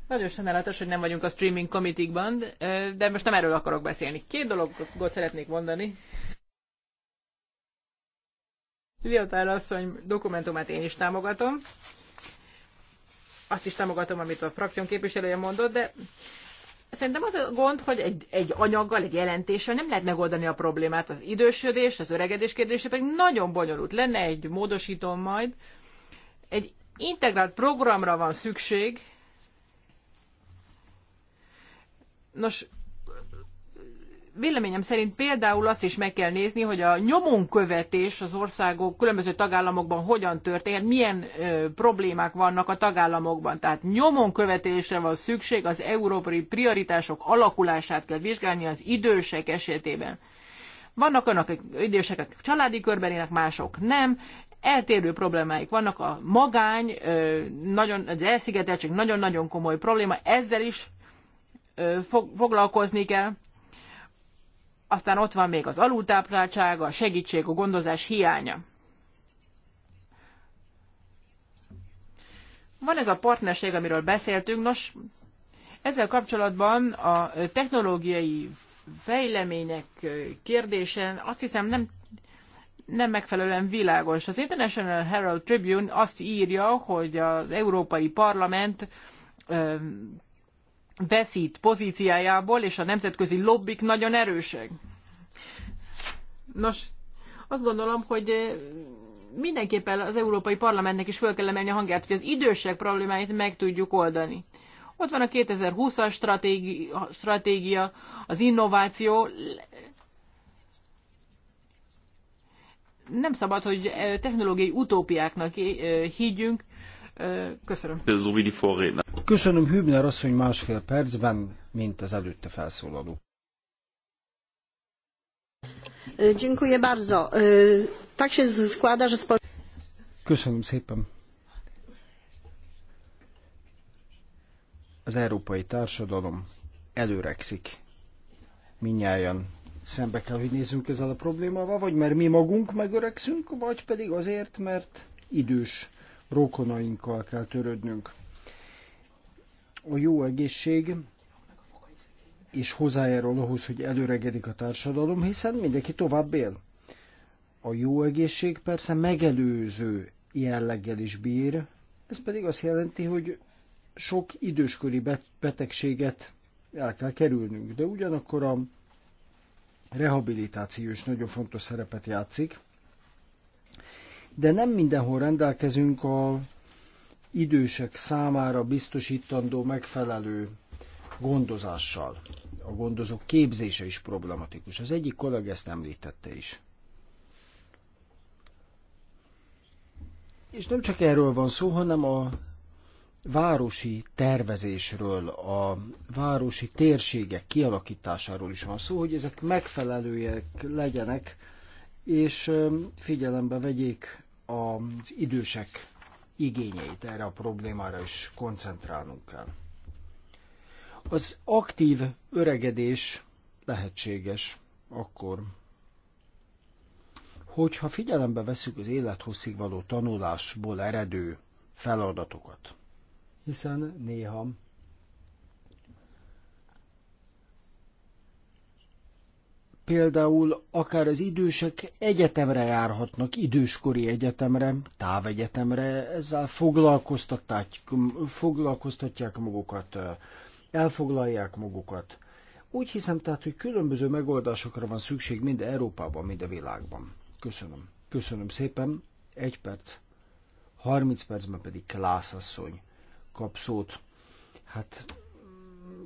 Nagyon sajnálatos, hogy nem vagyunk a streaming komitikban, eh, de most nem erről akarok beszélni. Két dologot szeretnék mondani. Fiatal asszony dokumentumát én is támogatom. Azt is támogatom, amit a frakción képviselője mondott, de Szerintem az a gond, hogy egy, egy anyaggal, egy jelentéssel nem lehet megoldani a problémát. Az idősödés, az öregedés kérdése pedig nagyon bonyolult. Lenne egy, módosítom majd. Egy integrált programra van szükség. Nos, véleményem szerint például azt is meg kell nézni, hogy a nyomonkövetés az országok különböző tagállamokban hogyan történhet, milyen ö, problémák vannak a tagállamokban. Tehát nyomonkövetésre van szükség, az európai prioritások alakulását kell vizsgálni az idősek esetében. Vannak önök idősek, akik családi körben élnek, mások nem. Eltérő problémáik vannak, a magány, ö, nagyon, az elszigeteltség nagyon-nagyon komoly probléma, ezzel is ö, fog, foglalkozni kell aztán ott van még az alultápláltsága, a segítség, a gondozás hiánya. Van ez a partnerség, amiről beszéltünk. Nos, ezzel kapcsolatban a technológiai fejlemények kérdésen azt hiszem nem, nem megfelelően világos. Az International Herald Tribune azt írja, hogy az Európai Parlament veszít pozíciájából, és a nemzetközi lobbik nagyon erősek. Nos, azt gondolom, hogy eh, mindenképpen az Európai Parlamentnek is föl kell emelni a hangját, hogy az idősek problémáit meg tudjuk oldani. Ott van a 2020-as stratégia, stratégia, az innováció. Nem szabad, hogy eh, technológiai utópiáknak eh, higgyünk, Köszönöm. Köszönöm Hübner asszony másfél percben, mint az előtte felszólaló. Köszönöm szépen. Az európai társadalom előrekszik. Minnyáján szembe kell, hogy nézzünk ezzel a problémával, vagy mert mi magunk megöregszünk, vagy pedig azért, mert idős rokonainkkal kell törődnünk. A jó egészség és hozzájárul ahhoz, hogy előregedik a társadalom, hiszen mindenki tovább él. A jó egészség persze megelőző jelleggel is bír, ez pedig azt jelenti, hogy sok időskori betegséget el kell kerülnünk, de ugyanakkor a rehabilitáció is nagyon fontos szerepet játszik de nem mindenhol rendelkezünk a idősek számára biztosítandó megfelelő gondozással. A gondozók képzése is problematikus. Az egyik kollega ezt említette is. És nem csak erről van szó, hanem a városi tervezésről, a városi térségek kialakításáról is van szó, hogy ezek megfelelőek legyenek és figyelembe vegyék az idősek igényeit, erre a problémára is koncentrálnunk kell. Az aktív öregedés lehetséges akkor, hogyha figyelembe veszük az élethosszig való tanulásból eredő feladatokat. Hiszen néha például akár az idősek egyetemre járhatnak, időskori egyetemre, távegyetemre, ezzel foglalkoztatják, foglalkoztatják magukat, elfoglalják magukat. Úgy hiszem tehát, hogy különböző megoldásokra van szükség mind Európában, mind a világban. Köszönöm. Köszönöm szépen. Egy perc. 30 percben pedig Klász asszony kap szót. Hát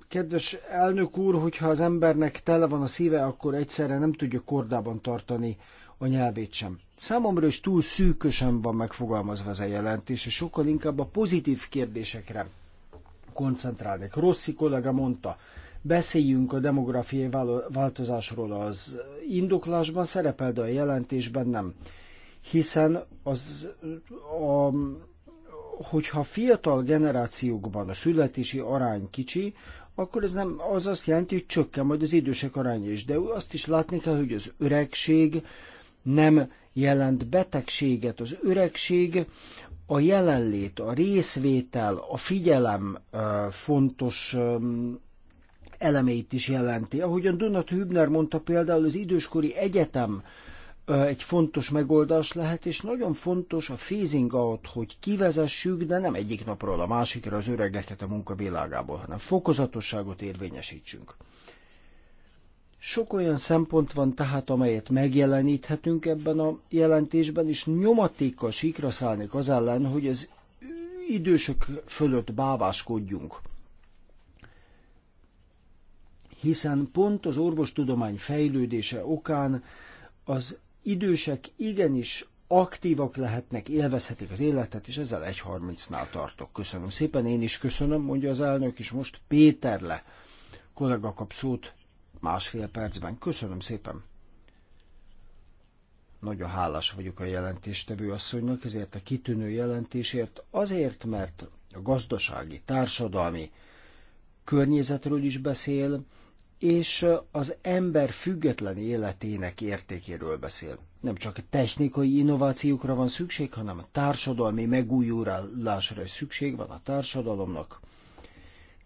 Kedves elnök úr, hogyha az embernek tele van a szíve, akkor egyszerre nem tudja kordában tartani a nyelvét sem. Számomra is túl szűkösen van megfogalmazva ez a jelentés, és sokkal inkább a pozitív kérdésekre koncentrálnék. Rossi kollega mondta, beszéljünk a demográfiai változásról az indoklásban, szerepel, de a jelentésben nem. Hiszen az a hogyha fiatal generációkban a születési arány kicsi, akkor ez nem az azt jelenti, hogy csökken majd az idősek aránya is. De azt is látni kell, hogy az öregség nem jelent betegséget. Az öregség a jelenlét, a részvétel, a figyelem fontos elemeit is jelenti. Ahogyan Donat Hübner mondta például, az időskori egyetem egy fontos megoldás lehet, és nagyon fontos a phasing out, hogy kivezessük, de nem egyik napról a másikra az öregeket a munka hanem fokozatosságot érvényesítsünk. Sok olyan szempont van tehát, amelyet megjeleníthetünk ebben a jelentésben, és nyomatékkal sikra szállnék az ellen, hogy az idősök fölött báváskodjunk. Hiszen pont az orvostudomány fejlődése okán az idősek igenis aktívak lehetnek, élvezhetik az életet, és ezzel egy harmincnál tartok. Köszönöm szépen, én is köszönöm, mondja az elnök, és most Péter le. Kollega kap szót másfél percben. Köszönöm szépen. Nagyon hálás vagyok a jelentéstevő asszonynak ezért a kitűnő jelentésért, azért, mert a gazdasági, társadalmi környezetről is beszél, és az ember független életének értékéről beszél. Nem csak a technikai innovációkra van szükség, hanem a társadalmi megújulásra is szükség van a társadalomnak.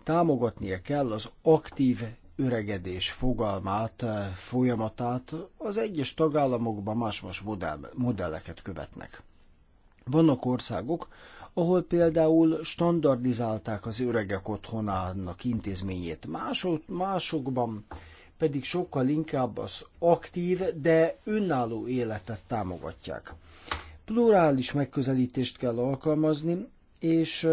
Támogatnia kell az aktív öregedés fogalmát, folyamatát, az egyes tagállamokban más-más modelleket követnek. Vannak országok, ahol például standardizálták az öregek otthonának intézményét. Mások, másokban pedig sokkal inkább az aktív, de önálló életet támogatják. Plurális megközelítést kell alkalmazni, és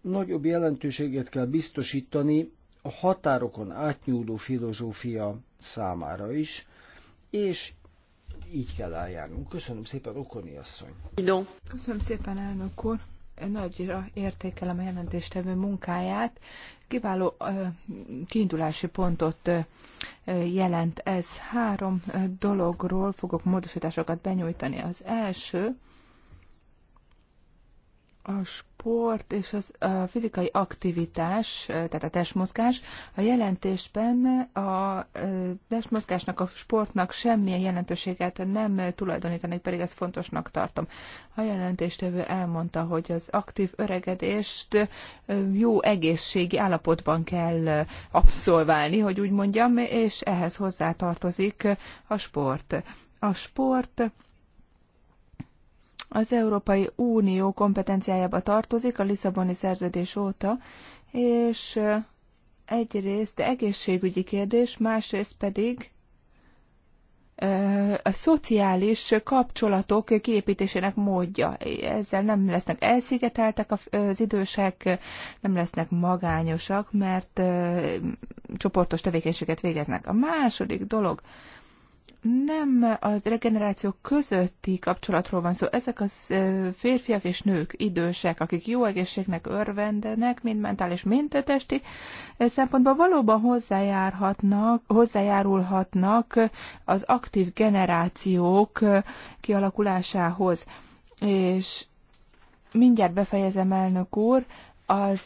nagyobb jelentőséget kell biztosítani a határokon átnyúló filozófia számára is, és így kell eljárnunk. Köszönöm szépen, Okoni asszony. Köszönöm szépen, elnök úr. Nagyra értékelem a jelentéstevő munkáját. Kiváló kiindulási pontot jelent ez. Három dologról fogok módosításokat benyújtani. Az első, a sport és az, a fizikai aktivitás, tehát a testmozgás. A jelentésben a testmozgásnak, a sportnak semmilyen jelentőséget nem tulajdonítanék, pedig ezt fontosnak tartom. A jelentéstevő elmondta, hogy az aktív öregedést jó egészségi állapotban kell abszolválni, hogy úgy mondjam, és ehhez hozzátartozik a sport. A sport az Európai Unió kompetenciájába tartozik a Lisszaboni szerződés óta, és egyrészt egészségügyi kérdés, másrészt pedig a szociális kapcsolatok kiépítésének módja. Ezzel nem lesznek elszigeteltek az idősek, nem lesznek magányosak, mert csoportos tevékenységet végeznek. A második dolog, nem az regeneráció közötti kapcsolatról van szó. Ezek az férfiak és nők, idősek, akik jó egészségnek örvendenek, mind mentális, mind testi szempontból valóban hozzájárhatnak, hozzájárulhatnak az aktív generációk kialakulásához. És mindjárt befejezem, elnök úr, az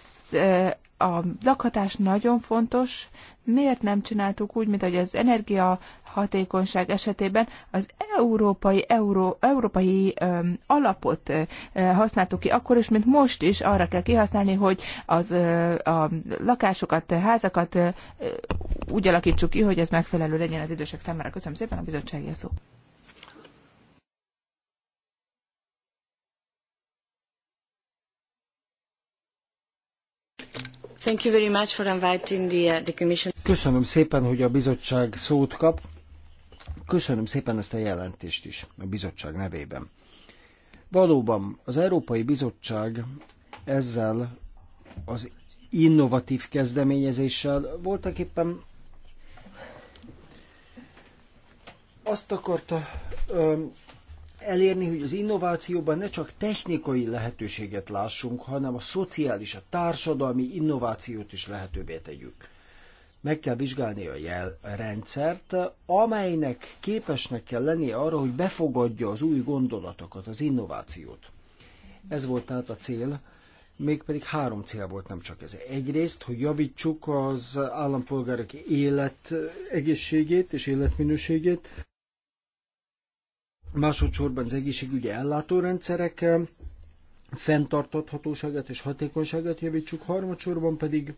a lakhatás nagyon fontos. Miért nem csináltuk úgy, mint hogy az energiahatékonyság esetében az európai, euró, európai öm, alapot ö, használtuk ki akkor is, mint most is arra kell kihasználni, hogy az ö, a lakásokat, házakat ö, úgy alakítsuk ki, hogy ez megfelelő legyen az idősek számára. Köszönöm szépen a bizottsági szó. Thank you very much for inviting the, uh, the commission. Köszönöm szépen, hogy a bizottság szót kap. Köszönöm szépen ezt a jelentést is a bizottság nevében. Valóban az Európai Bizottság ezzel az innovatív kezdeményezéssel voltak éppen azt akarta elérni, hogy az innovációban ne csak technikai lehetőséget lássunk, hanem a szociális, a társadalmi innovációt is lehetővé tegyük. Meg kell vizsgálni a jelrendszert, amelynek képesnek kell lennie arra, hogy befogadja az új gondolatokat, az innovációt. Ez volt tehát a cél, mégpedig három cél volt, nem csak ez. Egyrészt, hogy javítsuk az állampolgárok élet egészségét és életminőségét, másodszorban az egészségügyi ellátórendszerek eh, fenntartathatóságát és hatékonyságát javítsuk, harmadsorban pedig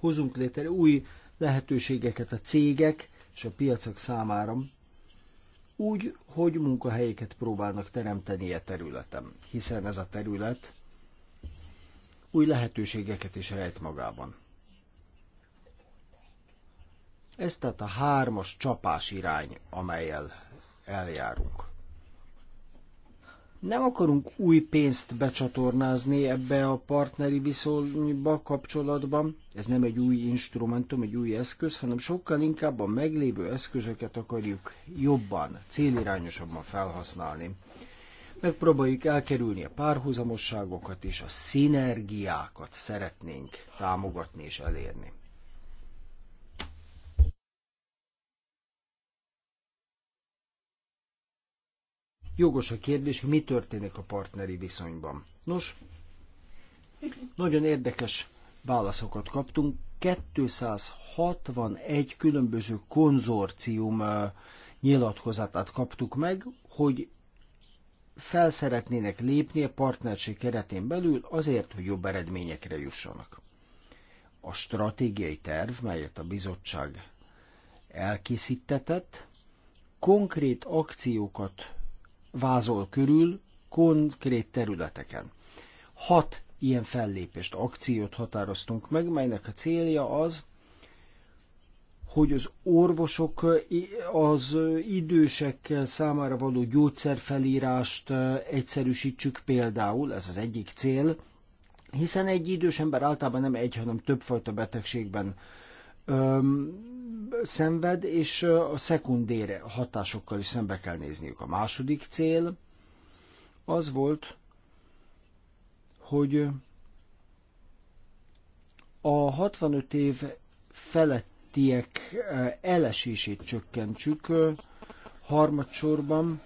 hozunk létre új lehetőségeket a cégek és a piacok számára, úgy, hogy munkahelyeket próbálnak teremteni a e területen, hiszen ez a terület új lehetőségeket is rejt magában. Ez tehát a hármas csapás irány, amelyel eljárunk. Nem akarunk új pénzt becsatornázni ebbe a partneri viszonyba kapcsolatban, ez nem egy új instrumentum, egy új eszköz, hanem sokkal inkább a meglévő eszközöket akarjuk jobban, célirányosabban felhasználni. Megpróbáljuk elkerülni a párhuzamosságokat és a szinergiákat szeretnénk támogatni és elérni. Jogos a kérdés, mi történik a partneri viszonyban. Nos, nagyon érdekes válaszokat kaptunk. 261 különböző konzorcium nyilatkozatát kaptuk meg, hogy felszeretnének lépni a partnerség keretén belül azért, hogy jobb eredményekre jussanak. A stratégiai terv, melyet a bizottság elkészítetett, konkrét akciókat vázol körül konkrét területeken. Hat ilyen fellépést, akciót határoztunk meg, melynek a célja az, hogy az orvosok az idősek számára való gyógyszerfelírást egyszerűsítsük például, ez az egyik cél, hiszen egy idős ember általában nem egy, hanem többfajta betegségben öm, szenved, és a szekundér hatásokkal is szembe kell nézniük. A második cél az volt, hogy a 65 év felettiek elesését csökkentsük, harmadsorban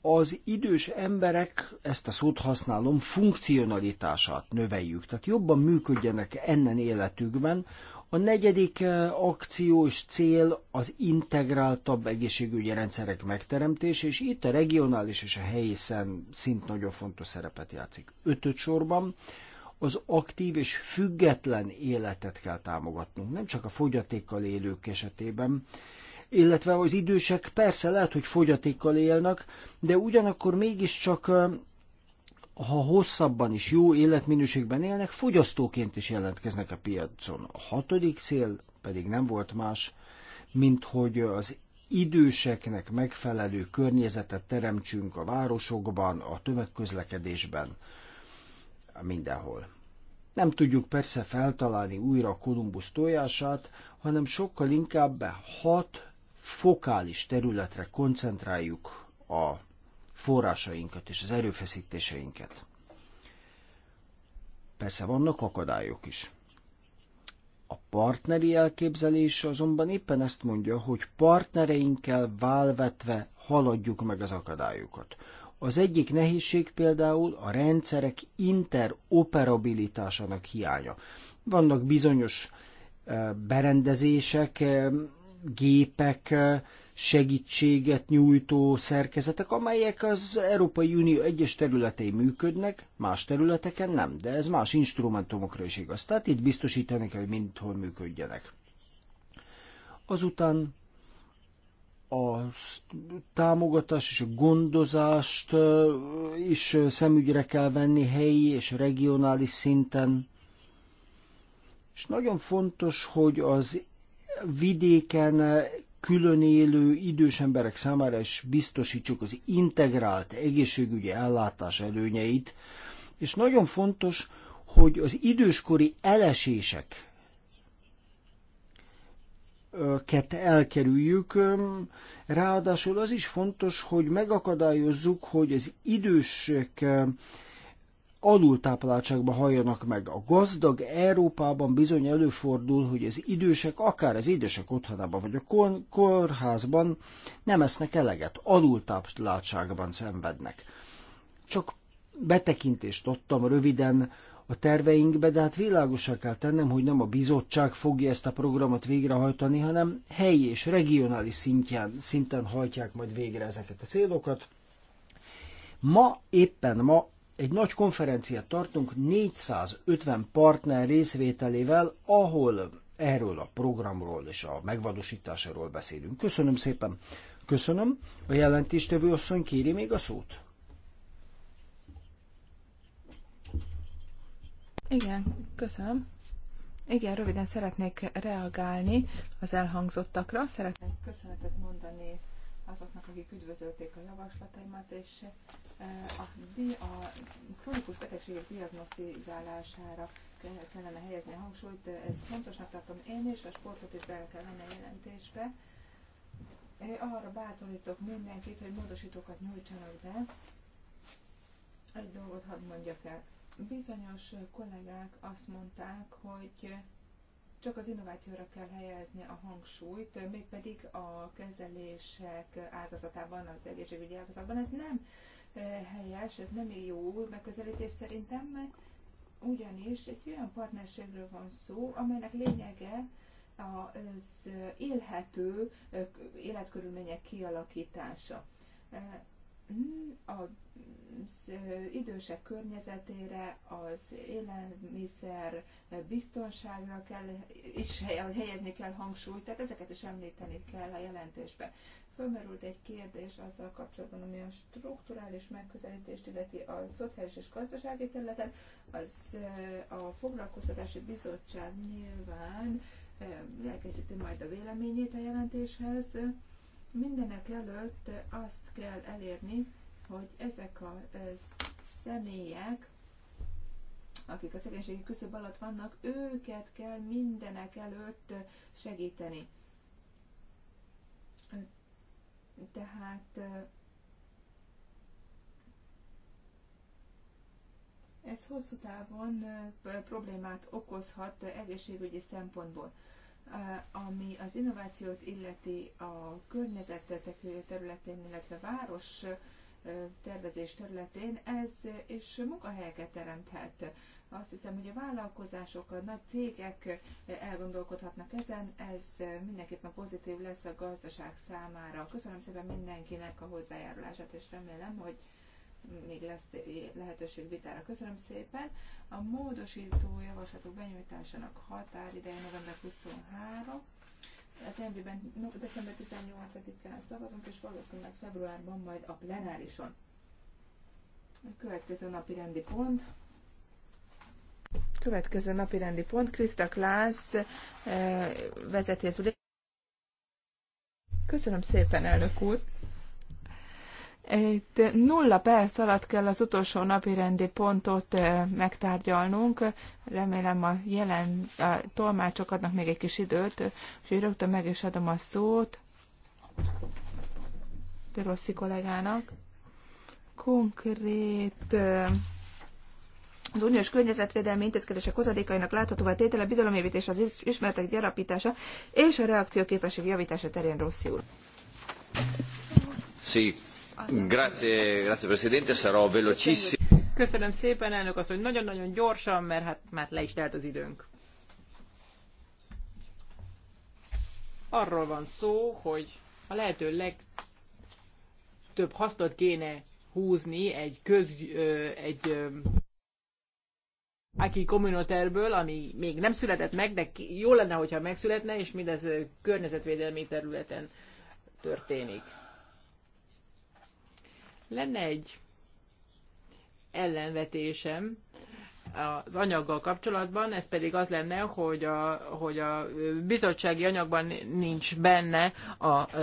az idős emberek, ezt a szót használom, funkcionalitását növeljük, tehát jobban működjenek ennen életükben, a negyedik eh, akciós cél az integráltabb egészségügyi rendszerek megteremtése, és itt a regionális és a helyi szint nagyon fontos szerepet játszik. Ötöt sorban az aktív és független életet kell támogatnunk, nem csak a fogyatékkal élők esetében, illetve az idősek persze lehet, hogy fogyatékkal élnek, de ugyanakkor mégiscsak eh, ha hosszabban is jó életminőségben élnek, fogyasztóként is jelentkeznek a piacon. A hatodik cél pedig nem volt más, mint hogy az időseknek megfelelő környezetet teremtsünk a városokban, a tömegközlekedésben, mindenhol. Nem tudjuk persze feltalálni újra a Kolumbusz tojását, hanem sokkal inkább hat fokális területre koncentráljuk a forrásainkat és az erőfeszítéseinket. Persze vannak akadályok is. A partneri elképzelés azonban éppen ezt mondja, hogy partnereinkkel válvetve haladjuk meg az akadályokat. Az egyik nehézség például a rendszerek interoperabilitásának hiánya. Vannak bizonyos eh, berendezések, eh, gépek, eh, segítséget nyújtó szerkezetek, amelyek az Európai Unió egyes területei működnek, más területeken nem, de ez más instrumentumokra is igaz. Tehát itt biztosítani kell, hogy mindhol működjenek. Azután a támogatás és a gondozást is szemügyre kell venni helyi és regionális szinten. És nagyon fontos, hogy az vidéken külön élő idős emberek számára is biztosítsuk az integrált egészségügyi ellátás előnyeit, és nagyon fontos, hogy az időskori elesések ket elkerüljük. Ráadásul az is fontos, hogy megakadályozzuk, hogy az idősek alultápláltságba halljanak meg. A gazdag Európában bizony előfordul, hogy az idősek, akár az idősek otthonában vagy a kórházban nem esznek eleget, alultápláltságban szenvednek. Csak betekintést adtam röviden a terveinkbe, de hát világosá kell tennem, hogy nem a bizottság fogja ezt a programot végrehajtani, hanem helyi és regionális szintján, szinten hajtják majd végre ezeket a célokat. Ma, éppen ma egy nagy konferenciát tartunk 450 partner részvételével, ahol erről a programról és a megvalósításáról beszélünk. Köszönöm szépen. Köszönöm. A jelentéstevő asszony kéri még a szót? Igen, köszönöm. Igen, röviden szeretnék reagálni az elhangzottakra. Szeretnék köszönetet mondani azoknak, akik üdvözölték a javaslataimat, és eh, a, di- a krónikus betegségek diagnosztizálására kellene helyezni a hangsúlyt, ez fontosnak tartom én is, a sportot is bele kellene jelentésbe. Én eh, arra bátorítok mindenkit, hogy módosítókat nyújtsanak be. Egy dolgot hadd mondjak el. Bizonyos kollégák azt mondták, hogy csak az innovációra kell helyezni a hangsúlyt, mégpedig a kezelések ágazatában, az egészségügyi ágazatban. Ez nem eh, helyes, ez nem jó megközelítés szerintem, ugyanis egy olyan partnerségről van szó, amelynek lényege az eh, élhető eh, életkörülmények kialakítása az idősek környezetére, az élelmiszer biztonságra kell, is helyezni kell hangsúlyt, tehát ezeket is említeni kell a jelentésben. Fölmerült egy kérdés azzal kapcsolatban, ami a strukturális megközelítést illeti a szociális és gazdasági területen, az a foglalkoztatási bizottság nyilván elkészíti majd a véleményét a jelentéshez, Mindenek előtt azt kell elérni, hogy ezek a személyek, akik a szegénységi küszöb alatt vannak, őket kell mindenek előtt segíteni. Tehát ez hosszú távon problémát okozhat egészségügyi szempontból. Eh, ami az innovációt illeti a környezet területén, illetve város eh, tervezés területén, ez és munkahelyeket teremthet. Azt hiszem, hogy a vállalkozások, a nagy cégek eh, elgondolkodhatnak ezen, ez mindenképpen pozitív lesz a gazdaság számára. Köszönöm szépen mindenkinek a hozzájárulását, és remélem, hogy még lesz lehetőség vitára. Köszönöm szépen. A módosító javaslatok benyújtásának határideje november 23. Az MB-ben no, december 18-án szavazunk, és valószínűleg februárban majd a plenárison. A következő napi rendi pont. Következő napi rendi pont. Krista Klász eh, vezeti az Köszönöm szépen, elnök úr! Itt nulla perc alatt kell az utolsó napi rendi pontot megtárgyalnunk. Remélem a jelen a tolmácsok adnak még egy kis időt, úgyhogy rögtön meg is adom a szót Piroszi kollégának. Konkrét az uniós környezetvédelmi intézkedések hozadékainak a tétele, bizalomépítés, az ismeretek gyarapítása és a reakcióképesség javítása terén Rossi úr. Szép Grazie, grazie Presidente, sarò velocissimo. Köszönöm szépen, elnök az, hogy nagyon-nagyon gyorsan, mert hát már le is telt az időnk. Arról van szó, hogy a lehető legtöbb hasznot kéne húzni egy köz, egy aki kommunoterből, ami még nem született meg, de jó lenne, hogyha megszületne, és mindez környezetvédelmi területen történik. Lenne egy ellenvetésem az anyaggal kapcsolatban, ez pedig az lenne, hogy a, hogy a bizottsági anyagban nincs benne a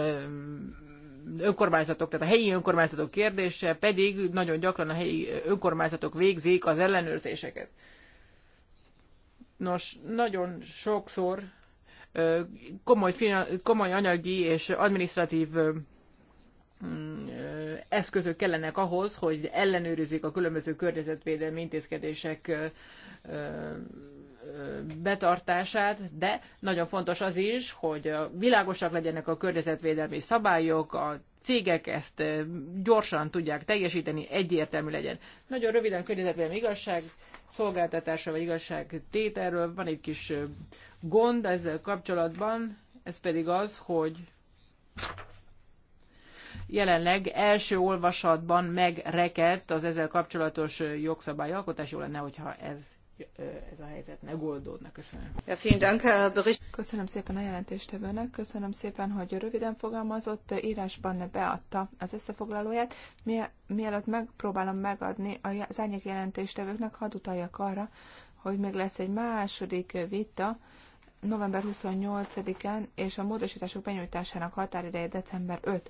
önkormányzatok, tehát a helyi önkormányzatok kérdése, pedig nagyon gyakran a helyi önkormányzatok végzik az ellenőrzéseket. Nos, nagyon sokszor komoly, komoly anyagi és administratív eszközök kellenek ahhoz, hogy ellenőrizzék a különböző környezetvédelmi intézkedések betartását, de nagyon fontos az is, hogy világosak legyenek a környezetvédelmi szabályok, a cégek ezt gyorsan tudják teljesíteni, egyértelmű legyen. Nagyon röviden környezetvédelmi igazság szolgáltatása vagy igazság tételről van egy kis gond ezzel kapcsolatban, ez pedig az, hogy jelenleg első olvasatban megrekedt az ezzel kapcsolatos jogszabályalkotás. Jó lenne, hogyha ez ez a helyzet megoldódna. Köszönöm. Köszönöm szépen a jelentéstevőnek, köszönöm szépen, hogy röviden fogalmazott, írásban beadta az összefoglalóját. Mielőtt megpróbálom megadni az árnyék jelentéstevőknek, hadd utaljak arra, hogy még lesz egy második vita, november 28-án, és a módosítások benyújtásának határideje december 5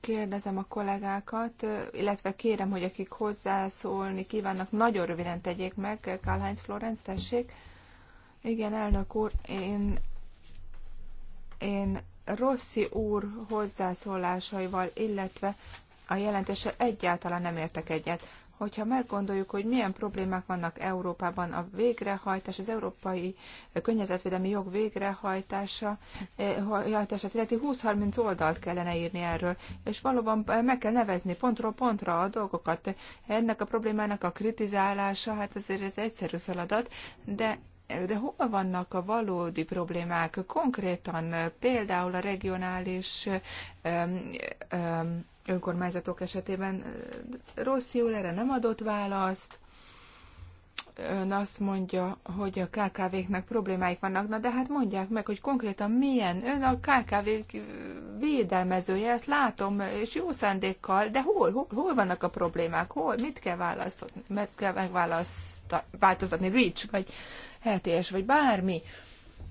kérdezem a kollégákat, illetve kérem, hogy akik hozzászólni kívánnak, nagyon röviden tegyék meg. Karl-Heinz Florenz, tessék. Igen, elnök úr, én, én Rossi úr hozzászólásaival, illetve a jelentéssel egyáltalán nem értek egyet hogyha meggondoljuk, hogy milyen problémák vannak Európában a végrehajtás, az európai környezetvédelmi jog végrehajtása, eh, hajtását illeti 20-30 oldalt kellene írni erről, és valóban meg kell nevezni pontról pontra a dolgokat. Ennek a problémának a kritizálása, hát azért ez egyszerű feladat, de de hol vannak a valódi problémák? Konkrétan eh, például a regionális eh, önkormányzatok esetében. rossz jól erre nem adott választ, ön azt mondja, hogy a KKV-knak problémáik vannak, na de hát mondják meg, hogy konkrétan milyen. Ön a KKV védelmezője, ezt látom, és jó szándékkal, de hol, hol, hol vannak a problémák, hol, mit kell választani, mit kell megváltoztatni, Rich vagy LTS, vagy bármi.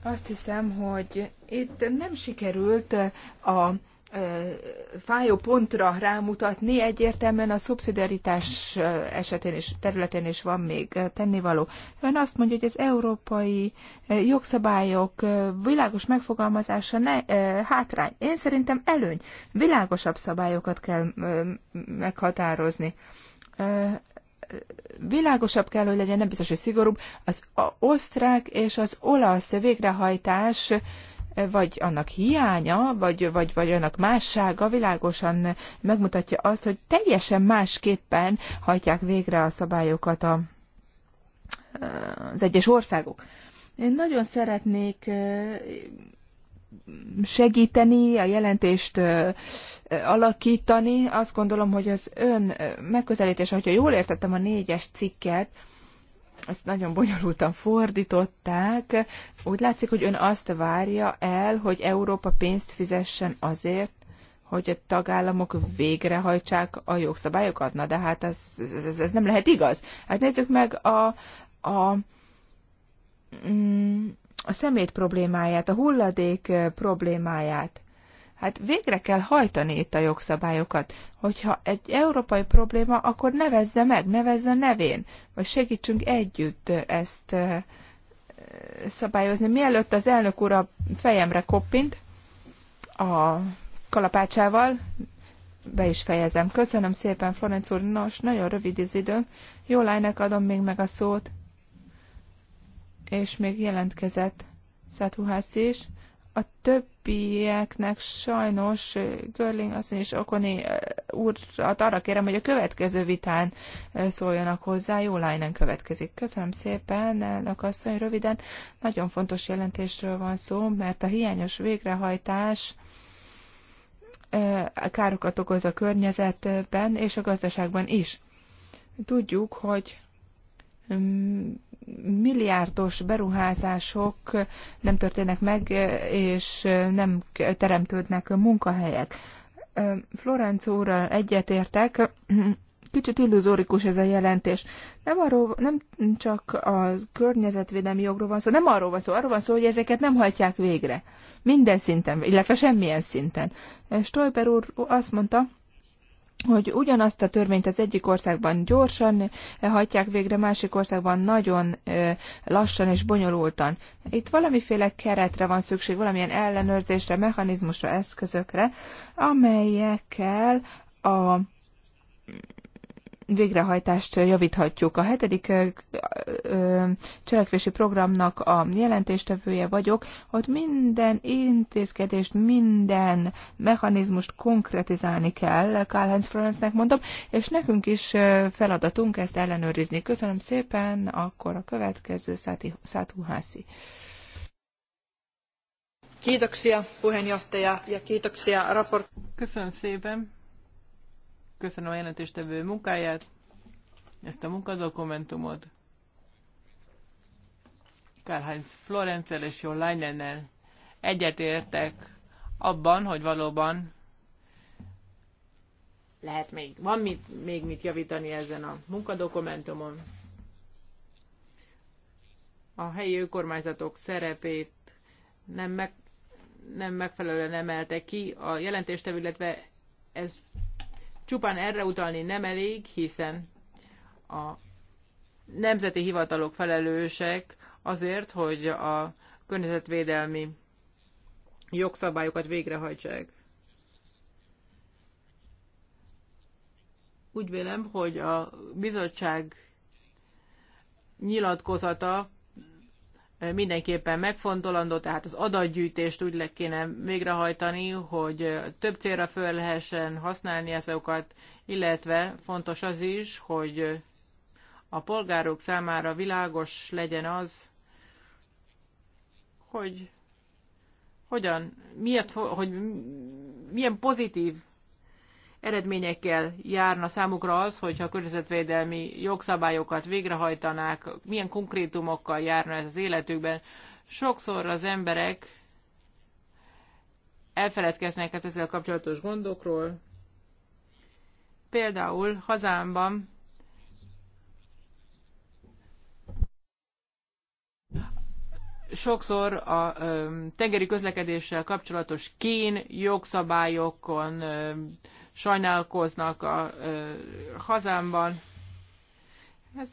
Azt hiszem, hogy itt nem sikerült a fájó pontra rámutatni, egyértelműen a szubszidiaritás esetén és területén is van még tennivaló. Ön azt mondja, hogy az európai jogszabályok világos megfogalmazása ne, hátrány. Én szerintem előny. Világosabb szabályokat kell meghatározni világosabb kell, hogy legyen, nem biztos, hogy szigorúbb. Az osztrák és az olasz végrehajtás vagy annak hiánya, vagy, vagy, vagy annak mássága világosan megmutatja azt, hogy teljesen másképpen hajtják végre a szabályokat a, az egyes országok. Én nagyon szeretnék segíteni, a jelentést alakítani. Azt gondolom, hogy az ön megközelítése, hogyha jól értettem a négyes cikket, ezt nagyon bonyolultan fordították. Úgy látszik, hogy ön azt várja el, hogy Európa pénzt fizessen azért, hogy a tagállamok végrehajtsák a jogszabályokat. Na, de hát ez, ez, ez nem lehet igaz. Hát nézzük meg a, a, mm, a szemét problémáját, a hulladék eh, problémáját. Hát végre kell hajtani itt a jogszabályokat. Hogyha egy európai probléma, akkor nevezze meg, nevezze nevén, vagy segítsünk együtt ezt eh, szabályozni. Mielőtt az elnök úr a fejemre koppint a kalapácsával, be is fejezem. Köszönöm szépen, Florenc úr. Nos, nagyon rövid az időnk. Jó lánynak adom még meg a szót. És még jelentkezett Szatuhász is. A többieknek sajnos Görling asszony és Okoni úrat arra kérem, hogy a következő vitán szóljanak hozzá. Jó lányen következik. Köszönöm szépen, elnök asszony, röviden. Nagyon fontos jelentésről van szó, mert a hiányos végrehajtás károkat okoz a környezetben és a gazdaságban is. Tudjuk, hogy milliárdos beruházások nem történnek meg, és nem teremtődnek munkahelyek. Florenc úrral egyetértek, kicsit illuzórikus ez a jelentés. Nem, arról, nem csak a környezetvédelmi jogról van szó, nem arról van szó, arról van szó, hogy ezeket nem hajtják végre. Minden szinten, illetve semmilyen szinten. Stolper úr azt mondta, hogy ugyanazt a törvényt az egyik országban gyorsan eh, hajtják végre, másik országban nagyon eh, lassan és bonyolultan. Itt valamiféle keretre van szükség, valamilyen ellenőrzésre, mechanizmusra, eszközökre, amelyekkel a végrehajtást javíthatjuk. A hetedik cselekvési programnak a jelentéstevője vagyok, hogy minden intézkedést, minden mechanizmust konkretizálni kell, Karl-Heinz Florence-nek mondom, és nekünk is feladatunk ezt ellenőrizni. Köszönöm szépen, akkor a következő Szátuhászi. Kiitoksia puheenjohtaja ja kiitoksia raport. Köszönöm szépen. Köszönöm a jelentéstevő munkáját, ezt a munkadokumentumot. Karl-Heinz Florenccel és John Leinennel egyetértek abban, hogy valóban lehet még, van mit, még mit javítani ezen a munkadokumentumon. A helyi önkormányzatok szerepét nem, meg, nem megfelelően emelte ki a jelentéstevő, illetve ez Csupán erre utalni nem elég, hiszen a nemzeti hivatalok felelősek azért, hogy a környezetvédelmi jogszabályokat végrehajtsák. Úgy vélem, hogy a bizottság nyilatkozata mindenképpen megfontolandó, tehát az adatgyűjtést úgy le kéne végrehajtani, hogy több célra föl lehessen használni ezeket, illetve fontos az is, hogy a polgárok számára világos legyen az, hogy hogyan, miért, hogy milyen pozitív eredményekkel járna számukra az, hogyha a környezetvédelmi jogszabályokat végrehajtanák, milyen konkrétumokkal járna ez az életükben. Sokszor az emberek elfeledkeznek hát ezzel kapcsolatos gondokról. Például hazámban sokszor a tengeri közlekedéssel kapcsolatos kén jogszabályokon sajnálkoznak a ö, hazámban. Ez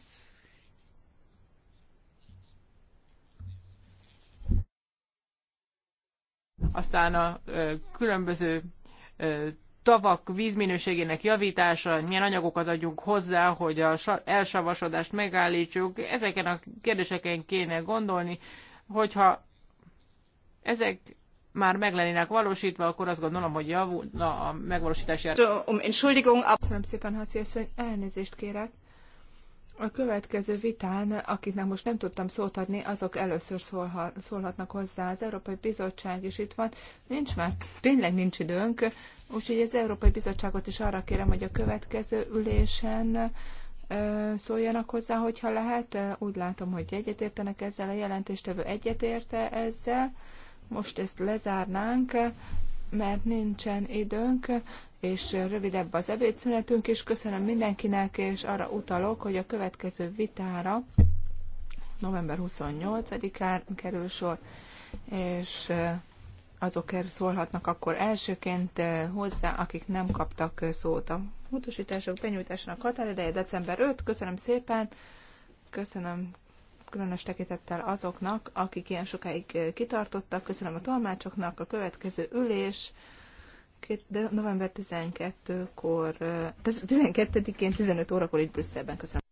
aztán a ö, különböző ö, tavak vízminőségének javítása, milyen anyagokat adjunk hozzá, hogy a elsavasodást megállítsuk. Ezeken a kérdéseken kéne gondolni, hogyha ezek már meg lennének valósítva, akkor azt gondolom, hogy javulna a megvalósítási Um Entschuldigung. Köszönöm szépen, Haci hogy elnézést kérek. A következő vitán, akiknek most nem tudtam szót adni, azok először szólhatnak hozzá. Az Európai Bizottság is itt van. Nincs már, tényleg nincs időnk, úgyhogy az Európai Bizottságot is arra kérem, hogy a következő ülésen szóljanak hozzá, hogyha lehet. Úgy látom, hogy egyetértenek ezzel, a jelentéstevő egyetérte ezzel. Most ezt lezárnánk, mert nincsen időnk, és rövidebb az ebédszünetünk és Köszönöm mindenkinek, és arra utalok, hogy a következő vitára november 28-án kerül sor, és azok szólhatnak akkor elsőként hozzá, akik nem kaptak szót. A utasítások benyújtásának határideje december 5. Köszönöm szépen, köszönöm különös tekintettel azoknak, akik ilyen sokáig kitartottak. Köszönöm a tolmácsoknak. A következő ülés de november 12-kor, 12-én 15 órakor itt Brüsszelben. Köszönöm.